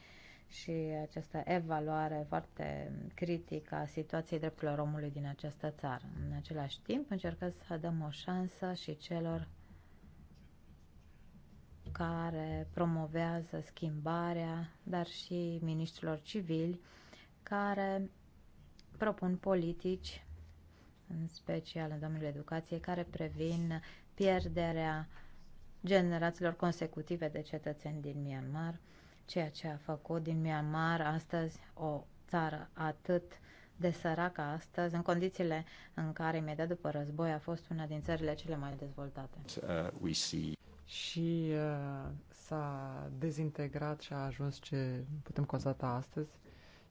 D: și această evaluare foarte critică a situației drepturilor omului din această țară. În același timp, încercăm să dăm o șansă și celor care promovează schimbarea, dar și ministrilor civili care propun politici, în special în domeniul educației, care previn pierderea generațiilor consecutive de cetățeni din Myanmar ceea ce a făcut din Myanmar astăzi o țară atât de săracă astăzi, în condițiile în care imediat după război a fost una din țările cele mai dezvoltate.
C: Uh, we see.
B: Și uh, s-a dezintegrat și a ajuns ce putem constata astăzi,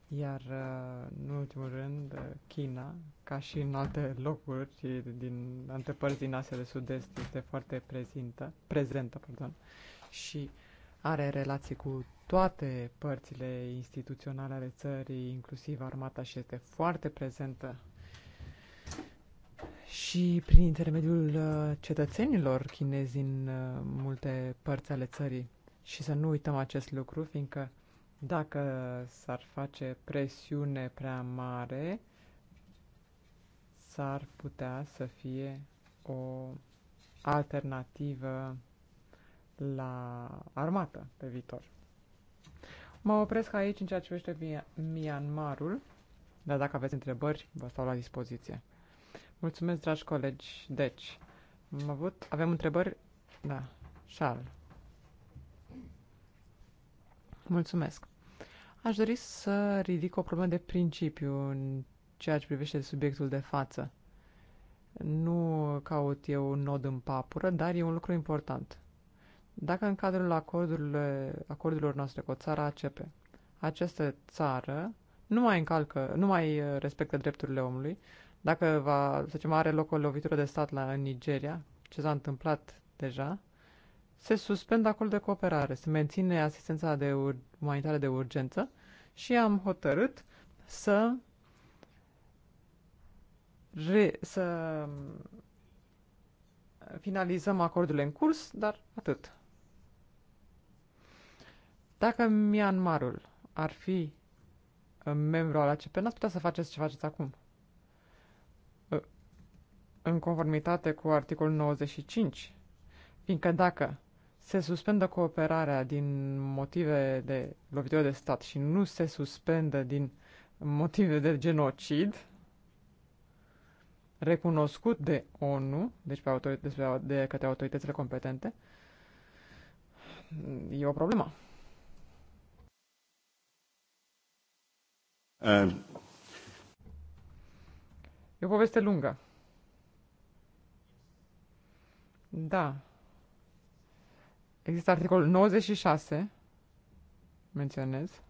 B: iar uh, în ultimul rând uh, China, ca și în alte locuri din alte părți din Asia de Sud-Est, este foarte prezintă, prezentă pardon, și are relații cu toate părțile instituționale ale țării, inclusiv armata, și este foarte prezentă și prin intermediul uh, cetățenilor chinezi în uh, multe părți ale țării. Și să nu uităm acest lucru, fiindcă dacă s-ar face presiune prea mare, s-ar putea să fie o alternativă la armată pe viitor. Mă opresc aici în ceea ce privește Myanmarul, dar dacă aveți întrebări, vă stau la dispoziție. Mulțumesc, dragi colegi. Deci, am avut, avem întrebări? Da, Charles. Mulțumesc. Aș dori să ridic o problemă de principiu în ceea ce privește subiectul de față. Nu caut eu un nod în papură, dar e un lucru important. Dacă în cadrul acordurilor, noastre cu o țară ACP, această țară nu mai încalcă, nu mai uh, respectă drepturile omului, dacă va, să zicem, are loc o lovitură de stat la, în Nigeria, ce s-a întâmplat deja, se suspendă acolo de cooperare, se menține asistența de ur- umanitară de urgență și am hotărât să re- să um, finalizăm acordurile în curs, dar atât. Dacă Myanmarul ar fi uh, membru al ACP, n-ați putea să faceți ce faceți acum. Uh, în conformitate cu articolul 95, fiindcă dacă se suspendă cooperarea din motive de lovitură de stat și nu se suspendă din motive de genocid, recunoscut de ONU, deci pe autorit- de către autoritățile competente, e o problemă. Uh. E o poveste lungă. Da. Există articolul 96, menționez,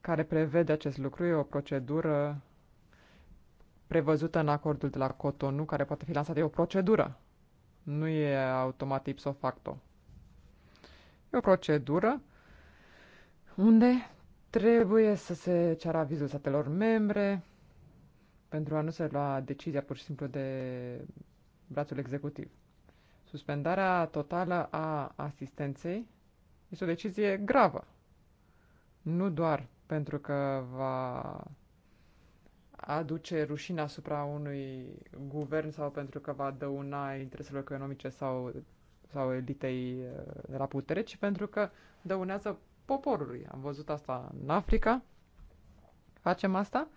B: care prevede acest lucru. E o procedură prevăzută în acordul de la Cotonou, care poate fi lansată. E o procedură. Nu e automat ipso facto. E o procedură unde trebuie să se ceară avizul statelor membre pentru a nu se lua decizia pur și simplu de brațul executiv. Suspendarea totală a asistenței este o decizie gravă. Nu doar pentru că va aduce rușine asupra unui guvern sau pentru că va dăuna intereselor economice sau, sau elitei eh, de la putere, ci pentru că dăunează poporului. Am văzut asta în Africa. Facem asta.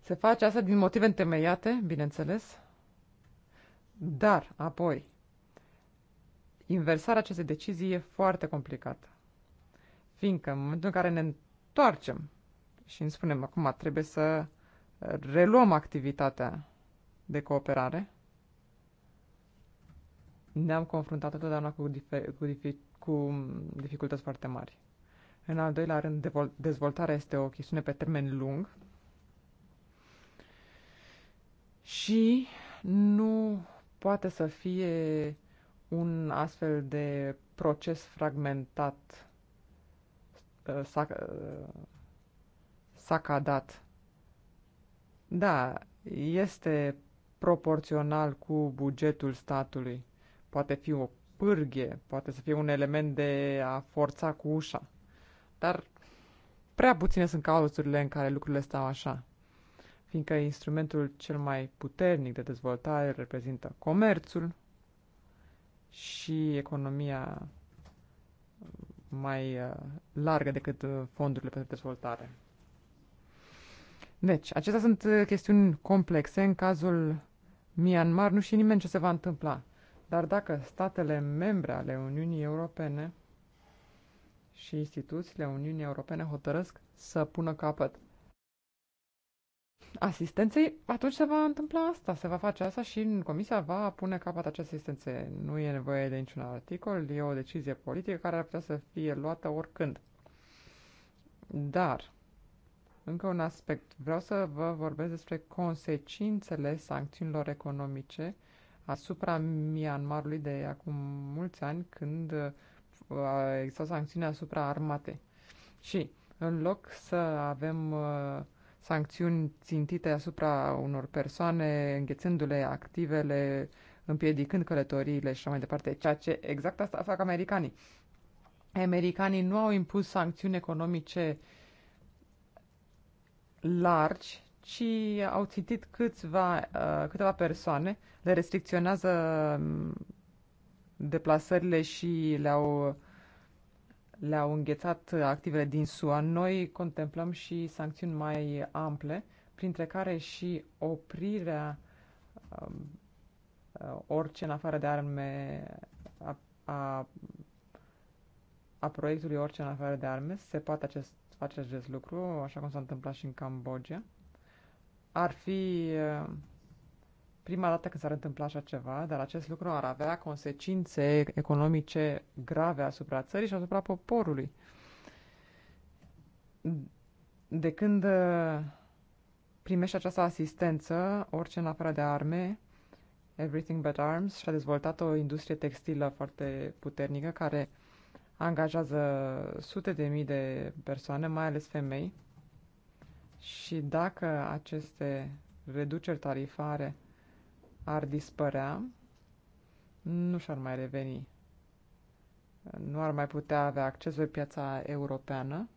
B: Se face asta din motive întemeiate, bineînțeles. Dar, apoi, inversarea acestei decizii e foarte complicată. Fiindcă în momentul în care ne întoarcem și îmi spunem acum trebuie să reluăm activitatea de cooperare, ne-am confruntat întotdeauna cu, cu, cu dificultăți foarte mari. În al doilea rând, dezvoltarea este o chestiune pe termen lung și nu poate să fie un astfel de proces fragmentat, uh, sac, uh, sacadat. Da, este proporțional cu bugetul statului. Poate fi o pârghie, poate să fie un element de a forța cu ușa. Dar prea puține sunt cauzurile în care lucrurile stau așa, fiindcă instrumentul cel mai puternic de dezvoltare reprezintă comerțul și economia mai uh, largă decât uh, fondurile pentru dezvoltare. Deci, acestea sunt uh, chestiuni complexe. În cazul Myanmar nu știe nimeni ce se va întâmpla. Dar dacă statele membre ale Uniunii Europene și instituțiile Uniunii Europene hotărăsc să pună capăt asistenței, atunci se va întâmpla asta, se va face asta și Comisia va pune capăt acestei asistențe. Nu e nevoie de niciun articol, e o decizie politică care ar putea să fie luată oricând. Dar, încă un aspect, vreau să vă vorbesc despre consecințele sancțiunilor economice asupra Myanmarului de acum mulți ani, când a existat sancțiuni asupra armatei. Și în loc să avem uh, sancțiuni țintite asupra unor persoane, înghețându-le activele, împiedicând călătoriile și așa mai departe, ceea ce exact asta fac americanii. Americanii nu au impus sancțiuni economice largi, ci au țintit câțiva, uh, câteva persoane, le restricționează deplasările și le-au le înghețat activele din SUA, noi contemplăm și sancțiuni mai ample, printre care și oprirea um, uh, orice în afară de arme a, a, a proiectului orice în afară de arme. Se poate acest, face acest lucru, așa cum s-a întâmplat și în Cambodgia. Ar fi uh, prima dată când s-ar întâmpla așa ceva, dar acest lucru ar avea consecințe economice grave asupra țării și asupra poporului. De când uh, primește această asistență, orice în afară de arme, Everything But Arms, și-a dezvoltat o industrie textilă foarte puternică care angajează sute de mii de persoane, mai ales femei. Și dacă aceste reduceri tarifare ar dispărea, nu și-ar mai reveni. Nu ar mai putea avea acces pe piața europeană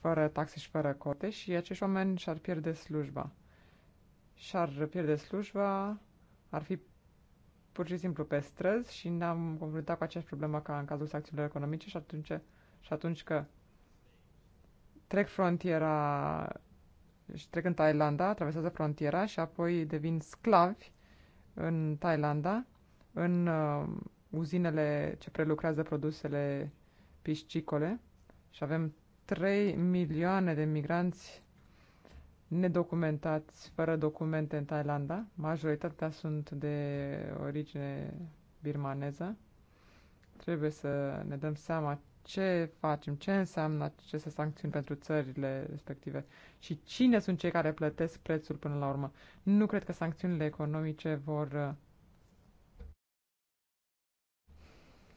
B: fără taxe și fără cote și acești oameni și-ar pierde slujba. Și-ar pierde slujba, ar fi pur și simplu pe străzi și ne-am confruntat cu aceeași problemă ca în cazul sancțiunilor economice și atunci, și atunci că trec frontiera și deci trec în Thailanda, traversează frontiera și apoi devin sclavi în Thailanda, în uh, uzinele ce prelucrează produsele piscicole și avem 3 milioane de migranți nedocumentați, fără documente în Thailanda. Majoritatea sunt de origine birmaneză. Trebuie să ne dăm seama ce facem, ce înseamnă aceste sancțiuni pentru țările respective și cine sunt cei care plătesc prețul până la urmă. Nu cred că sancțiunile economice vor uh,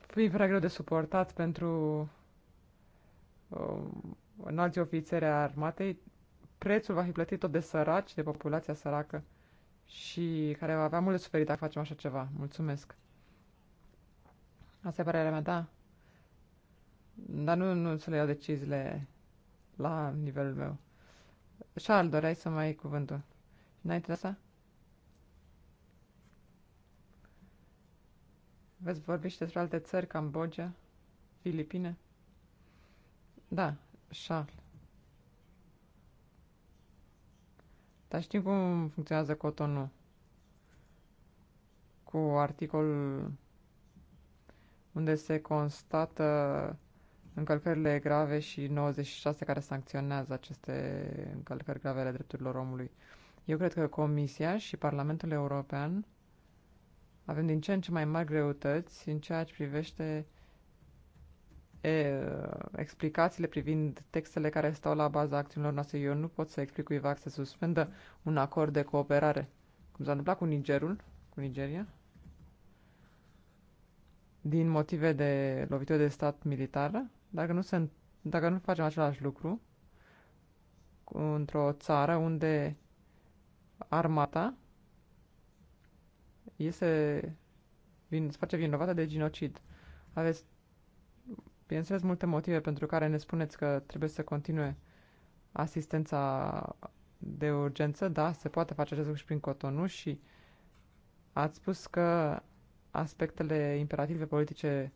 B: fi prea greu de suportat pentru în uh, înalții ofițeri ai armatei. Prețul va fi plătit tot de săraci, de populația săracă și care va avea mult de suferit dacă facem așa ceva. Mulțumesc! Asta e părerea mea, da. Dar nu, nu să le iau deciziile la nivelul meu. Charles, doreai să mai ai cuvântul. Înainte de asta? Veți vorbi și despre alte țări, Cambodgia, Filipine? Da, Charles. Dar știm cum funcționează cotonul. Cu articolul unde se constată încălcările grave și 96 care sancționează aceste încălcări grave ale drepturilor omului. Eu cred că Comisia și Parlamentul European avem din ce în ce mai mari greutăți în ceea ce privește e, explicațiile privind textele care stau la baza acțiunilor noastre. Eu nu pot să explic cuiva să suspendă un acord de cooperare, cum s-a întâmplat cu Nigerul, cu Nigeria, din motive de lovitură de stat militară, dacă nu, se, dacă nu facem același lucru într-o țară unde armata este, vin, se face vinovată de genocid. Aveți, bineînțeles, multe motive pentru care ne spuneți că trebuie să continue asistența de urgență. Da, se poate face acest lucru și prin Cotonou și ați spus că aspectele imperative politice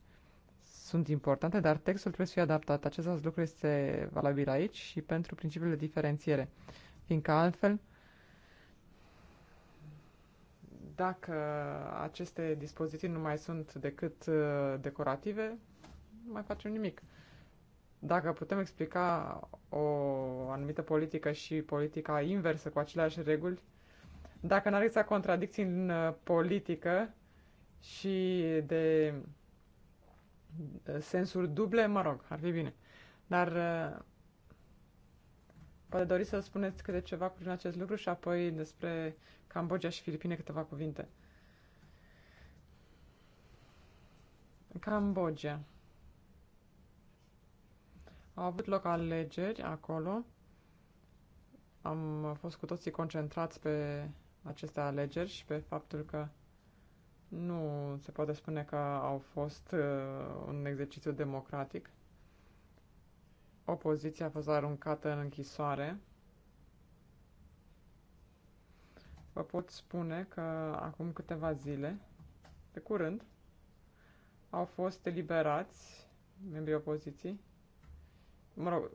B: sunt importante, dar textul trebuie să fie adaptat. Acest lucru este valabil aici și pentru principiul de diferențiere, fiindcă altfel, dacă aceste dispoziții nu mai sunt decât uh, decorative, nu mai facem nimic. Dacă putem explica o anumită politică și politica inversă cu aceleași reguli, dacă n-ar exista contradicții în uh, politică și de sensuri duble, mă rog, ar fi bine. Dar uh, poate doriți să spuneți câte ceva cu acest lucru și apoi despre Cambodgia și Filipine câteva cuvinte. Cambodgia. Au avut loc alegeri acolo. Am fost cu toții concentrați pe aceste alegeri și pe faptul că nu se poate spune că au fost uh, un exercițiu democratic. Opoziția a fost aruncată în închisoare. Vă pot spune că acum câteva zile, de curând, au fost eliberați membrii opoziției, mă rog,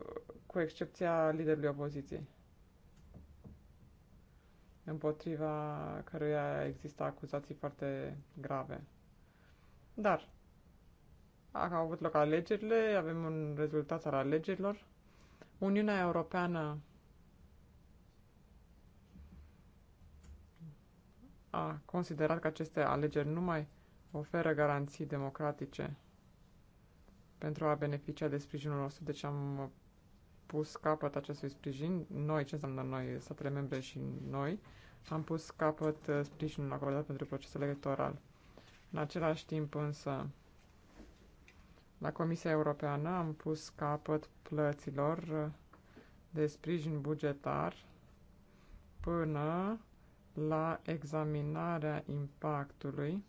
B: cu excepția liderului opoziției împotriva căruia există acuzații foarte grave. Dar, a avut loc alegerile, avem un rezultat al alegerilor. Uniunea Europeană a considerat că aceste alegeri nu mai oferă garanții democratice pentru a beneficia de sprijinul nostru, deci am pus capăt acestui sprijin. Noi, ce înseamnă noi, statele membre și noi, am pus capăt uh, sprijinul acordat pentru procesul electoral. În același timp însă, la Comisia Europeană am pus capăt plăților uh, de sprijin bugetar până la examinarea impactului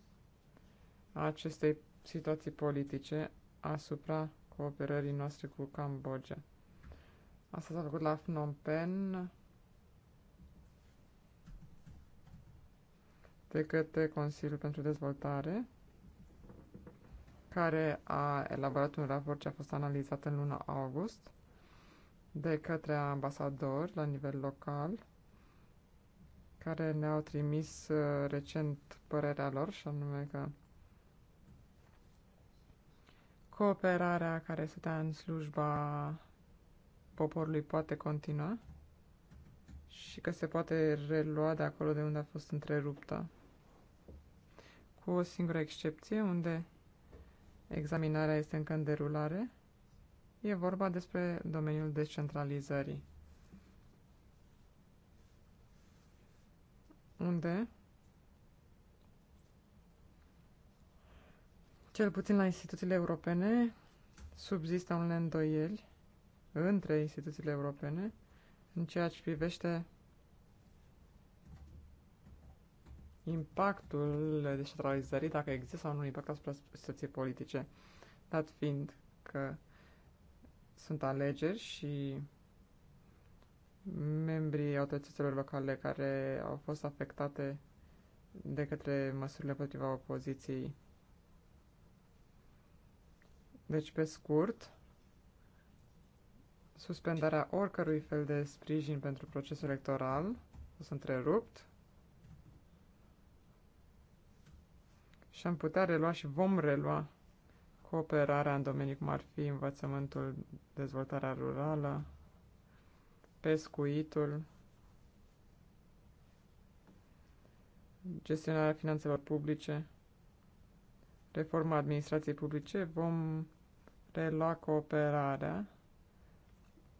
B: acestei situații politice asupra cooperării noastre cu Cambodgia. Asta s-a făcut la Phnom Penh de către Consiliul pentru Dezvoltare, care a elaborat un raport ce a fost analizat în luna august de către ambasadori la nivel local, care ne-au trimis uh, recent părerea lor, și anume că cooperarea care stătea în slujba poporului poate continua și că se poate relua de acolo de unde a fost întreruptă. Cu o singură excepție, unde examinarea este încă în derulare, e vorba despre domeniul descentralizării. Unde, cel puțin la instituțiile europene, subzistă unele îndoieli între instituțiile europene în ceea ce privește impactul descentralizării, dacă există sau nu impact asupra situației politice, dat fiind că sunt alegeri și membrii autorităților locale care au fost afectate de către măsurile potriva opoziției. Deci, pe scurt, suspendarea oricărui fel de sprijin pentru procesul electoral. O să întrerupt. Și am putea relua și vom relua cooperarea în domenii cum ar fi învățământul, dezvoltarea rurală, pescuitul, gestionarea finanțelor publice, reforma administrației publice, vom relua cooperarea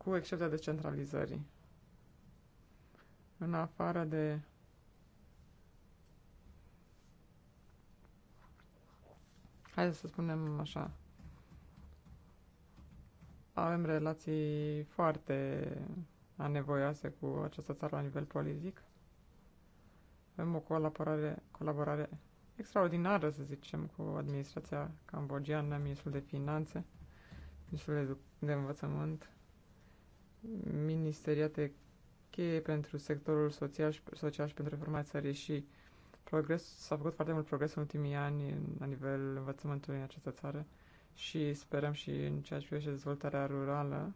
B: cu excepția decentralizării. În afară de Hai să spunem așa, avem relații foarte anevoioase cu această țară la nivel politic. Avem o colaborare, colaborare extraordinară, să zicem, cu administrația cambogiană, ministrul de finanțe, ministrul de, de învățământ, ministeriate cheie pentru sectorul social și, social și pentru reforma țării și progres, s-a făcut foarte mult progres în ultimii ani la nivel învățământului în această țară și sperăm și în ceea ce privește dezvoltarea rurală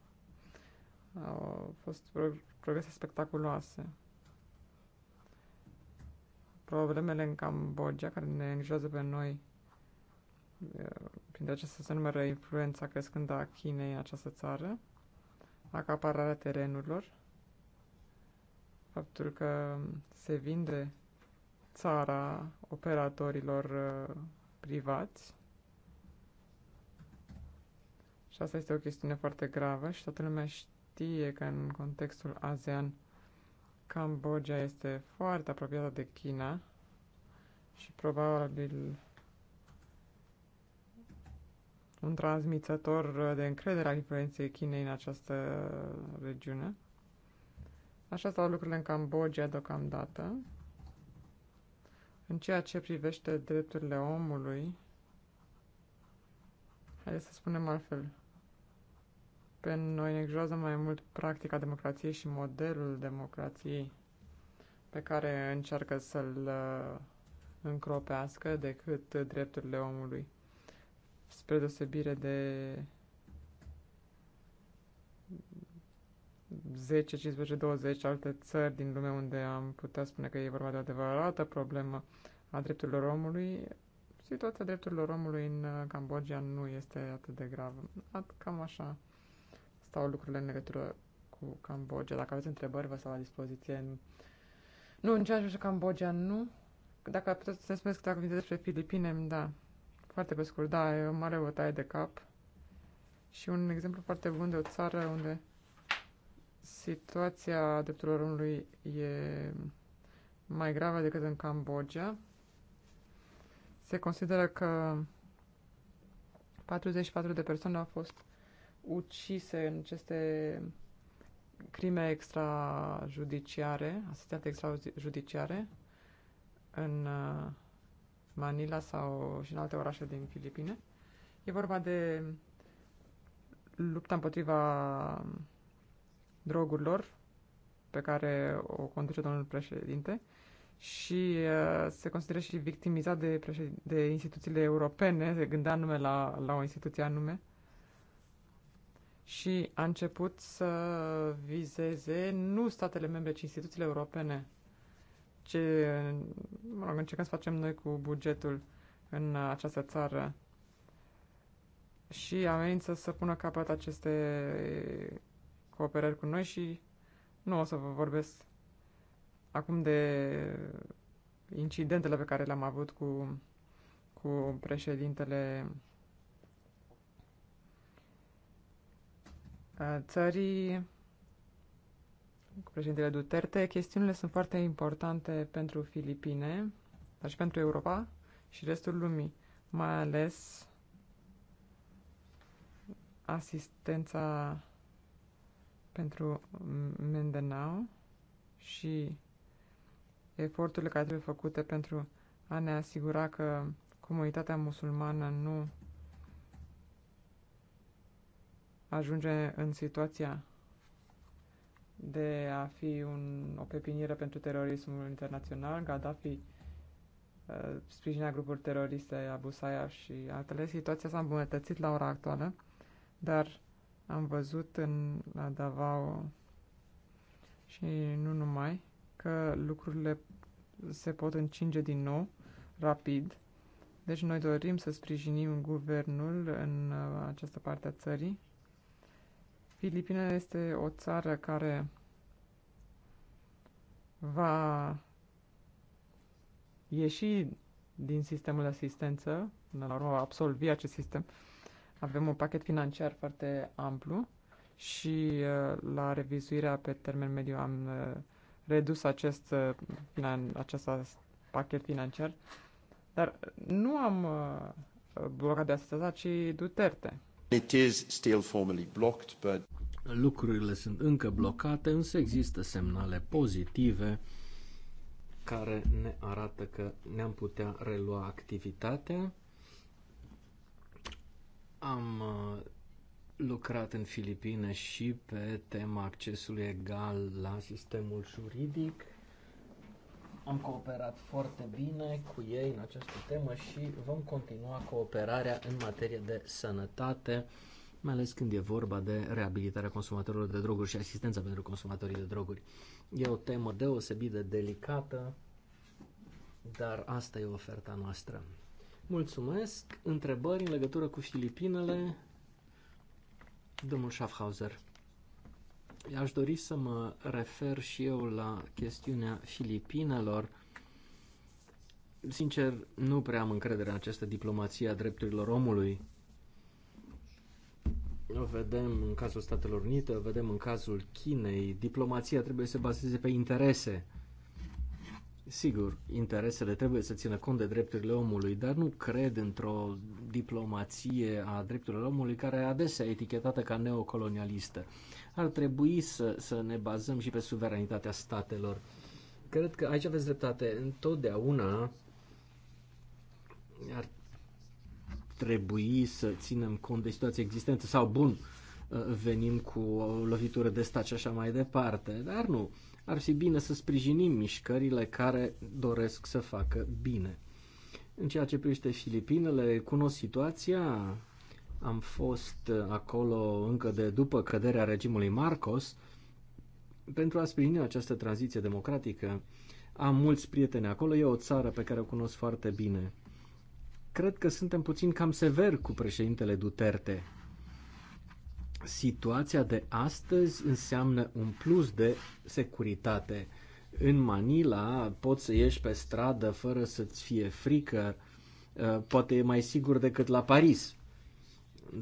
B: au fost progrese spectaculoase. Problemele în Cambodgia care ne îngrijează pe noi eh, printre acestea se numără influența crescândă a Chinei în această țară, acapararea terenurilor, faptul că se vinde țara operatorilor uh, privați. Și asta este o chestiune foarte gravă și toată lumea știe că în contextul ASEAN Cambodgia este foarte apropiată de China și probabil un transmițător uh, de încredere al influenței Chinei în această regiune. Așa stau lucrurile în Cambodgia deocamdată. În ceea ce privește drepturile omului, haideți să spunem altfel, pe noi ne mai mult practica democrației și modelul democrației pe care încearcă să-l uh, încropească decât drepturile omului spre deosebire de 10, 15, 20 alte țări din lume unde am putea spune că e vorba de adevărată problemă a drepturilor omului, situația drepturilor omului în uh, Cambodgia nu este atât de gravă. At, cam așa stau lucrurile în legătură cu Cambodgia. Dacă aveți întrebări, vă stau la dispoziție. Nu, în ceea ce Cambodgia, nu. Dacă puteți să spuneți câteva cuvinte despre Filipine, da. Foarte pe scurt, da, e o mare bătaie de cap. Și un exemplu foarte bun de o țară unde situația drepturilor omului e mai gravă decât în Cambodgia. Se consideră că 44 de persoane au fost ucise în aceste crime extrajudiciare, asistente extrajudiciare, în uh, Manila sau și în alte orașe din Filipine. E vorba de lupta împotriva drogurilor pe care o conduce domnul președinte și uh, se consideră și victimizat de, de instituțiile europene, se gândea anume la, la o instituție anume și a început să vizeze nu statele membre, ci instituțiile europene ce mă rog, încercăm să facem noi cu bugetul în această țară și amenință să pună capăt aceste cooperări cu noi și nu o să vă vorbesc acum de incidentele pe care le-am avut cu, cu președintele uh, țării cu președintele Duterte, chestiunile sunt foarte importante pentru Filipine, dar și pentru Europa și restul lumii, mai ales asistența pentru Mindanao și eforturile care trebuie făcute pentru a ne asigura că comunitatea musulmană nu ajunge în situația de a fi un, o pepinieră pentru terorismul internațional. Gaddafi uh, sprijinea grupuri teroriste, Abu Sayyaf și altele. Situația s-a îmbunătățit la ora actuală, dar am văzut în la Davao și nu numai că lucrurile se pot încinge din nou rapid. Deci noi dorim să sprijinim guvernul în uh, această parte a țării Filipina este o țară care va ieși din sistemul de asistență, până la urmă va absolvi acest sistem. Avem un pachet financiar foarte amplu și uh, la revizuirea pe termen mediu am uh, redus acest, uh, acest pachet financiar, dar nu am blocat de asistență, ci Duterte.
C: It is still formally blocked, but...
A: Lucrurile sunt încă blocate, însă există semnale pozitive care ne arată că ne-am putea relua activitatea. Am uh, lucrat în Filipine și pe tema accesului egal la sistemul juridic am cooperat foarte bine cu ei în această temă și vom continua cooperarea în materie de sănătate, mai ales când e vorba de reabilitarea consumatorilor de droguri și asistența pentru consumatorii de droguri. E o temă deosebit de delicată, dar asta e oferta noastră. Mulțumesc. Întrebări în legătură cu Filipinele? Domnul Schaffhauser. Aș dori să mă refer și eu la chestiunea Filipinelor. Sincer, nu prea am încredere în această diplomație a drepturilor omului. O vedem în cazul Statelor Unite, o vedem în cazul Chinei. Diplomația trebuie să se bazeze pe interese. Sigur, interesele trebuie să țină cont de drepturile omului, dar nu cred într-o diplomație a drepturilor omului care adesea e etichetată ca neocolonialistă. Ar trebui să, să ne bazăm și pe suveranitatea statelor. Cred că aici aveți dreptate. Întotdeauna ar trebui să ținem cont de situația existentă sau bun, venim cu o lovitură de stat și așa mai departe, dar nu ar fi bine să sprijinim mișcările care doresc să facă bine. În ceea ce privește Filipinele, cunosc situația, am fost acolo încă de după căderea regimului Marcos pentru a sprijini această tranziție democratică. Am mulți prieteni acolo, e o țară pe care o cunosc foarte bine. Cred că suntem puțin cam sever cu președintele Duterte Situația de astăzi înseamnă un plus de securitate. În Manila poți să ieși pe stradă fără să-ți fie frică, uh, poate e mai sigur decât la Paris.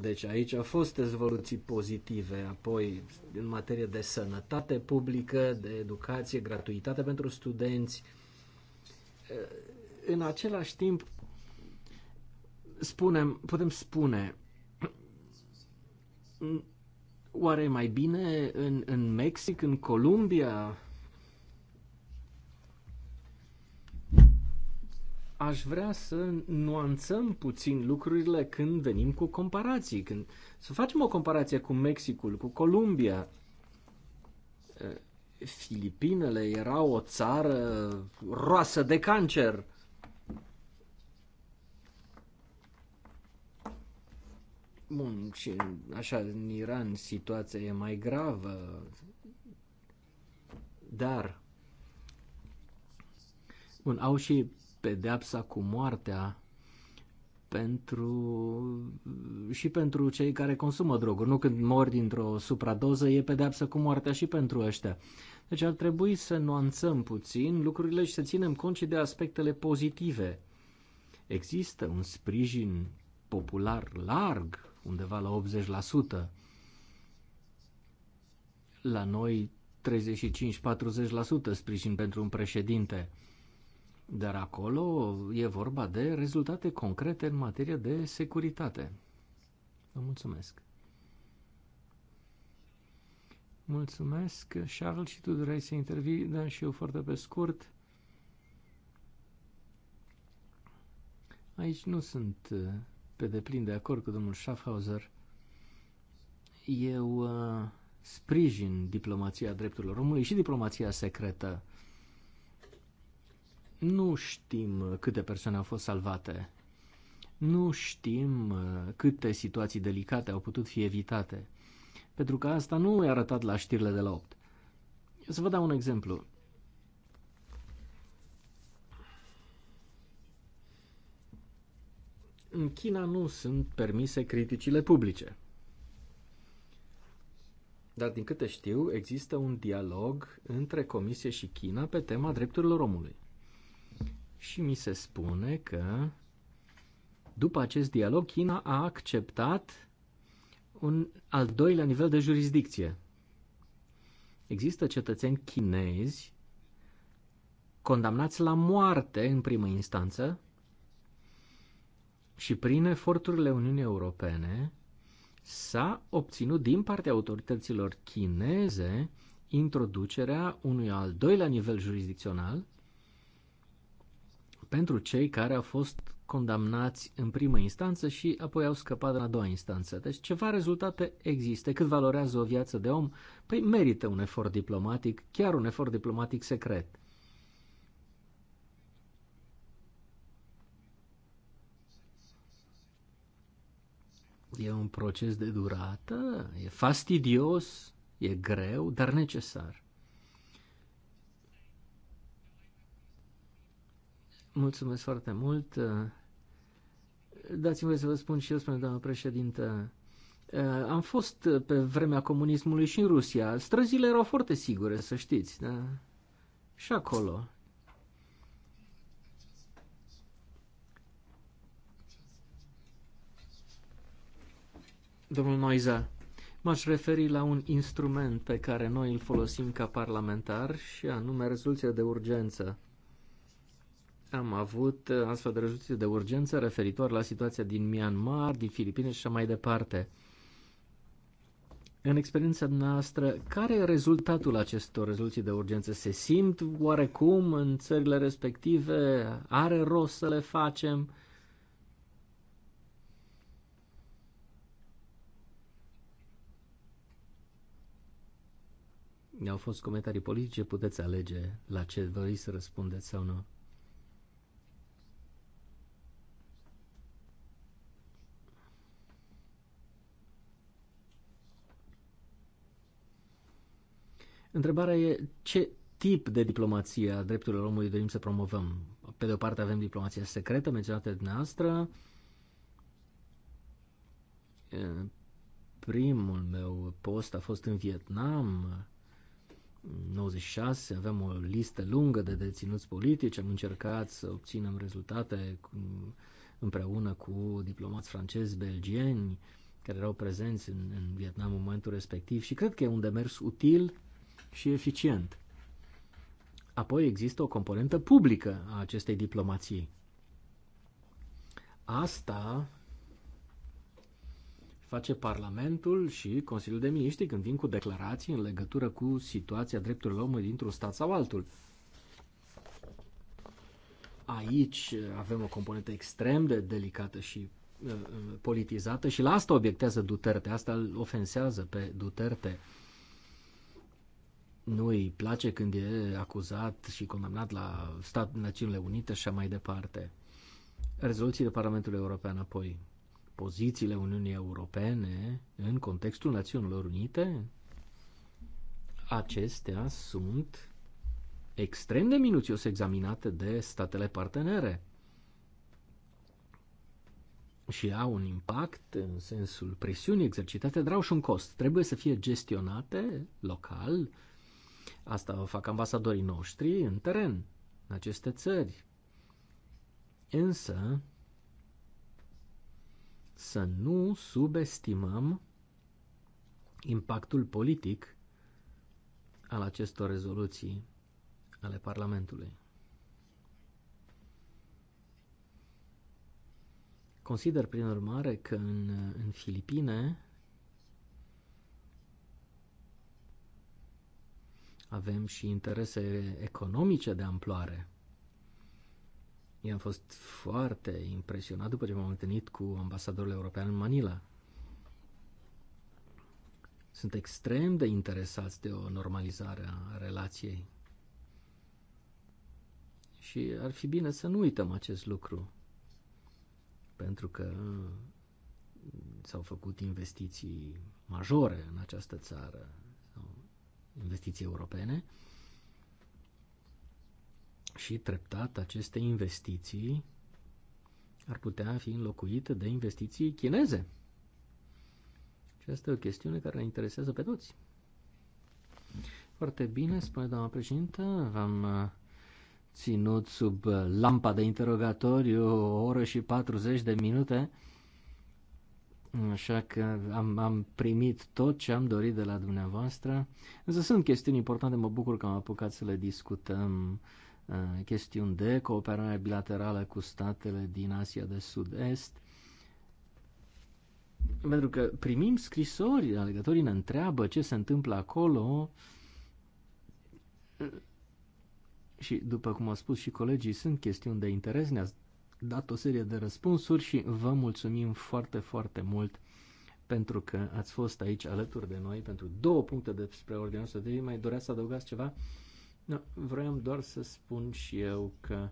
A: Deci aici au fost dezvoluții pozitive, apoi în materie de sănătate publică, de educație, gratuitate pentru studenți. Uh, în același timp, spunem, putem spune, Oare mai bine în, în Mexic, în Columbia? Aș vrea să nuanțăm puțin lucrurile când venim cu comparații, când să facem o comparație cu Mexicul, cu Columbia. Eh, Filipinele era o țară roasă de cancer Bun, și așa, în Iran situația e mai gravă, dar, bun, au și pedeapsa cu moartea pentru, și pentru cei care consumă droguri. Nu când mor dintr-o supradoză, e pedeapsa cu moartea și pentru ăștia. Deci ar trebui să nuanțăm puțin lucrurile și să ținem cont și de aspectele pozitive. Există un sprijin popular larg undeva la 80%. La noi 35-40% sprijin pentru un președinte. Dar acolo e vorba de rezultate concrete în materie de securitate. Vă mulțumesc. Mulțumesc, Charles, și tu doreai să intervii, dar și eu foarte pe scurt. Aici nu sunt pe deplin de acord cu domnul Schaffhauser. Eu uh, sprijin diplomația drepturilor omului și diplomația secretă. Nu știm câte persoane au fost salvate. Nu știm uh, câte situații delicate au putut fi evitate. Pentru că asta nu e arătat la știrile de la 8. Să vă dau un exemplu. În China nu sunt permise criticile publice. Dar din câte știu, există un dialog între Comisie și China pe tema drepturilor omului. Și mi se spune că după acest dialog China a acceptat un al doilea nivel de jurisdicție. Există cetățeni chinezi condamnați la moarte în primă instanță și prin eforturile Uniunii Europene s-a obținut din partea autorităților chineze introducerea unui al doilea nivel jurisdicțional pentru cei care au fost condamnați în primă instanță și apoi au scăpat în a doua instanță. Deci ceva rezultate există. Cât valorează o viață de om? Păi merită un efort diplomatic, chiar un efort diplomatic secret. E un proces de durată, e fastidios, e greu, dar necesar. Mulțumesc foarte mult. Dați-mi voie să vă spun și eu, spune doamna președintă, am fost pe vremea comunismului și în Rusia. Străzile erau foarte sigure, să știți, da? Și acolo. Domnul Noiza, m-aș referi la un instrument pe care noi îl folosim ca parlamentar și anume rezoluția de urgență. Am avut uh, astfel de rezoluție de urgență referitor la situația din Myanmar, din Filipine și așa mai departe. În experiența noastră, care e rezultatul acestor rezoluții de urgență? Se simt oarecum în țările respective? Are rost să le facem? Au fost comentarii politice, puteți alege la ce doriți să răspundeți sau nu. Întrebarea e ce tip de diplomație a drepturilor omului dorim să promovăm. Pe de o parte avem diplomația secretă menționată de dumneavoastră. Primul meu post a fost în Vietnam 96 aveam o listă lungă de deținuți politici, am încercat să obținem rezultate cu, împreună cu diplomați francezi, belgieni, care erau prezenți în, în Vietnam în momentul respectiv și cred că e un demers util și eficient. Apoi există o componentă publică a acestei diplomații. Asta face Parlamentul și Consiliul de Miniștri când vin cu declarații în legătură cu situația drepturilor omului dintr-un stat sau altul. Aici avem o componentă extrem de delicată și uh, uh, politizată și la asta obiectează Duterte, asta îl ofensează pe Duterte. Nu îi place când e acuzat și condamnat la stat Națiunile Unite și mai departe. Rezoluțiile Parlamentului European apoi pozițiile Uniunii Europene în contextul Națiunilor Unite, acestea sunt extrem de minuțios examinate de statele partenere și au un impact în sensul presiunii exercitate, dar au și un cost. Trebuie să fie gestionate local. Asta o fac ambasadorii noștri în teren, în aceste țări. Însă, să nu subestimăm impactul politic al acestor rezoluții ale Parlamentului. Consider, prin urmare, că în, în Filipine avem și interese economice de amploare. Eu am fost foarte impresionat după ce m-am întâlnit cu ambasadorul european în Manila. Sunt extrem de interesați de o normalizare a relației. Și ar fi bine să nu uităm acest lucru, pentru că s-au făcut investiții majore în această țară, investiții europene, și treptat aceste investiții ar putea fi înlocuite de investiții chineze. Și asta e o chestiune care ne interesează pe toți. Foarte bine, spune doamna președintă, v-am uh, ținut sub uh, lampa de interrogatoriu o oră și 40 de minute, așa că am, am primit tot ce am dorit de la dumneavoastră. Însă sunt chestiuni importante, mă bucur că am apucat să le discutăm Uh, chestiuni de cooperare bilaterală cu statele din Asia de Sud-Est. Pentru că primim scrisori, alegătorii ne întreabă ce se întâmplă acolo și, după cum au spus și colegii, sunt chestiuni de interes. Ne-ați dat o serie de răspunsuri și vă mulțumim foarte, foarte mult pentru că ați fost aici alături de noi pentru două puncte despre ordinea să mai doreați să adăugați ceva? No, vreau doar să spun și eu că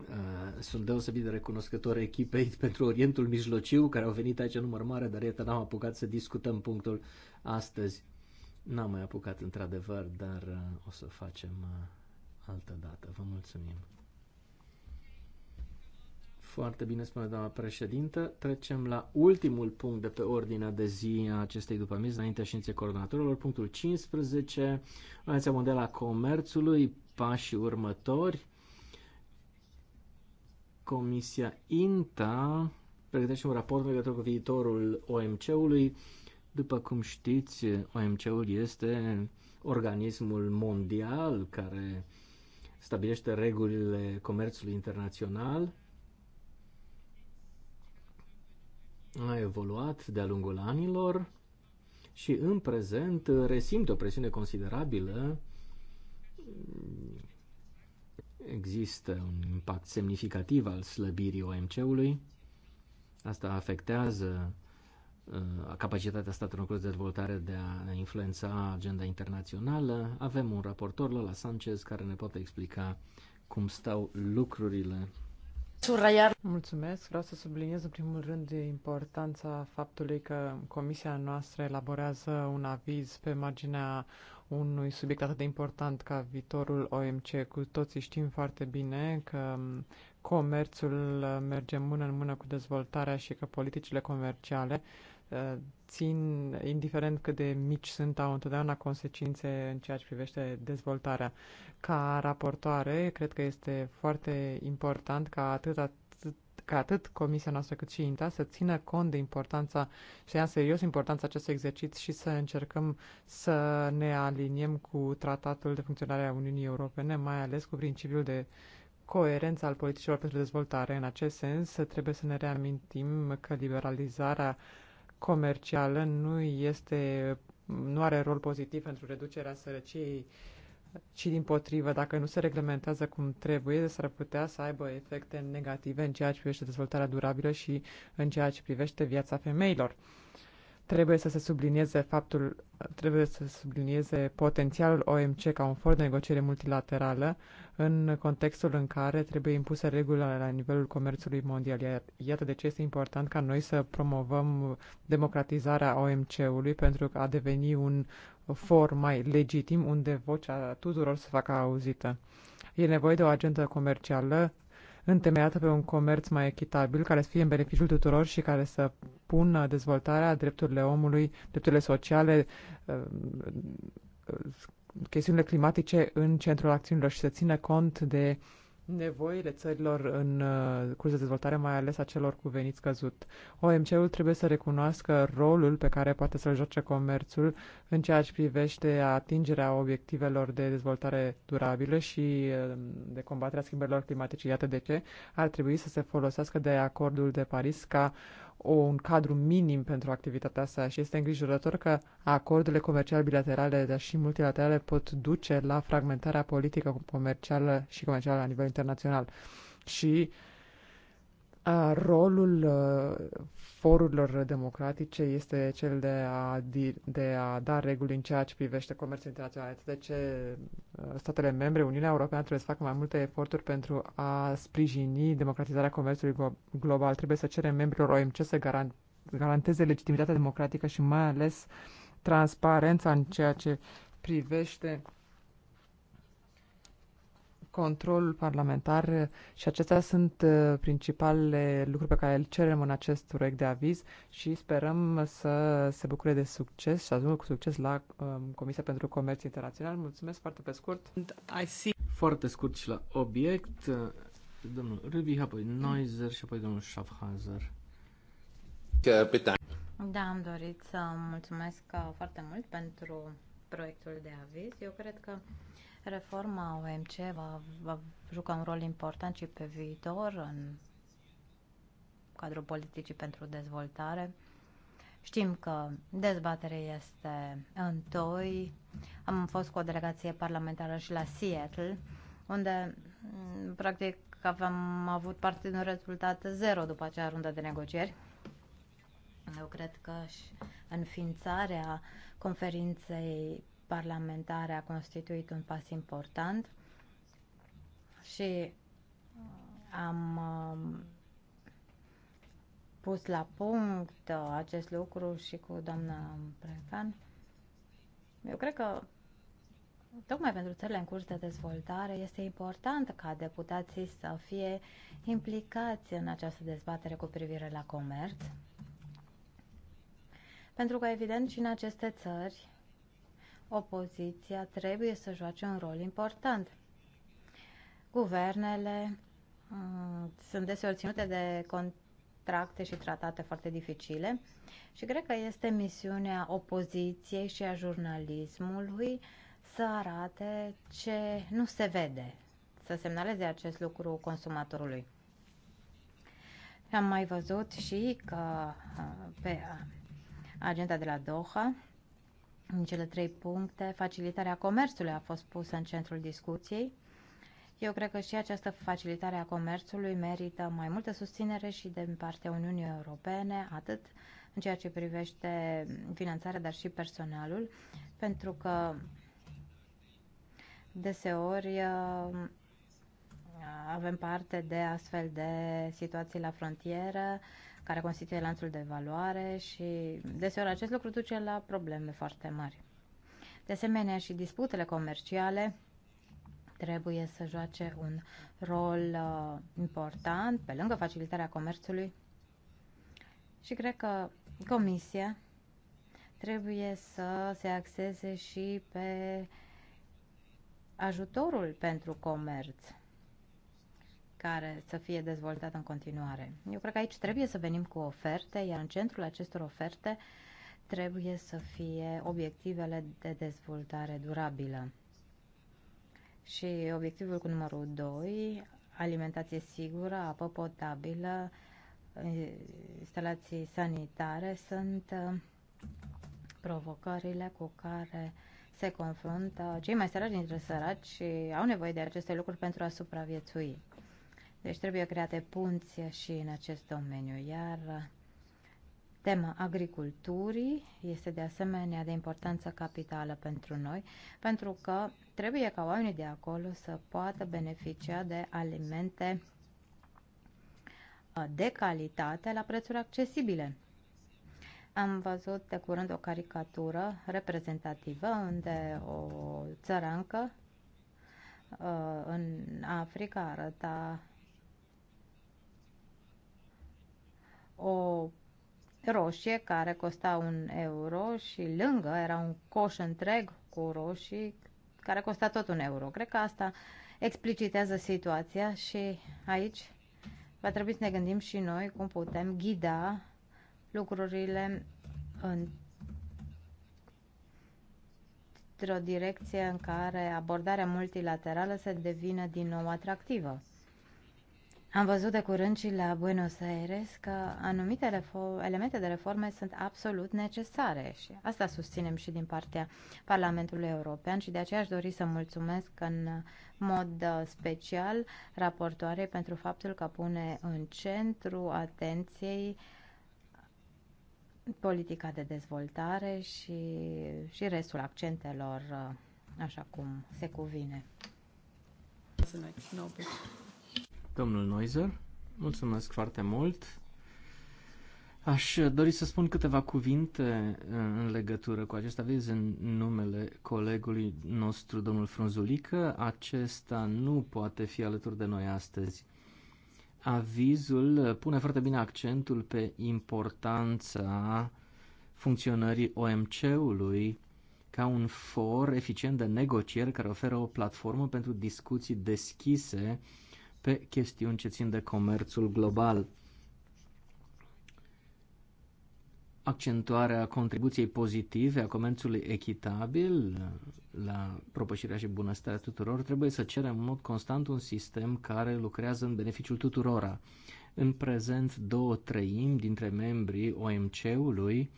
A: uh, sunt deosebit de recunoscător echipei pentru Orientul Mijlociu, care au venit aici număr mare, dar iată n-am apucat să discutăm punctul astăzi. N-am mai apucat într-adevăr, dar uh, o să facem uh, altă dată. Vă mulțumim! Foarte bine spune doamna președintă. Trecem la ultimul punct de pe ordinea de zi a acestei după amiz, înaintea științei coordonatorilor, punctul 15, Organizația Mondială a Comerțului, pașii următori. Comisia INTA pregătește un raport în legătură cu viitorul OMC-ului. După cum știți, OMC-ul este organismul mondial care stabilește regulile comerțului internațional a evoluat de-a lungul anilor și în prezent resimt o presiune considerabilă. Există un impact semnificativ al slăbirii OMC-ului. Asta afectează uh, capacitatea statelor de dezvoltare de a influența agenda internațională. Avem un raportor, la Sanchez, care ne poate explica cum stau lucrurile
B: Surrayar. Mulțumesc. Vreau să subliniez în primul rând importanța faptului că comisia noastră elaborează un aviz pe marginea unui subiect atât de important ca viitorul OMC. Cu toții știm foarte bine că comerțul merge mână în mână cu dezvoltarea și că politicile comerciale uh, Eh, țin, indiferent cât de mici sunt, au întotdeauna consecințe în ceea ce privește dezvoltarea. Ca raportoare, cred că este foarte important ca atât, atât ca atât comisia noastră cât și INTA să țină cont de importanța și să ia serios importanța acestui exercițiu și să încercăm să ne aliniem cu tratatul de funcționare a Uniunii Europene, mai ales cu principiul de coerență al politicilor pentru dezvoltare. În acest sens, trebuie să ne reamintim că liberalizarea uh, comercială nu este nu are rol pozitiv pentru reducerea sărăciei, ci din potrivă, dacă nu se reglementează cum trebuie, s-ar putea să aibă efecte negative în ceea ce privește dezvoltarea durabilă și în ceea ce privește viața femeilor. Trebuie să se sublinieze faptul, trebuie să se sublinieze potențialul OMC ca un for de negociere multilaterală în contextul în care trebuie impuse regulile la nivelul comerțului mondial. iată de ce este important ca noi să promovăm democratizarea OMC-ului pentru a deveni un for mai legitim unde vocea tuturor să facă auzită. E nevoie de o agendă comercială întemeiată pe un comerț mai echitabil, care să fie în beneficiul tuturor și care să pună dezvoltarea drepturile omului, drepturile sociale, uh, uh, chestiunile climatice în centrul acțiunilor și să țină cont de nevoile țărilor în uh, curs de dezvoltare, mai ales a celor cu venit scăzut. OMC-ul trebuie să recunoască rolul pe care poate să-l joace comerțul în ceea ce privește atingerea obiectivelor de dezvoltare durabilă și uh, de combaterea schimbărilor climatice. Iată de ce ar trebui să se folosească de acordul de Paris ca uh, o, un cadru minim pentru activitatea sa și este îngrijorător că acordurile comerciale bilaterale, dar și multilaterale pot duce la fragmentarea politică comercială și comercială la nivel internațional. Și rolul uh, forurilor democratice este cel de a, de a da reguli în ceea ce privește comerțul internațional. De ce uh, statele membre, Uniunea Europeană trebuie să facă mai multe eforturi pentru a sprijini democratizarea comerțului global. Trebuie să cerem membrilor OMC să garanteze legitimitatea democratică și mai ales transparența în ceea ce privește uh, controlul parlamentar și acestea sunt uh, principalele lucruri pe care îl cerem în acest proiect de aviz și sperăm să se bucure de succes și ajungă cu succes la um, Comisia pentru Comerț Internațional. Mulțumesc foarte pe scurt. Foarte scurt și la obiect, uh,
A: domnul Rubi, apoi Noizer și apoi domnul Schaffhauser.
D: Da, am dorit să mulțumesc uh, foarte mult pentru proiectul de aviz. Eu cred că Reforma OMC va, va juca un rol important și pe viitor în cadrul politicii pentru dezvoltare. Știm că dezbaterea este în toi. Am fost cu o delegație parlamentară și la Seattle, unde mm, practic aveam avut parte din un rezultat zero după acea rundă de negocieri. Eu cred că și înființarea conferinței parlamentare a constituit un pas important și uh, am uh, pus la punct uh, acest lucru și cu doamna Brecan. Eu cred că tocmai pentru țările în curs de dezvoltare este important ca deputații să fie implicați în această dezbatere cu privire la comerț. Pentru că, evident, și în aceste țări opoziția trebuie să joace un rol important. Guvernele uh, sunt deseori ținute de contracte și tratate foarte dificile și cred că este misiunea opoziției și a jurnalismului să arate ce nu se vede, să semnaleze acest lucru consumatorului. Am mai văzut și că uh, pe agenda de la Doha în cele trei puncte, facilitarea comerțului a fost pusă în centrul discuției. Eu cred că și această facilitare a comerțului merită mai multă susținere și din partea Uniunii Europene, atât în ceea ce privește finanțarea, dar și personalul, pentru că deseori uh, avem parte de astfel de situații la frontieră care constituie lanțul de valoare și deseori acest lucru duce la probleme foarte mari. De asemenea, și disputele comerciale trebuie să joace un rol uh, important pe lângă facilitarea comerțului și cred că Comisia trebuie să se axeze și pe ajutorul pentru comerț care să fie dezvoltată în continuare. Eu cred că aici trebuie să venim cu oferte, iar în centrul acestor oferte trebuie să fie obiectivele de dezvoltare durabilă. Și obiectivul cu numărul 2, alimentație sigură, apă potabilă, instalații sanitare sunt uh, provocările cu care se confruntă cei mai săraci dintre săraci și au nevoie de aceste lucruri pentru a supraviețui. Deci trebuie create punți și în acest domeniu. Iar tema agriculturii este de asemenea de importanță capitală pentru noi, pentru că trebuie ca oamenii de acolo să poată beneficia de alimente uh, de calitate la prețuri accesibile. Am văzut de curând o caricatură reprezentativă unde o țărancă uh, în Africa arăta o roșie care costa un euro și lângă era un coș întreg cu roșii care costa tot un euro. Cred că asta explicitează situația și aici va trebui să ne gândim și noi cum putem ghida lucrurile în o direcție în care abordarea multilaterală se devină din nou atractivă. Am văzut de curând și la Buenos Aires că anumite elemente de reforme sunt absolut necesare și asta susținem și din partea Parlamentului European și de aceea aș dori să mulțumesc în mod uh, special raportoare pentru faptul că pune în centru atenției politica de dezvoltare și, și restul accentelor uh, așa cum se cuvine. No,
A: Domnul Noizer, mulțumesc foarte mult. Aș dori să spun câteva cuvinte uh, în legătură cu acest aviz în numele colegului nostru, domnul Frunzulică. Acesta nu poate fi alături de noi astăzi. Avizul uh, pune foarte bine accentul pe importanța funcționării OMC-ului ca un for eficient de negocieri care oferă o platformă pentru discuții deschise pe chestiuni ce țin de comerțul global. Accentuarea contribuției pozitive a comerțului echitabil uh, la propășirea și bunăstarea tuturor trebuie să cerem în mod constant un sistem care lucrează în beneficiul tuturora. În prezent, două treimi dintre membrii OMC-ului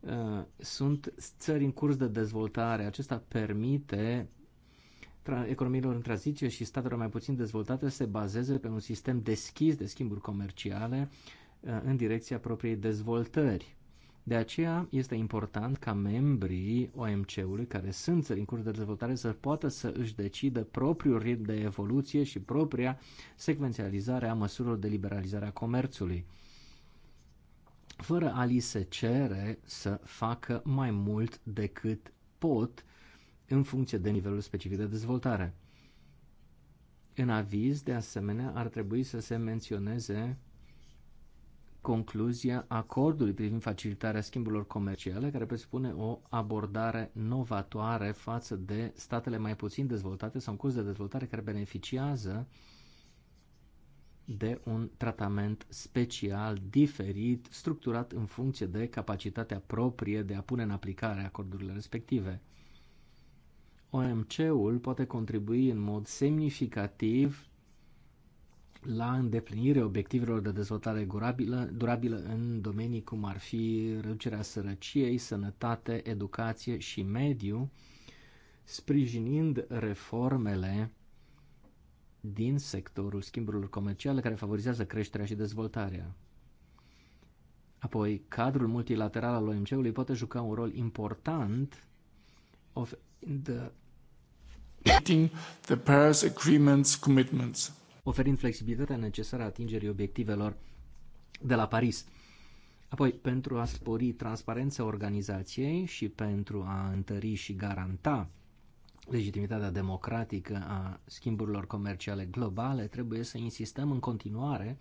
A: uh, sunt țări în curs de dezvoltare. Acesta permite economiilor în tranziție și statelor mai puțin dezvoltate se bazeze pe un sistem deschis de schimburi comerciale uh, în direcția propriei dezvoltări. De aceea este important ca membrii OMC-ului, care sunt țări în curs de dezvoltare, să poată să își decidă propriul ritm de evoluție și propria secvențializare a măsurilor de liberalizare a comerțului, fără a li se cere să facă mai mult decât pot în funcție de nivelul specific de dezvoltare. În aviz, de asemenea, ar trebui să se menționeze concluzia acordului privind facilitarea schimburilor comerciale, care presupune o abordare novatoare față de statele mai puțin dezvoltate sau în curs de dezvoltare care beneficiază de un tratament special, diferit, structurat în funcție de capacitatea proprie de a pune în aplicare acordurile respective. OMC-ul poate contribui în mod semnificativ la îndeplinirea obiectivelor de dezvoltare durabilă, durabilă în domenii cum ar fi reducerea sărăciei, sănătate, educație și mediu, sprijinind reformele din sectorul schimburilor comerciale care favorizează creșterea și dezvoltarea. Apoi, cadrul multilateral al OMC-ului poate juca un rol important oferind the Paris Agreement's commitments. Oferind flexibilitatea necesară a atingerii obiectivelor de la Paris. Apoi, pentru a spori transparența organizației și pentru a întări și garanta legitimitatea democratică a schimburilor comerciale globale, trebuie să insistăm în continuare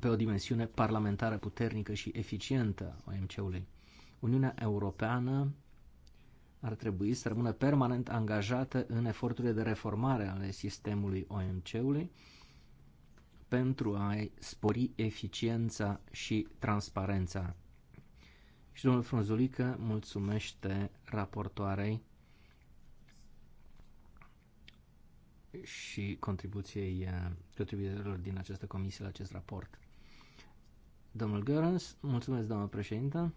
A: pe o dimensiune parlamentară puternică și eficientă OMC-ului. Uniunea Europeană ar trebui să rămână permanent angajată în eforturile de reformare ale sistemului OMC-ului pentru a spori eficiența și transparența. Și domnul Frunzulică mulțumește raportoarei și contribuției eh, contribuitorilor din această comisie la acest raport. Domnul Görens, mulțumesc, doamnă președintă.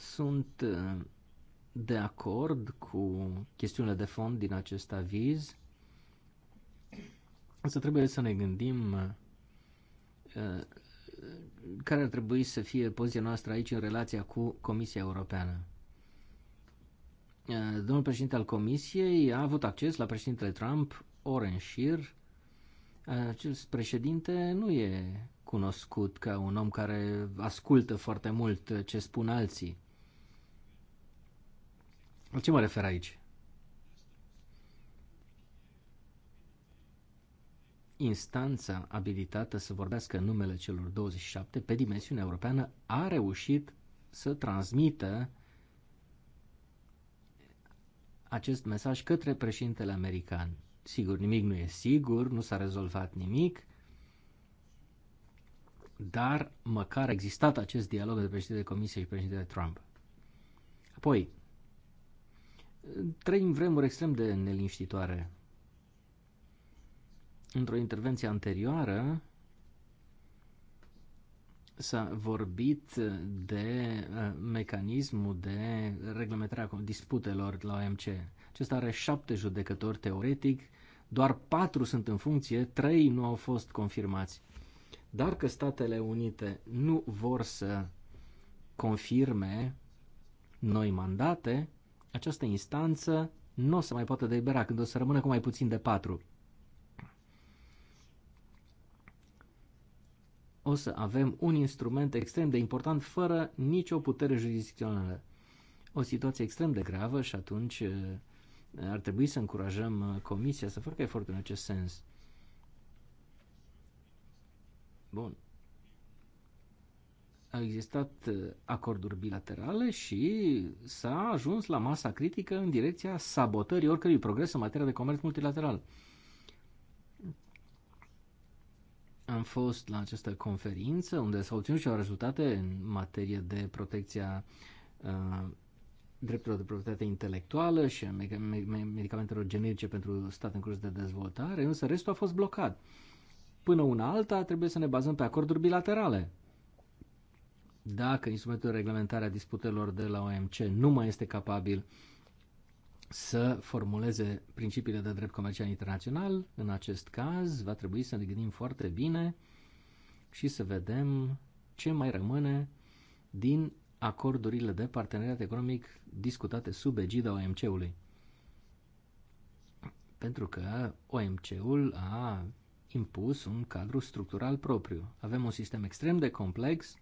A: Sunt uh, de acord cu chestiunile de fond din acest aviz, însă trebuie să ne gândim uh, uh, care ar trebui să fie poziția noastră aici în relația cu Comisia Europeană. Domnul președinte al Comisiei a avut acces la președintele Trump, Oren Shear. Acest președinte nu e cunoscut ca un om care ascultă foarte mult ce spun alții. La ce mă refer aici? Instanța abilitată să vorbească în numele celor 27 pe dimensiunea europeană a reușit să transmită acest mesaj către președintele american. Sigur, nimic nu e sigur, nu s-a rezolvat nimic, dar măcar a existat acest dialog între președintele Comisiei și președintele Trump. Apoi, Trăim vremuri extrem de neliniștitoare. Într-o intervenție anterioară s-a vorbit de uh, mecanismul de reglementare a disputelor la OMC. Acesta are șapte judecători teoretic, doar patru sunt în funcție, trei nu au fost confirmați. Dar că Statele Unite nu vor să confirme noi mandate, această instanță nu o să mai poată delibera când o să rămână cu mai puțin de patru. O să avem un instrument extrem de important fără nicio putere jurisdicțională. O situație extrem de gravă și atunci uh, ar trebui să încurajăm uh, Comisia să facă eforturi în acest sens. Bun. Au existat uh, acorduri bilaterale și s-a ajuns la masa critică în direcția sabotării oricărui progres în materie de comerț multilateral. Am fost la această conferință unde s-au obținut și rezultate în materie de protecția uh, drepturilor de proprietate intelectuală și a medicamentelor generice pentru stat în curs de dezvoltare, însă restul a fost blocat. Până una alta trebuie să ne bazăm pe acorduri bilaterale dacă instrumentul de reglementare a disputelor de la OMC nu mai este capabil să formuleze principiile de drept comercial internațional, în acest caz va trebui să ne gândim foarte bine și să vedem ce mai rămâne din acordurile de parteneriat economic discutate sub egida OMC-ului. Pentru că OMC-ul a impus un cadru structural propriu. Avem un sistem extrem de complex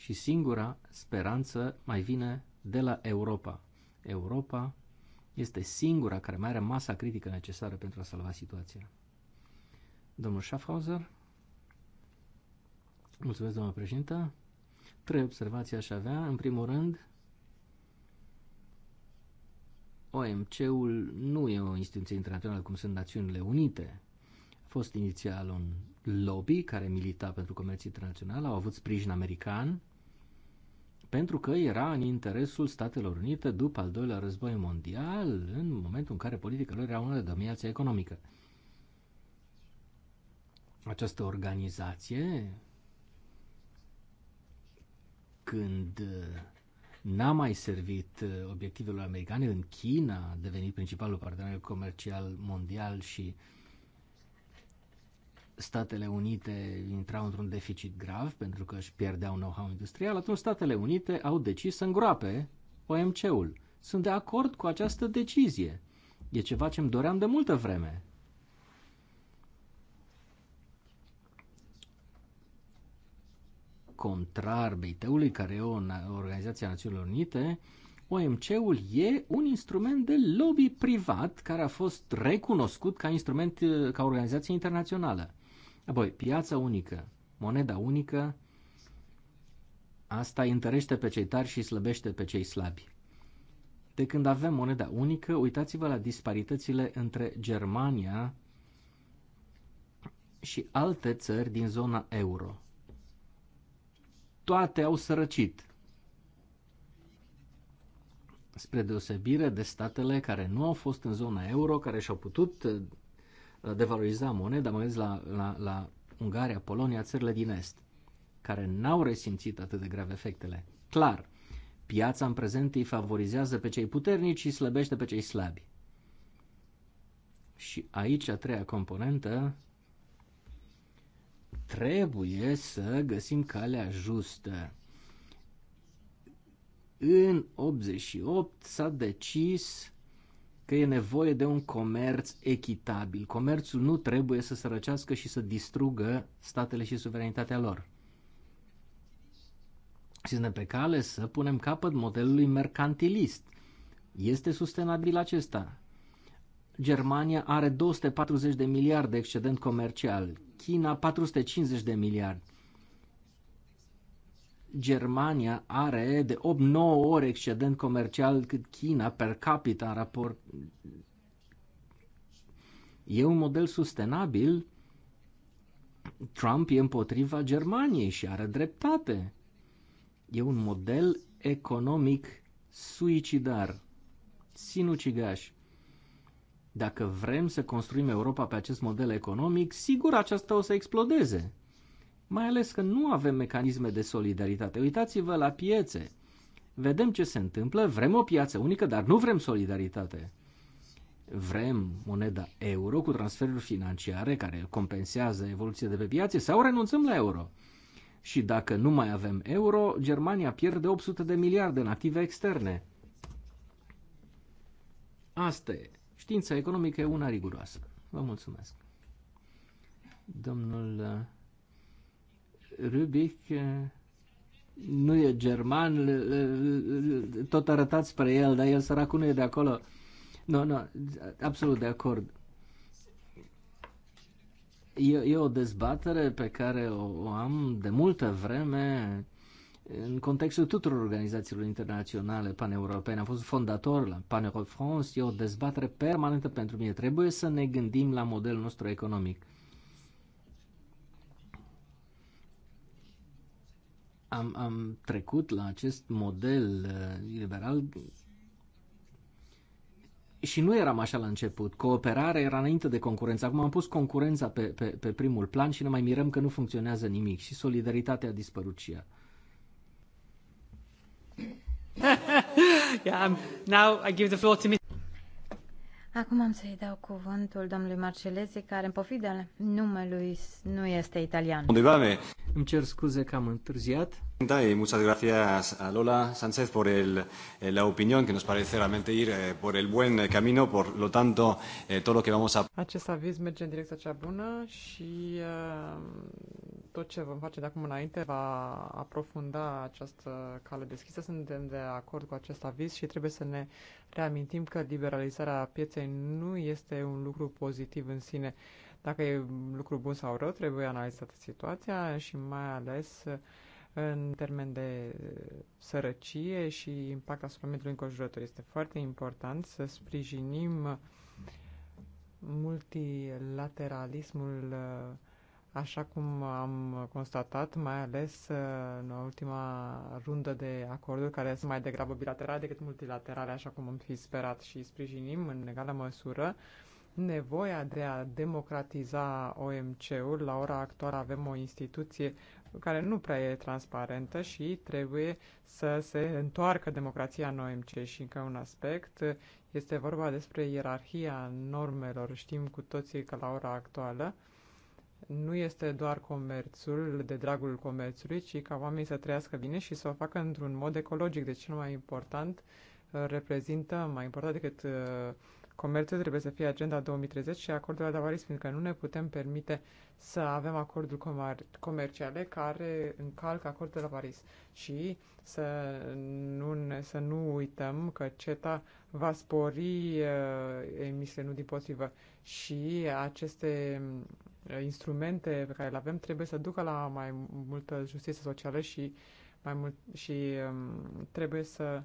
A: și singura speranță mai vine de la Europa. Europa este singura care mai are masa critică necesară pentru a salva situația. Domnul Schaffhauser, mulțumesc, domnul președinte. Trei observații aș avea. În primul rând, OMC-ul nu e o instituție internațională cum sunt Națiunile Unite. A fost inițial un lobby care milita pentru comerț internațional, au avut sprijin american, pentru că era în interesul Statelor Unite după al doilea război mondial, în momentul în care politica lor era una de dominație economică. Această organizație, când uh, n-a mai servit uh, obiectivelor americane, în China a devenit principalul partener comercial mondial și uh, Statele Unite intrau într-un deficit grav pentru că își pierdeau know-how industrial, atunci Statele Unite au decis să îngroape OMC-ul. Sunt de acord cu această decizie. E ceva ce îmi doream de multă vreme. Contrar BIT-ului, care e o organizație a Națiunilor Unite, OMC-ul e un instrument de lobby privat care a fost recunoscut ca instrument, ca organizație internațională. Apoi, piața unică, moneda unică, asta îi întărește pe cei tari și slăbește pe cei slabi. De când avem moneda unică, uitați-vă la disparitățile între Germania și alte țări din zona euro. Toate au sărăcit. Spre deosebire de statele care nu au fost în zona euro, care și-au putut devaloriza moneda, mă gândesc la, la, la Ungaria, Polonia, țările din Est, care n-au resimțit atât de grave efectele. Clar, piața în prezent îi favorizează pe cei puternici și slăbește pe cei slabi. Și aici a treia componentă, trebuie să găsim calea justă. În 88 s-a decis că e nevoie de un comerț echitabil. Comerțul nu trebuie să sărăcească și să distrugă statele și suveranitatea lor. Suntem pe cale să punem capăt modelului mercantilist. Este sustenabil acesta. Germania are 240 de miliarde excedent comercial, China 450 de miliarde. Germania are de 8-9 ori excedent comercial cât China per capita în raport. E un model sustenabil. Trump e împotriva Germaniei și are dreptate. E un model economic suicidar, sinucigaș. Dacă vrem să construim Europa pe acest model economic, sigur aceasta o să explodeze mai ales că nu avem mecanisme de solidaritate. Uitați-vă la piețe. Vedem ce se întâmplă, vrem o piață unică, dar nu vrem solidaritate. Vrem moneda euro cu transferuri financiare care compensează evoluția de pe piață sau renunțăm la euro? Și dacă nu mai avem euro, Germania pierde 800 de miliarde în active externe. Asta e. Știința economică e una riguroasă. Vă mulțumesc. Domnul Rubic eh, nu e german, tot arătat spre el, dar el săracul nu e de acolo. Nu, nu, absolut de acord. E, e o dezbatere pe care o, o am de multă vreme în contextul tuturor organizațiilor internaționale paneuropene. Am fost fondator la Pan Europe France, e o dezbatere permanentă pentru mine. Trebuie să ne gândim la modelul nostru economic am, am trecut la acest model uh, liberal și nu eram așa la început. Cooperarea era înainte de concurență. Acum am pus concurența pe, pe, pe primul plan și ne mai mirăm că nu funcționează nimic și solidaritatea a dispărut
B: și ea. yeah, um,
C: now I give the floor to Mr.
D: Acum am să-i dau cuvântul domnului Marcelezi, care în pofidă numelui nu este italian.
A: Undeva Îmi cer scuze că am
B: întârziat. Y muchas gracias a Lola Sánchez por el, eh, la opinión que nos parece realmente ir eh, por el buen eh, camino, por lo tanto, todo lo que vamos a... Acest aviz merge în direcția cea bună și tot ce vom face de acum înainte va aprofunda această cale deschisă. Suntem de acord cu acest aviz și trebuie să ne reamintim că liberalizarea pieței nu este un lucru pozitiv în sine. Dacă e lucru bun sau rău, trebuie analizată situația și mai ales uh, în termen de sărăcie și impact asupra mediului înconjurător. Este foarte important să sprijinim multilateralismul așa cum am constatat, mai ales în ultima rundă de acorduri care sunt mai degrabă bilaterale decât multilaterale, așa cum am fi sperat și sprijinim în egală măsură nevoia de a democratiza OMC-ul. La ora actuală avem o instituție care nu prea e transparentă și trebuie să se întoarcă democrația în OMC. Și încă un aspect, este vorba despre ierarhia normelor. Știm cu toții că la ora actuală nu este doar comerțul, de dragul comerțului, ci ca oamenii să trăiască bine și să o facă într-un mod ecologic. Deci cel mai important uh, reprezintă, mai important decât uh, Comerțul trebuie să fie agenda 2030 și acordul la Paris, fiindcă nu ne putem permite să avem acorduri comerciale care încalcă acordul de la Paris și să nu, să nu uităm că CETA va spori uh, emisiile, nu din potrivă. Și aceste uh, instrumente pe care le avem trebuie să ducă la mai multă justiție socială și mai mult și um, trebuie să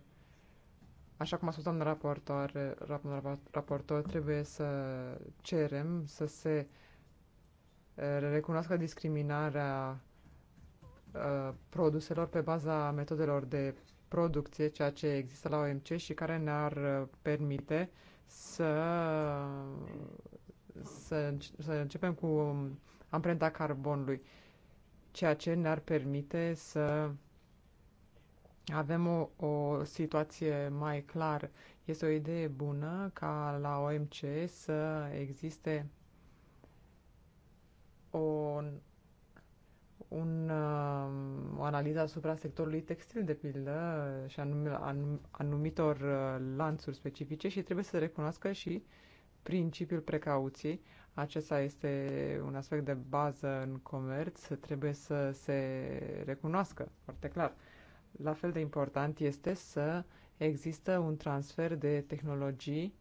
B: Așa cum a spus doamna raportor, raportor, trebuie să cerem să se recunoască discriminarea produselor pe baza metodelor de producție, ceea ce există la OMC și care ne-ar permite să, să, să începem cu amprenta carbonului, ceea ce ne-ar permite să avem o, o situație mai clară. Este o idee bună ca la OMC să existe o, un, um, o analiză asupra sectorului textil, de pildă, și anum, anum, anumitor uh, lanțuri specifice și trebuie să recunoască și principiul precauției. Acesta este un aspect de bază în comerț, trebuie să se recunoască foarte clar la fel de important este să există un transfer de tehnologii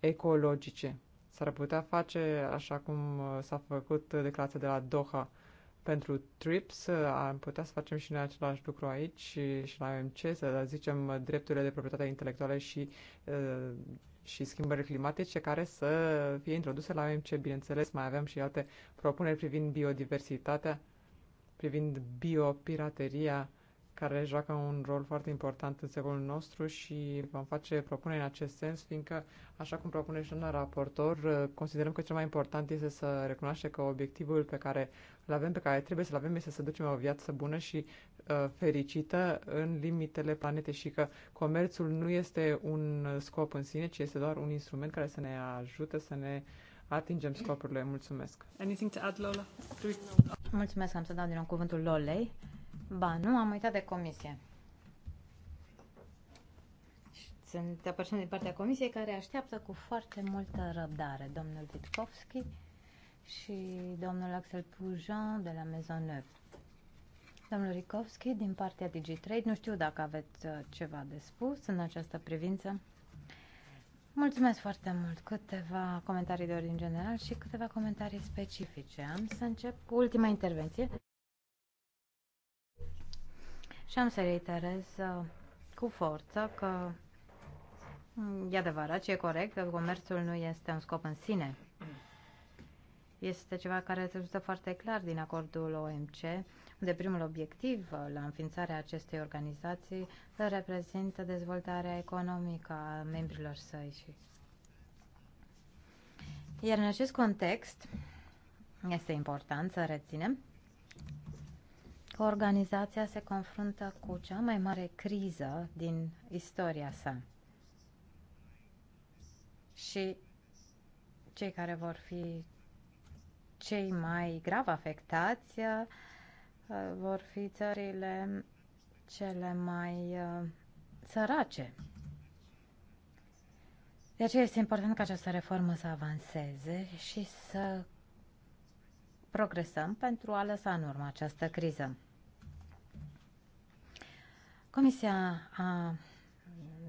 B: ecologice. S-ar putea face, așa cum uh, s-a făcut declarația de la Doha pentru TRIPS, uh, am putea să facem și noi același lucru aici și, și la OMC, să zicem uh, drepturile de proprietate intelectuală și, și schimbările climatice care să fie introduse la OMC. Bineînțeles, mai avem și alte propuneri privind biodiversitatea, privind biopirateria, care joacă un rol foarte important în secolul nostru și vom face propuneri în acest sens, fiindcă, așa cum propune și un raportor, considerăm că cel mai important este să recunoaște că obiectivul pe care îl avem, pe care trebuie să-l avem, este să ducem o viață bună și uh, fericită în limitele planetei și că comerțul nu este un scop în sine, ci este doar un instrument care să ne ajute să ne atingem scopurile. Mulțumesc!
D: Anything to add, Lola? Mulțumesc, am să dau din nou cuvântul Lolei. Ba, nu, am uitat de comisie. Sunt persoană din partea comisiei care așteaptă cu foarte multă răbdare domnul Vitkovski și domnul Axel Pujan de la Maisonneuve. Domnul Rikovski, din partea DigiTrade, nu știu dacă aveți uh, ceva de spus în această privință. Mulțumesc foarte mult. Câteva comentarii de ordin general și câteva comentarii specifice. Am să încep cu ultima intervenție. Și am să reiterez uh, cu forță că mm, e adevărat și e corect că comerțul nu este un scop în sine. Este ceva care rezultă foarte clar din acordul OMC, unde primul obiectiv uh, la înființarea acestei organizații reprezintă dezvoltarea economică a membrilor săi. Și... Iar în acest context este important să reținem organizația se confruntă cu cea mai mare criză din istoria sa. Și cei care vor fi cei mai grav afectați uh, vor fi țările cele mai uh, sărace. De aceea este important ca această reformă să avanseze și să progresăm pentru a lăsa în urmă această criză. Comisia a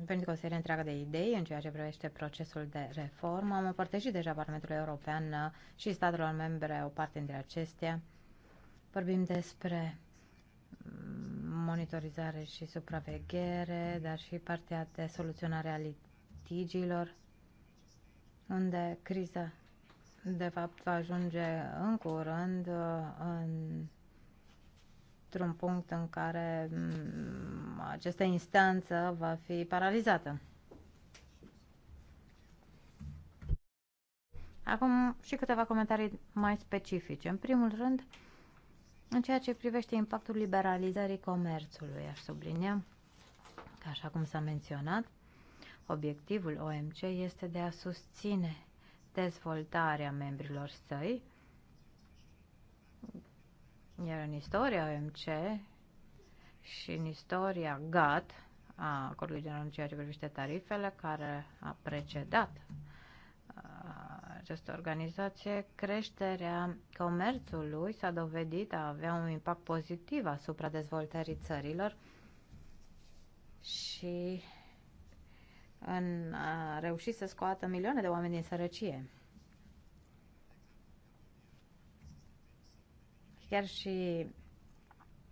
D: venit cu o serie întreagă de idei în ceea ce privește procesul de reformă. Am împărtășit deja Parlamentul European și statelor membre o parte dintre acestea. Vorbim despre monitorizare și supraveghere, dar și partea de soluționare a litigiilor, unde criza de fapt va ajunge în curând uh, în într-un punct în care această instanță va fi paralizată. Acum și câteva comentarii mai specifice. În primul rând, în ceea ce privește impactul liberalizării comerțului, aș sublinia că, așa cum s-a menționat, obiectivul OMC este de a susține dezvoltarea membrilor săi iar în istoria OMC și în istoria GAT, a acordului general în ceea ce privește tarifele, care a precedat uh, această organizație, creșterea comerțului s-a dovedit a avea un impact pozitiv asupra dezvoltării țărilor și în a reușit să scoată milioane de oameni din sărăcie. Chiar și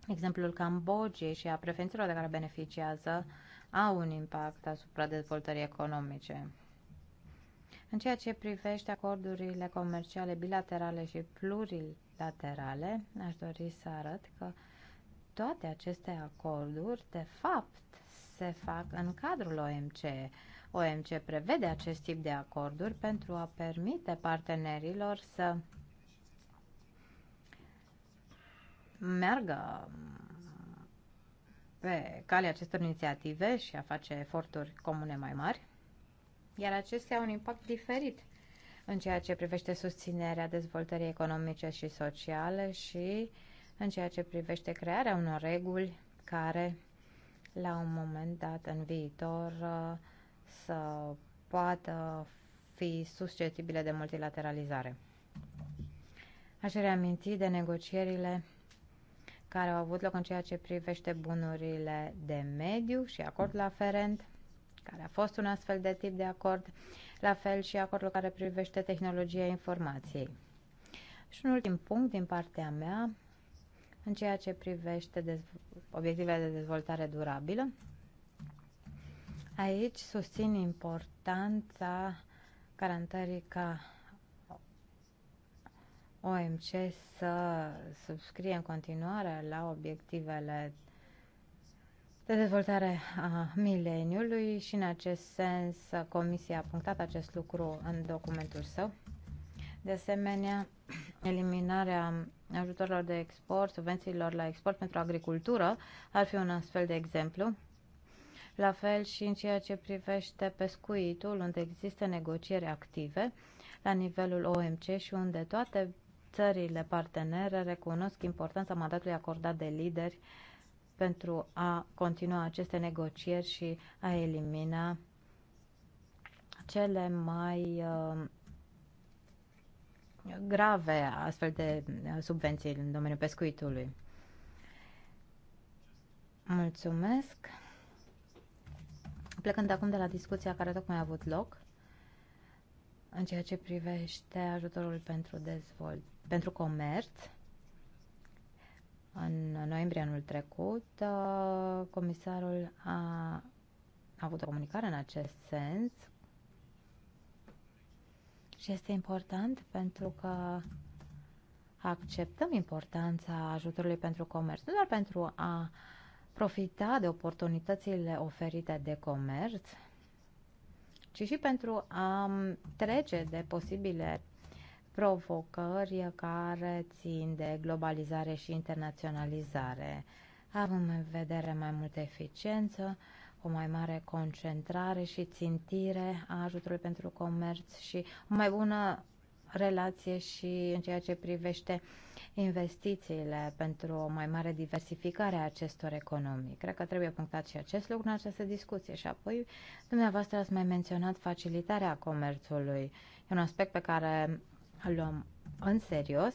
D: exemplul Cambodgiei și a preferințelor de care beneficiază au un impact asupra dezvoltării economice. În ceea ce privește acordurile comerciale bilaterale și plurilaterale, aș dori să arăt că toate aceste acorduri, de fapt, se fac în cadrul OMC. OMC prevede acest tip de acorduri pentru a permite partenerilor să meargă pe calea acestor inițiative și a face eforturi comune mai mari, iar acestea au un impact diferit în ceea ce privește susținerea dezvoltării economice și sociale și în ceea ce privește crearea unor reguli care, la un moment dat în viitor, uh, să poată fi susceptibile de multilateralizare. Aș reaminti de negocierile care au avut loc în ceea ce privește bunurile de mediu și acordul aferent, care a fost un astfel de tip de acord, la fel și acordul care privește tehnologia informației. Și un ultim punct din partea mea, în ceea ce privește obiectivele de dezvoltare durabilă, aici susțin importanța garantării ca OMC să subscrie în continuare la obiectivele de dezvoltare a mileniului și în acest sens Comisia a punctat acest lucru în documentul său. De asemenea, eliminarea ajutorilor de export, subvențiilor la export pentru agricultură ar fi un astfel de exemplu. La fel și în ceea ce privește pescuitul, unde există negocieri active la nivelul OMC și unde toate țările partenere recunosc importanța mandatului acordat de lideri pentru a continua aceste negocieri și a elimina cele mai uh, grave astfel de uh, subvenții în domeniul pescuitului. Mulțumesc! Plecând acum de la discuția care tocmai a avut loc, în ceea ce privește ajutorul pentru dezvolt, pentru comerț. În noiembrie anul trecut, uh, comisarul a avut o comunicare în acest sens și este important pentru că acceptăm importanța ajutorului pentru comerț, nu doar pentru a profita de oportunitățile oferite de comerț, ci și pentru a trece de posibile provocări care țin de globalizare și internaționalizare. Avem în vedere mai multă eficiență, o mai mare concentrare și țintire a ajutorului pentru comerț și o mai bună relație și în ceea ce privește uh, investițiile pentru o mai mare diversificare a acestor economii. Cred că trebuie punctat și acest lucru în această discuție. Și apoi, dumneavoastră ați mai menționat facilitarea comerțului. E un aspect pe care îl luăm în serios.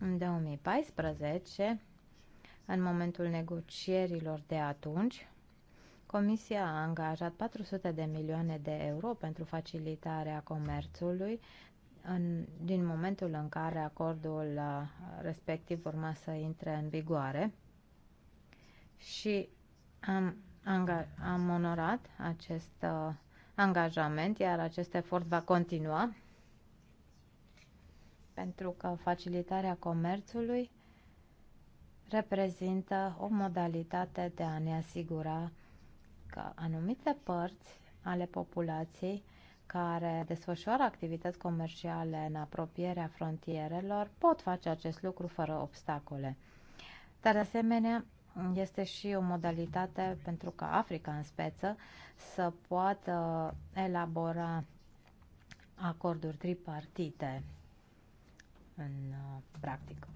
D: În 2014, în momentul negocierilor de atunci, Comisia a angajat 400 de milioane de euro pentru facilitarea comerțului, în, din momentul în care acordul uh, respectiv urma să intre în vigoare și am, am onorat acest uh, angajament, iar acest efort va continua pentru că facilitarea comerțului reprezintă o modalitate de a ne asigura că anumite părți ale populației care desfășoară activități comerciale în apropierea frontierelor pot face acest lucru fără obstacole. Dar, de asemenea, este și o modalitate pentru ca Africa în speță să poată elabora acorduri tripartite în uh, practică.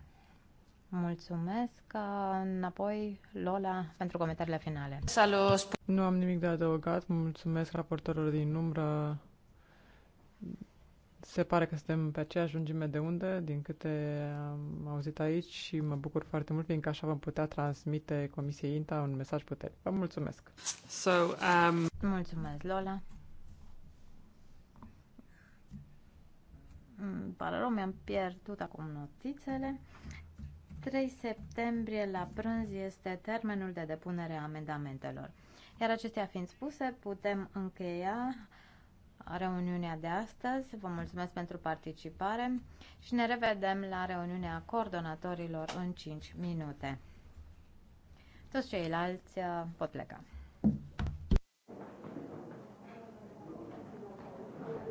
D: Mulțumesc. Uh, înapoi, Lola, pentru comentariile finale. Salut!
B: Nu am nimic de adăugat. Mulțumesc raportorul din umbră se pare că suntem pe aceeași lungime de undă, din câte am auzit aici și mă bucur foarte mult, fiindcă așa vom putea transmite Comisiei INTA un mesaj puternic. Vă mulțumesc! So, um...
D: Mulțumesc, Lola! Îmi pare rău, mi-am pierdut acum notițele. 3 septembrie la prânz este termenul de depunere a amendamentelor. Iar acestea fiind spuse, putem încheia reuniunea de astăzi. Vă mulțumesc pentru participare și ne revedem la reuniunea coordonatorilor în 5 minute. Toți ceilalți uh, pot pleca.